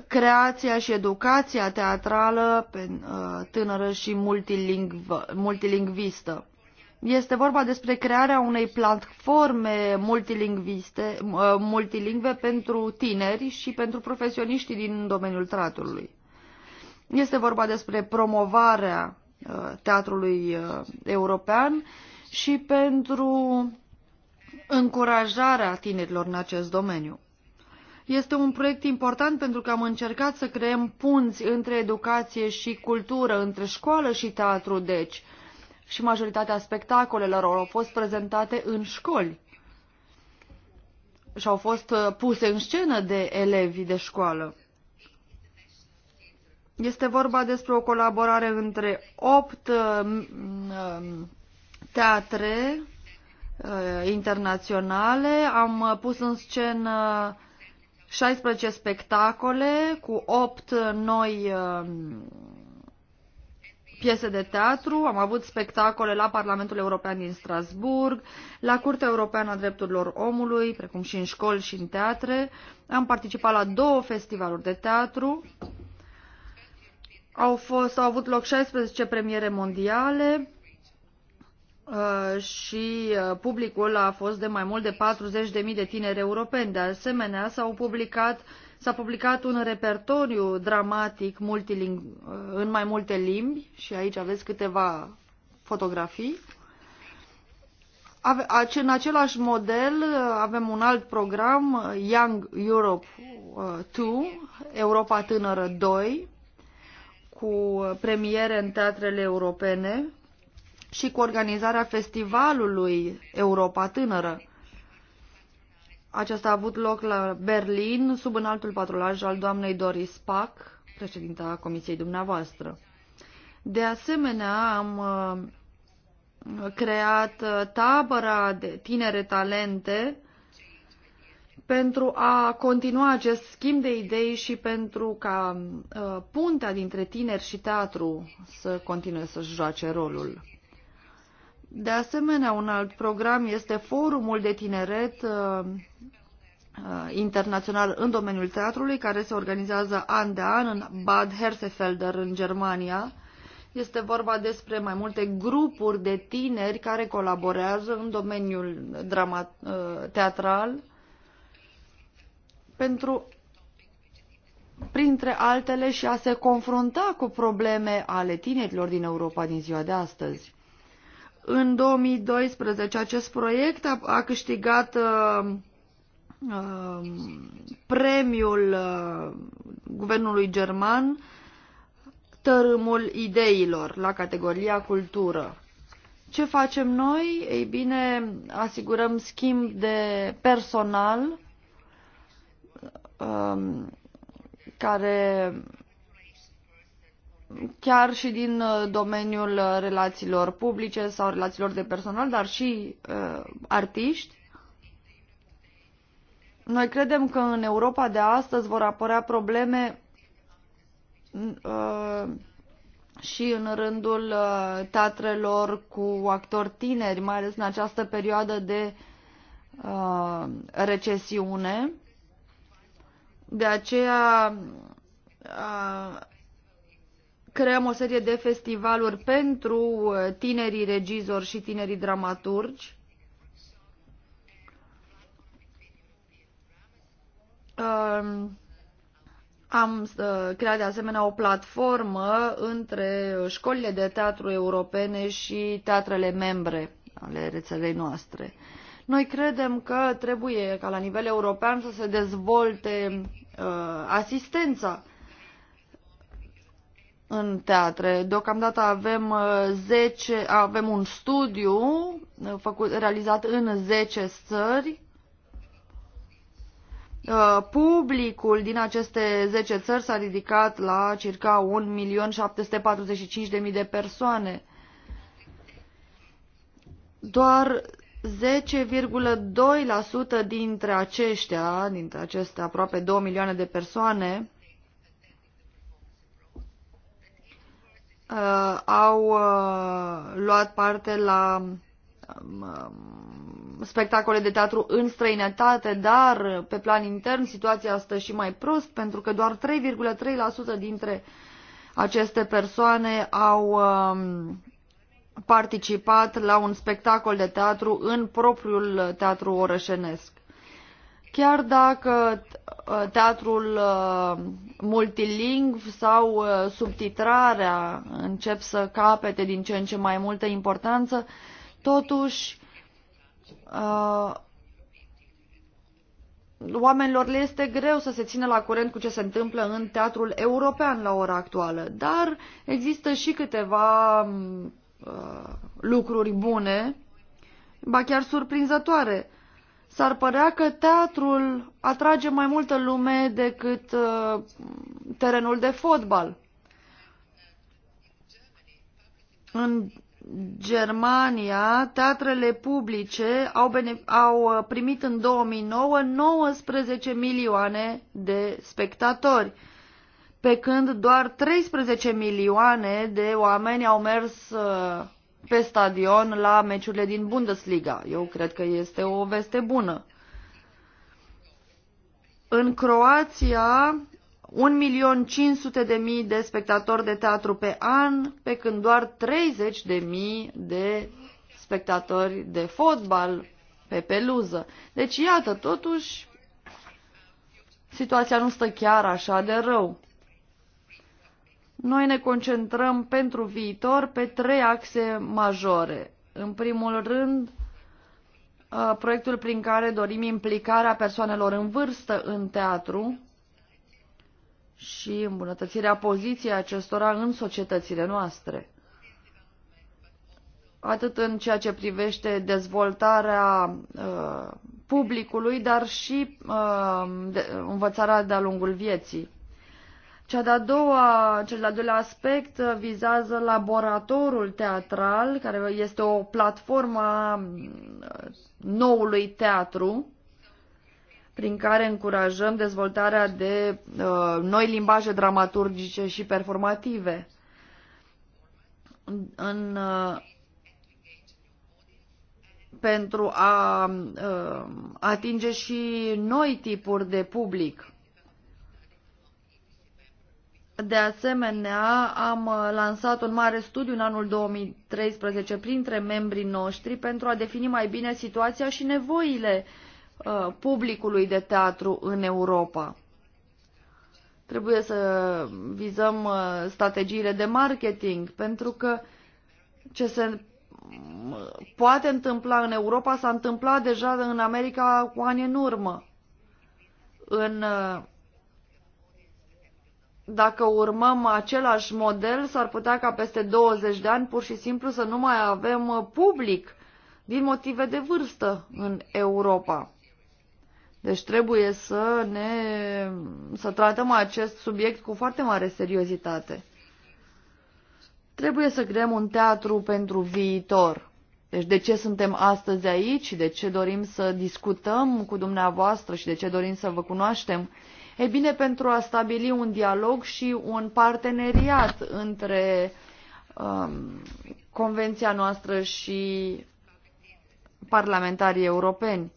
creația și educația teatrală pe, uh, tânără și multilingv multilingvistă. Este vorba despre crearea unei platforme multilingviste, ă, multilingve pentru tineri și pentru profesioniștii din domeniul teatrului. Este vorba despre promovarea ă, teatrului ă, european și pentru încurajarea tinerilor în acest domeniu. Este un proiect important pentru că am încercat să creăm punți între educație și cultură, între școală și teatru, deci, și majoritatea spectacolelor au fost prezentate în școli și au fost uh, puse în scenă de elevii de școală. Este vorba despre o colaborare între opt uh, um, teatre uh, internaționale. Am pus în scenă 16 spectacole cu 8 noi piese de teatru, am avut spectacole la Parlamentul European din Strasburg, la Curtea Europeană a Drepturilor Omului, precum și în școli și în teatre. Am participat la două festivaluri de teatru. Au, fost, au avut loc 16 premiere mondiale uh, și uh, publicul a fost de mai mult de 40.000 de tineri europeni. De asemenea, s-au publicat S-a publicat un repertoriu dramatic multiling- în mai multe limbi și aici aveți câteva fotografii. În același model uh, avem un alt program, uh, Young Europe 2, uh, Europa Tânără 2, cu premiere în teatrele europene și cu organizarea festivalului Europa Tânără. Aceasta a avut loc la Berlin, sub înaltul patrulaj al doamnei Doris Pack, președinta comisiei dumneavoastră. De asemenea, am uh, creat uh, tabăra de tinere talente pentru a continua acest schimb de idei și pentru ca uh, puntea dintre tineri și teatru să continue să-și joace rolul. De asemenea, un alt program este Forumul de Tineret uh, uh, internațional în domeniul teatrului, care se organizează an de an în Bad Hersefelder, în Germania. Este vorba despre mai multe grupuri de tineri care colaborează în domeniul drama, uh, teatral pentru, printre altele, și a se confrunta cu probleme ale tinerilor din Europa din ziua de astăzi. În 2012 acest proiect a, a câștigat uh, uh, premiul uh, guvernului german Tărâmul ideilor la categoria cultură. Ce facem noi? Ei bine, asigurăm schimb de personal um, care chiar și din uh, domeniul uh, relațiilor publice sau relațiilor de personal, dar și uh, artiști. Noi credem că în Europa de astăzi vor apărea probleme uh, și în rândul uh, teatrelor cu actori tineri, mai ales în această perioadă de uh, recesiune. De aceea uh, creăm o serie de festivaluri pentru uh, tinerii regizori și tinerii dramaturgi. Um, am uh, creat de asemenea o platformă între școlile de teatru europene și teatrele membre ale rețelei noastre. Noi credem că trebuie ca la nivel european să se dezvolte uh, asistența în teatre. Deocamdată avem, 10, uh, avem un studiu uh, făcut, realizat în 10 țări. Uh, publicul din aceste 10 țări s-a ridicat la circa 1.745.000 de persoane. Doar 10,2% dintre aceștia, dintre aceste aproape 2 milioane de persoane, uh, au uh, luat parte la um, um, spectacole de teatru în străinătate, dar pe plan intern situația stă și mai prost pentru că doar 3,3% dintre aceste persoane au um, participat la un spectacol de teatru în propriul teatru orășenesc. Chiar dacă ă, teatrul ă, multilingv sau ă, subtitrarea încep să capete din ce în ce mai multă importanță, totuși oamenilor le este greu să se țină la curent cu ce se întâmplă în teatrul european la ora actuală, dar există și câteva lucruri bune, ba chiar surprinzătoare s-ar părea că teatrul atrage mai multă lume decât uh, terenul de fotbal. În Germania, teatrele publice au, au uh, primit în 2009 19 milioane de spectatori, pe când doar 13 milioane de oameni au mers uh, pe stadion la meciurile din Bundesliga. Eu cred că este o veste bună. În Croația, 1.500.000 de spectatori de teatru pe an, pe când doar 30.000 de spectatori de fotbal pe peluză. Deci, iată, totuși, situația nu stă chiar așa de rău. Noi ne concentrăm pentru viitor pe trei axe majore. În primul rând, uh, proiectul prin care dorim implicarea persoanelor în vârstă în teatru și îmbunătățirea poziției acestora în societățile noastre. Atât în ceea ce privește dezvoltarea uh, publicului, dar și uh, de, învățarea de-a lungul vieții. Cea de-a doua, cel de-al doilea aspect uh, vizează laboratorul teatral, care este o platformă a mm, uh, noului teatru, prin care încurajăm dezvoltarea de uh, noi limbaje dramaturgice și performative. În, uh, pentru a uh, atinge și noi tipuri de public de asemenea, am uh, lansat un mare studiu în anul 2013 printre membrii noștri pentru a defini mai bine situația și nevoile uh, publicului de teatru în Europa. Trebuie să vizăm uh, strategiile de marketing, pentru că ce se poate întâmpla în Europa s-a întâmplat deja în America cu ani în urmă. În dacă urmăm același model, s-ar putea ca peste 20 de ani pur și simplu să nu mai avem uh, public din motive de vârstă în Europa. Deci trebuie să ne să tratăm acest subiect cu foarte mare seriozitate. Trebuie să creăm un teatru pentru viitor. Deci de ce suntem astăzi aici, de ce dorim să discutăm cu dumneavoastră și de ce dorim să vă cunoaștem E bine, pentru a stabili un dialog și un parteneriat între um, convenția noastră și parlamentarii europeni.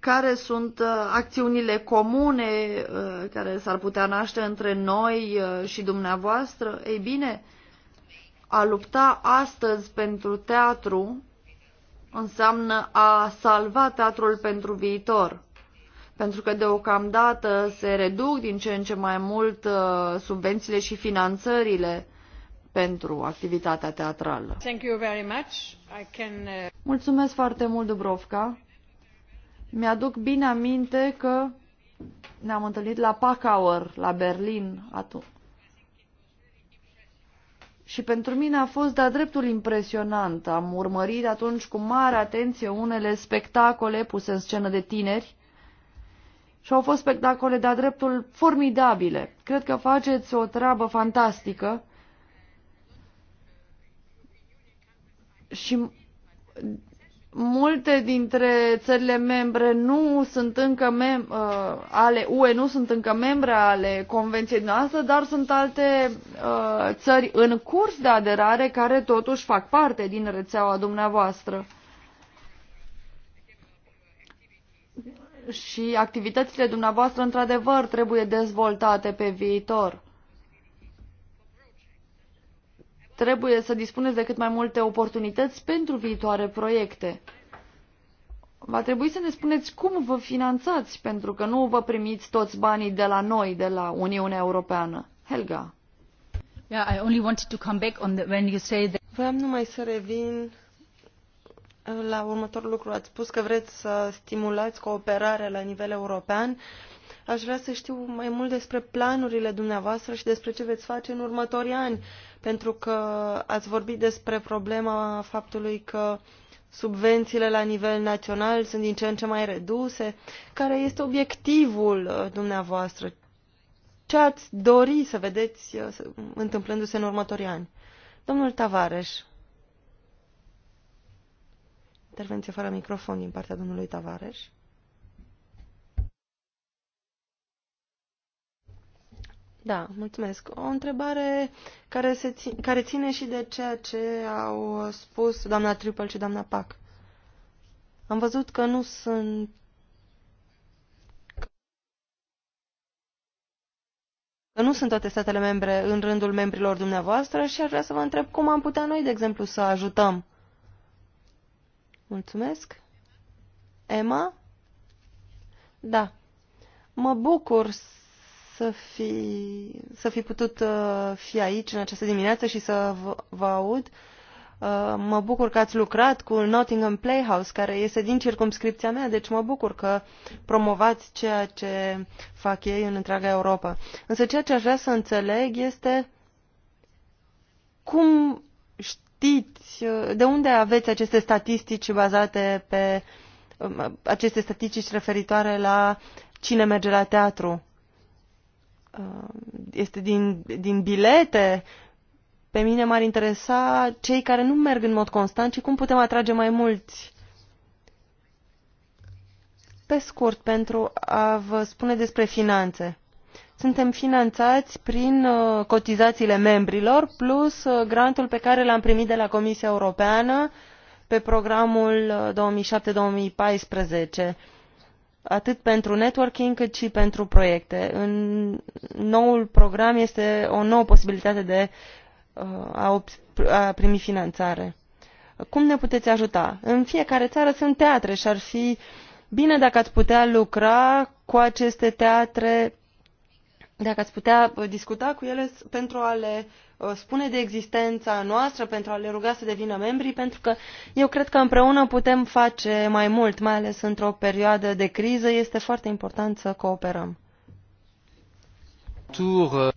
care sunt uh, acțiunile comune uh, care s-ar putea naște între noi uh, și dumneavoastră? Ei bine, a lupta astăzi pentru teatru înseamnă a salva teatrul pentru viitor. Pentru că deocamdată se reduc din ce în ce mai mult uh, subvențiile și finanțările pentru activitatea teatrală. Thank you very much. I can, uh, Mulțumesc foarte mult, Dubrovka. Mi-aduc bine aminte că ne-am întâlnit la Packauer, la Berlin, atunci și pentru mine a fost de-a dreptul impresionant. Am urmărit atunci cu mare atenție unele spectacole puse în scenă de tineri și au fost spectacole de-a dreptul formidabile. Cred că faceți o treabă fantastică și multe dintre țările membre nu sunt încă mem- uh, ale UE, nu sunt încă membre ale convenției noastre, dar sunt alte uh, țări în curs de aderare care totuși fac parte din rețeaua dumneavoastră. Și activitățile dumneavoastră, într-adevăr, trebuie dezvoltate pe viitor. Trebuie să dispuneți de cât mai multe oportunități pentru viitoare proiecte. Va trebui să ne spuneți cum vă finanțați, pentru că nu vă primiți toți banii de la noi, de la Uniunea Europeană. Helga. Yeah, I only wanted to come back on the, when you say that... Vreau numai să revin uh, la următorul lucru. Ați spus că vreți să stimulați cooperarea la nivel european. Aș vrea să știu mai mult despre planurile dumneavoastră și despre ce veți face în următorii ani. Uh, pentru că ați vorbit despre problema faptului că subvențiile la nivel național sunt din ce în ce mai reduse. Care este obiectivul uh, dumneavoastră? Ce ați dori să vedeți uh, întâmplându-se în următorii ani? Domnul Tavares. Intervenție fără microfon din partea domnului Tavares. Da, mulțumesc. O întrebare care, se ți- care ține și de ceea ce au spus doamna Triple și doamna Pac. Am văzut că nu sunt că nu sunt toate statele membre în rândul membrilor dumneavoastră și ar vrea să vă întreb cum am putea noi, de exemplu, să ajutăm. Mulțumesc. Emma? Da. Mă bucur să fi, să fi putut uh, fi aici în această dimineață și să vă, vă aud. Uh, mă bucur că ați lucrat cu Nottingham Playhouse, care este din circumscripția mea, deci mă bucur că promovați ceea ce fac ei în întreaga Europa. Însă ceea ce aș vrea să înțeleg este cum știți, uh, de unde aveți aceste statistici bazate pe aceste statistici referitoare la cine merge la teatru. Uh, este din, din bilete. Pe mine m-ar interesa cei care nu merg în mod constant și cum putem atrage mai mulți. Pe scurt, pentru a vă spune despre finanțe. Suntem finanțați prin uh, cotizațiile membrilor plus uh, grantul pe care l-am primit de la Comisia Europeană pe programul 2007-2014 atât pentru networking cât și pentru proiecte. În noul program este o nouă posibilitate de uh, a, a primi finanțare. Cum ne puteți ajuta? În fiecare țară sunt teatre și ar fi bine dacă ați putea lucra cu aceste teatre dacă ați putea uh, discuta cu ele pentru a le uh, spune de existența noastră, pentru a le ruga să devină membri, pentru că eu cred că împreună putem face mai mult, mai ales într-o perioadă de criză, este foarte important să cooperăm. Uh.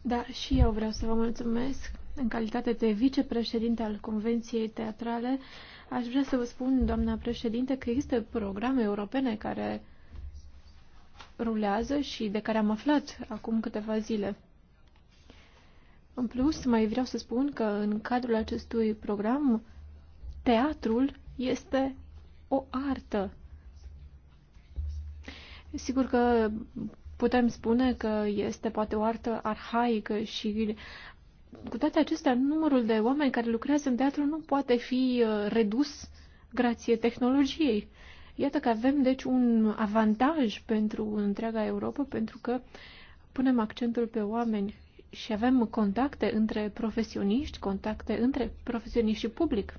Da, și eu vreau să vă mulțumesc. În calitate de vicepreședinte al Convenției Teatrale, aș vrea să vă spun, doamna președinte, că există programe europene care rulează și de care am aflat acum câteva zile. În plus, mai vreau să spun că în cadrul acestui program, teatrul este o artă. Sigur că putem spune că este poate o artă arhaică și cu toate acestea, numărul de oameni care lucrează în teatru nu poate fi uh, redus grație tehnologiei. Iată că avem, deci, un avantaj pentru întreaga Europa, pentru că punem accentul pe oameni și avem contacte între profesioniști, contacte între profesioniști și public.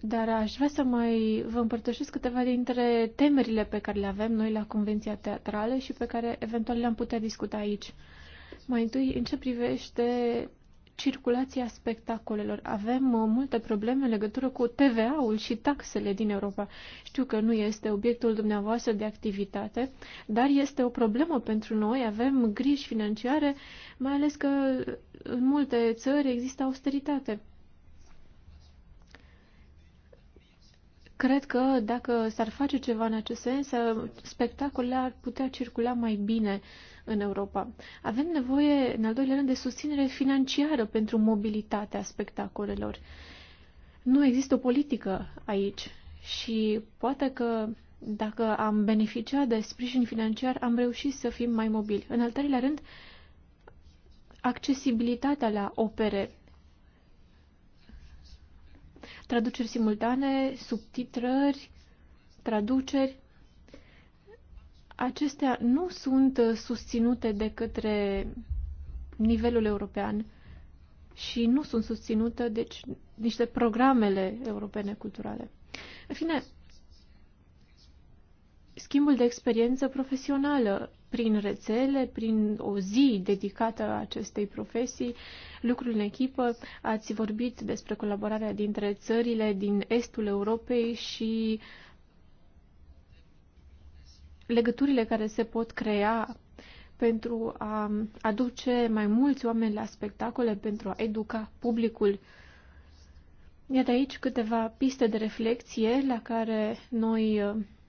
Dar aș vrea să mai vă împărtășesc câteva dintre temerile pe care le avem noi la Convenția Teatrală și pe care eventual le-am putea discuta aici. Mai întâi, în ce privește circulația spectacolelor. Avem uh, multe probleme în legătură cu TVA-ul și taxele din Europa. Știu că nu este obiectul dumneavoastră de activitate, dar este o problemă pentru noi. Avem griji financiare, mai ales că în multe țări există austeritate. Cred că dacă s-ar face ceva în acest sens, spectacolele ar putea circula mai bine în Europa. Avem nevoie, în al doilea rând, de susținere financiară pentru mobilitatea spectacolelor. Nu există o politică aici și poate că dacă am beneficiat de sprijin financiar, am reușit să fim mai mobili. În al treilea rând, accesibilitatea la opere traduceri simultane, subtitrări, traduceri. Acestea nu sunt uh, susținute de către nivelul european și nu sunt susținute, deci, niște programele europene culturale. În fine, schimbul de experiență profesională prin rețele, prin o zi dedicată acestei profesii, lucruri în echipă. Ați vorbit despre colaborarea dintre țările din estul Europei și legăturile care se pot crea pentru a aduce mai mulți oameni la spectacole, pentru a educa publicul. Iată aici câteva piste de reflexie la care noi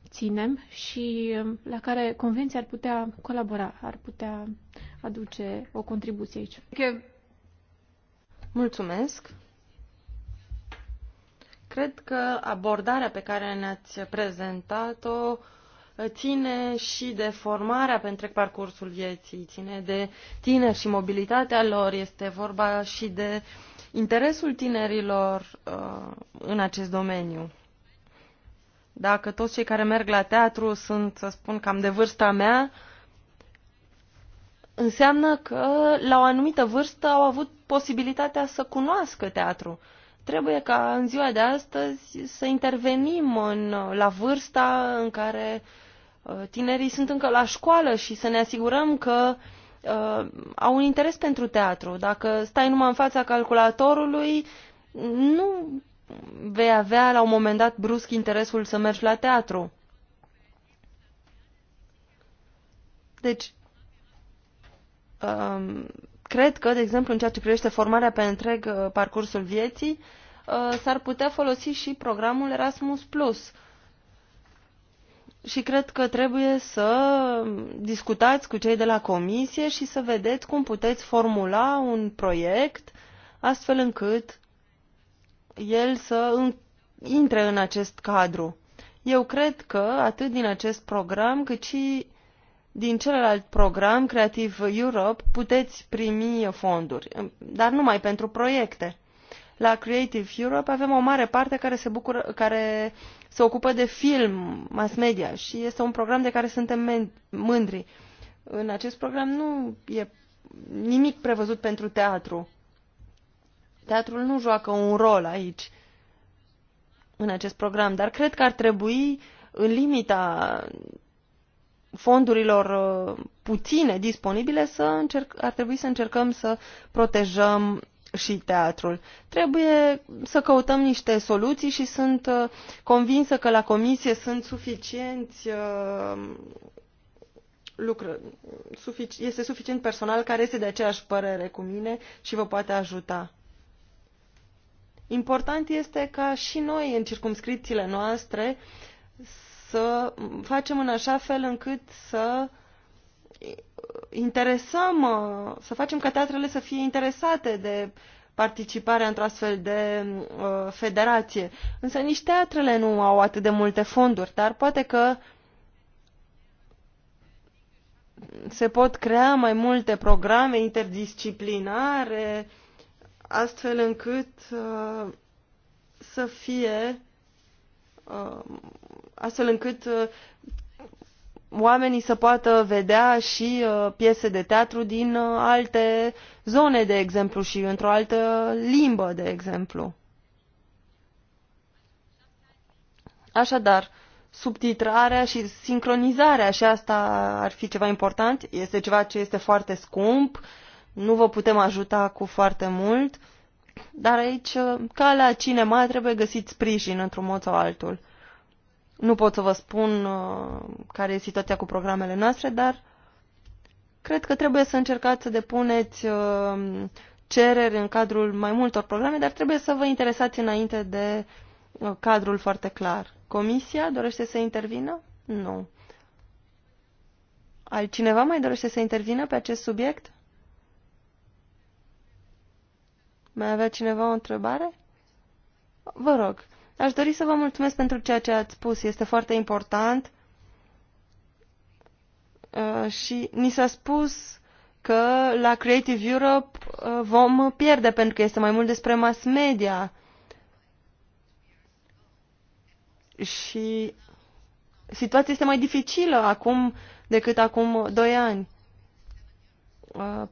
ținem și um, la care Convenția ar putea colabora, ar putea aduce o contribuție aici. Okay. Mulțumesc! Cred că abordarea pe care ne-ați prezentat-o ține și de formarea pe întreg parcursul vieții, ține de tineri și mobilitatea lor, este vorba și de interesul tinerilor uh, în acest domeniu. Dacă toți cei care merg la teatru sunt, să spun, cam de vârsta mea, înseamnă că la o anumită vârstă au avut posibilitatea să cunoască teatru. Trebuie ca în ziua de astăzi să intervenim în, la vârsta în care uh, tinerii sunt încă la școală și să ne asigurăm că uh, au un interes pentru teatru. Dacă stai numai în fața calculatorului, nu vei avea la un moment dat brusc interesul să mergi la teatru. Deci, um, cred că, de exemplu, în ceea ce privește formarea pe întreg uh, parcursul vieții, uh, s-ar putea folosi și programul Erasmus+. Plus. Și cred că trebuie să discutați cu cei de la comisie și să vedeți cum puteți formula un proiect astfel încât el să intre în acest cadru. Eu cred că atât din acest program cât și din celălalt program Creative Europe puteți primi fonduri, dar numai pentru proiecte. La Creative Europe avem o mare parte care se, bucură, care se ocupă de film, mass media și este un program de care suntem mândri. În acest program nu e nimic prevăzut pentru teatru. Teatrul nu joacă un rol aici, în acest program, dar cred că ar trebui, în limita fondurilor uh, puține disponibile, să încerc, ar trebui să încercăm să protejăm și teatrul. Trebuie să căutăm niște soluții și sunt uh, convinsă că la comisie sunt suficienți uh, lucră, este suficient personal care este de aceeași părere cu mine și vă poate ajuta. Important este ca și noi, în circumscripțiile noastre, să facem în așa fel încât să interesăm, să facem ca teatrele să fie interesate de participarea într-o astfel de uh, federație. Însă nici teatrele nu au atât de multe fonduri, dar poate că se pot crea mai multe programe interdisciplinare, uh, astfel încât uh, să fie uh, astfel încât uh, oamenii să poată vedea și uh, piese de teatru din uh, alte zone, de exemplu, și într-o altă limbă, de exemplu. Așadar, subtitrarea și sincronizarea, și asta ar fi ceva important, este ceva ce este foarte scump, uh, nu vă putem ajuta cu foarte mult, dar aici, uh, ca la cinema, trebuie găsit sprijin într-un mod sau altul. Nu pot să vă spun uh, care e situația cu programele noastre, dar cred că trebuie să încercați să depuneți uh, cereri în cadrul mai multor programe, dar trebuie să vă interesați înainte de uh, cadrul foarte clar. Comisia dorește să intervină? Nu. Altcineva mai dorește să intervină pe acest subiect? Mai avea cineva o întrebare? Vă rog, aș dori să vă mulțumesc pentru ceea ce ați spus. Este foarte important uh, și ni s-a spus că la Creative Europe uh, vom pierde pentru că este mai mult despre mass media. Și situația este mai dificilă acum decât acum doi ani. Uh,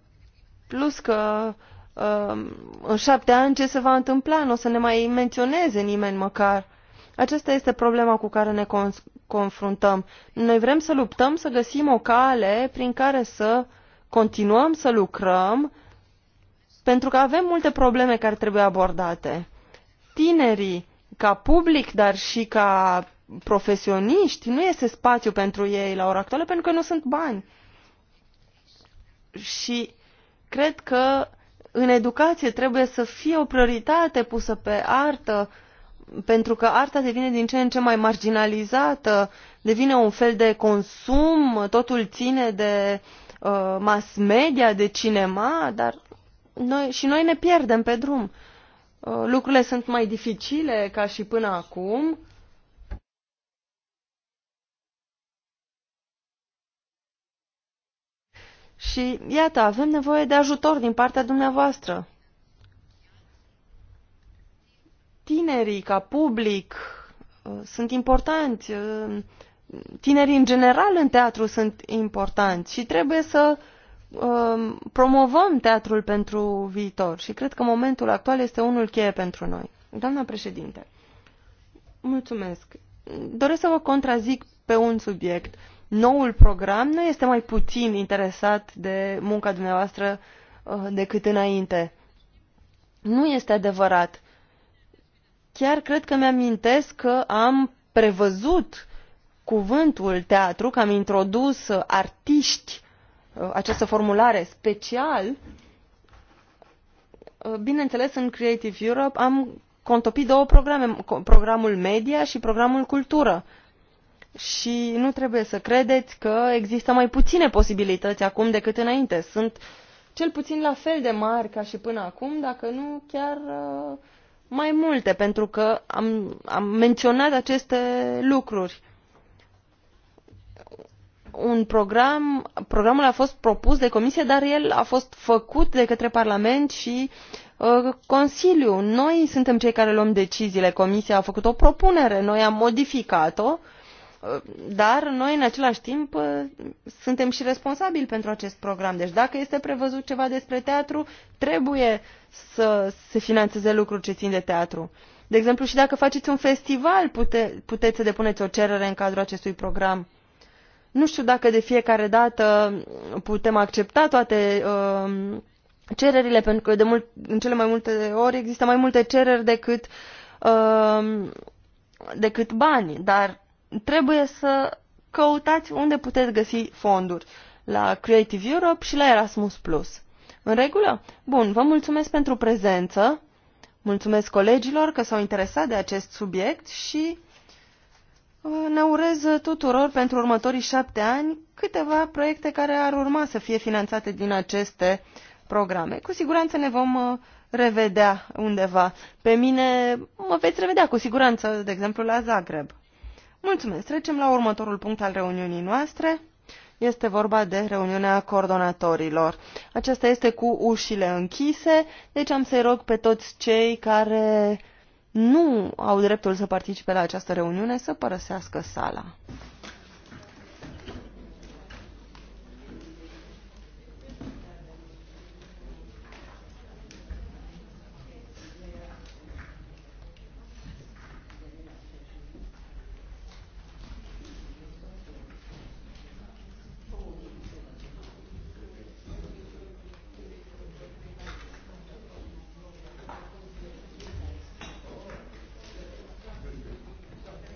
plus că Um, în șapte ani ce se va întâmpla, nu o să ne mai menționeze nimeni măcar. Aceasta este problema cu care ne confruntăm. Noi vrem să luptăm, să găsim o cale prin care să continuăm să lucrăm, pentru că avem multe probleme care trebuie abordate. Tinerii, ca public, dar și ca profesioniști, nu este spațiu pentru ei la ora actuală pentru că nu sunt bani. Și cred că în educație trebuie să fie o prioritate pusă pe artă, pentru că arta devine din ce în ce mai marginalizată, devine un fel de consum, totul ține de uh, mass media, de cinema, dar noi, și noi ne pierdem pe drum. Uh, lucrurile sunt mai dificile ca și până acum. Și iată, avem nevoie de ajutor din partea dumneavoastră. Tinerii ca public uh, sunt importanți, uh, tinerii în general în teatru sunt importanți și trebuie să uh, promovăm teatrul pentru viitor și cred că momentul actual este unul cheie pentru noi. Doamna președinte, mulțumesc. Doresc să vă contrazic pe un subiect. Uh, noul program nu este mai puțin interesat de munca dumneavoastră uh, decât înainte. Nu este adevărat. Chiar cred că mi-amintesc că am prevăzut cuvântul teatru, că am introdus uh, artiști, uh, această formulare special. Bineînțeles, în Creative Europe am contopit două programe, programul media și programul cultură și nu trebuie să credeți că există mai puține posibilități acum decât înainte. Sunt cel puțin la fel de mari ca și până acum, dacă nu chiar uh, mai multe, pentru că am, am menționat aceste lucruri. Un program, programul a fost propus de comisie, dar el a fost făcut de către Parlament și uh, Consiliu. Noi suntem cei care luăm deciziile. Comisia a făcut o propunere, noi am modificat-o uh, dar noi în același timp suntem și responsabili pentru acest program. Deci dacă este prevăzut ceva despre teatru, trebuie să se finanțeze lucruri ce țin de teatru. De exemplu, și dacă faceți un festival, pute, puteți să depuneți o cerere în cadrul acestui program. Nu știu dacă de fiecare dată putem accepta toate uh, cererile, pentru că de mult, în cele mai multe ori există mai multe cereri decât, uh, decât bani, dar trebuie să căutați unde puteți găsi fonduri, la Creative Europe și la Erasmus+. În regulă? Bun, vă mulțumesc pentru prezență, mulțumesc colegilor că s-au interesat de acest subiect și uh, ne urez tuturor pentru următorii șapte ani câteva proiecte care ar urma să fie finanțate din aceste programe. Cu siguranță ne vom uh, revedea undeva. Pe mine mă veți revedea cu siguranță, de exemplu, la Zagreb. Mulțumesc. Trecem la următorul punct al reuniunii noastre. Este vorba de reuniunea coordonatorilor. Aceasta este cu ușile închise, deci am să-i rog pe toți cei care nu au dreptul să participe la această reuniune să părăsească sala.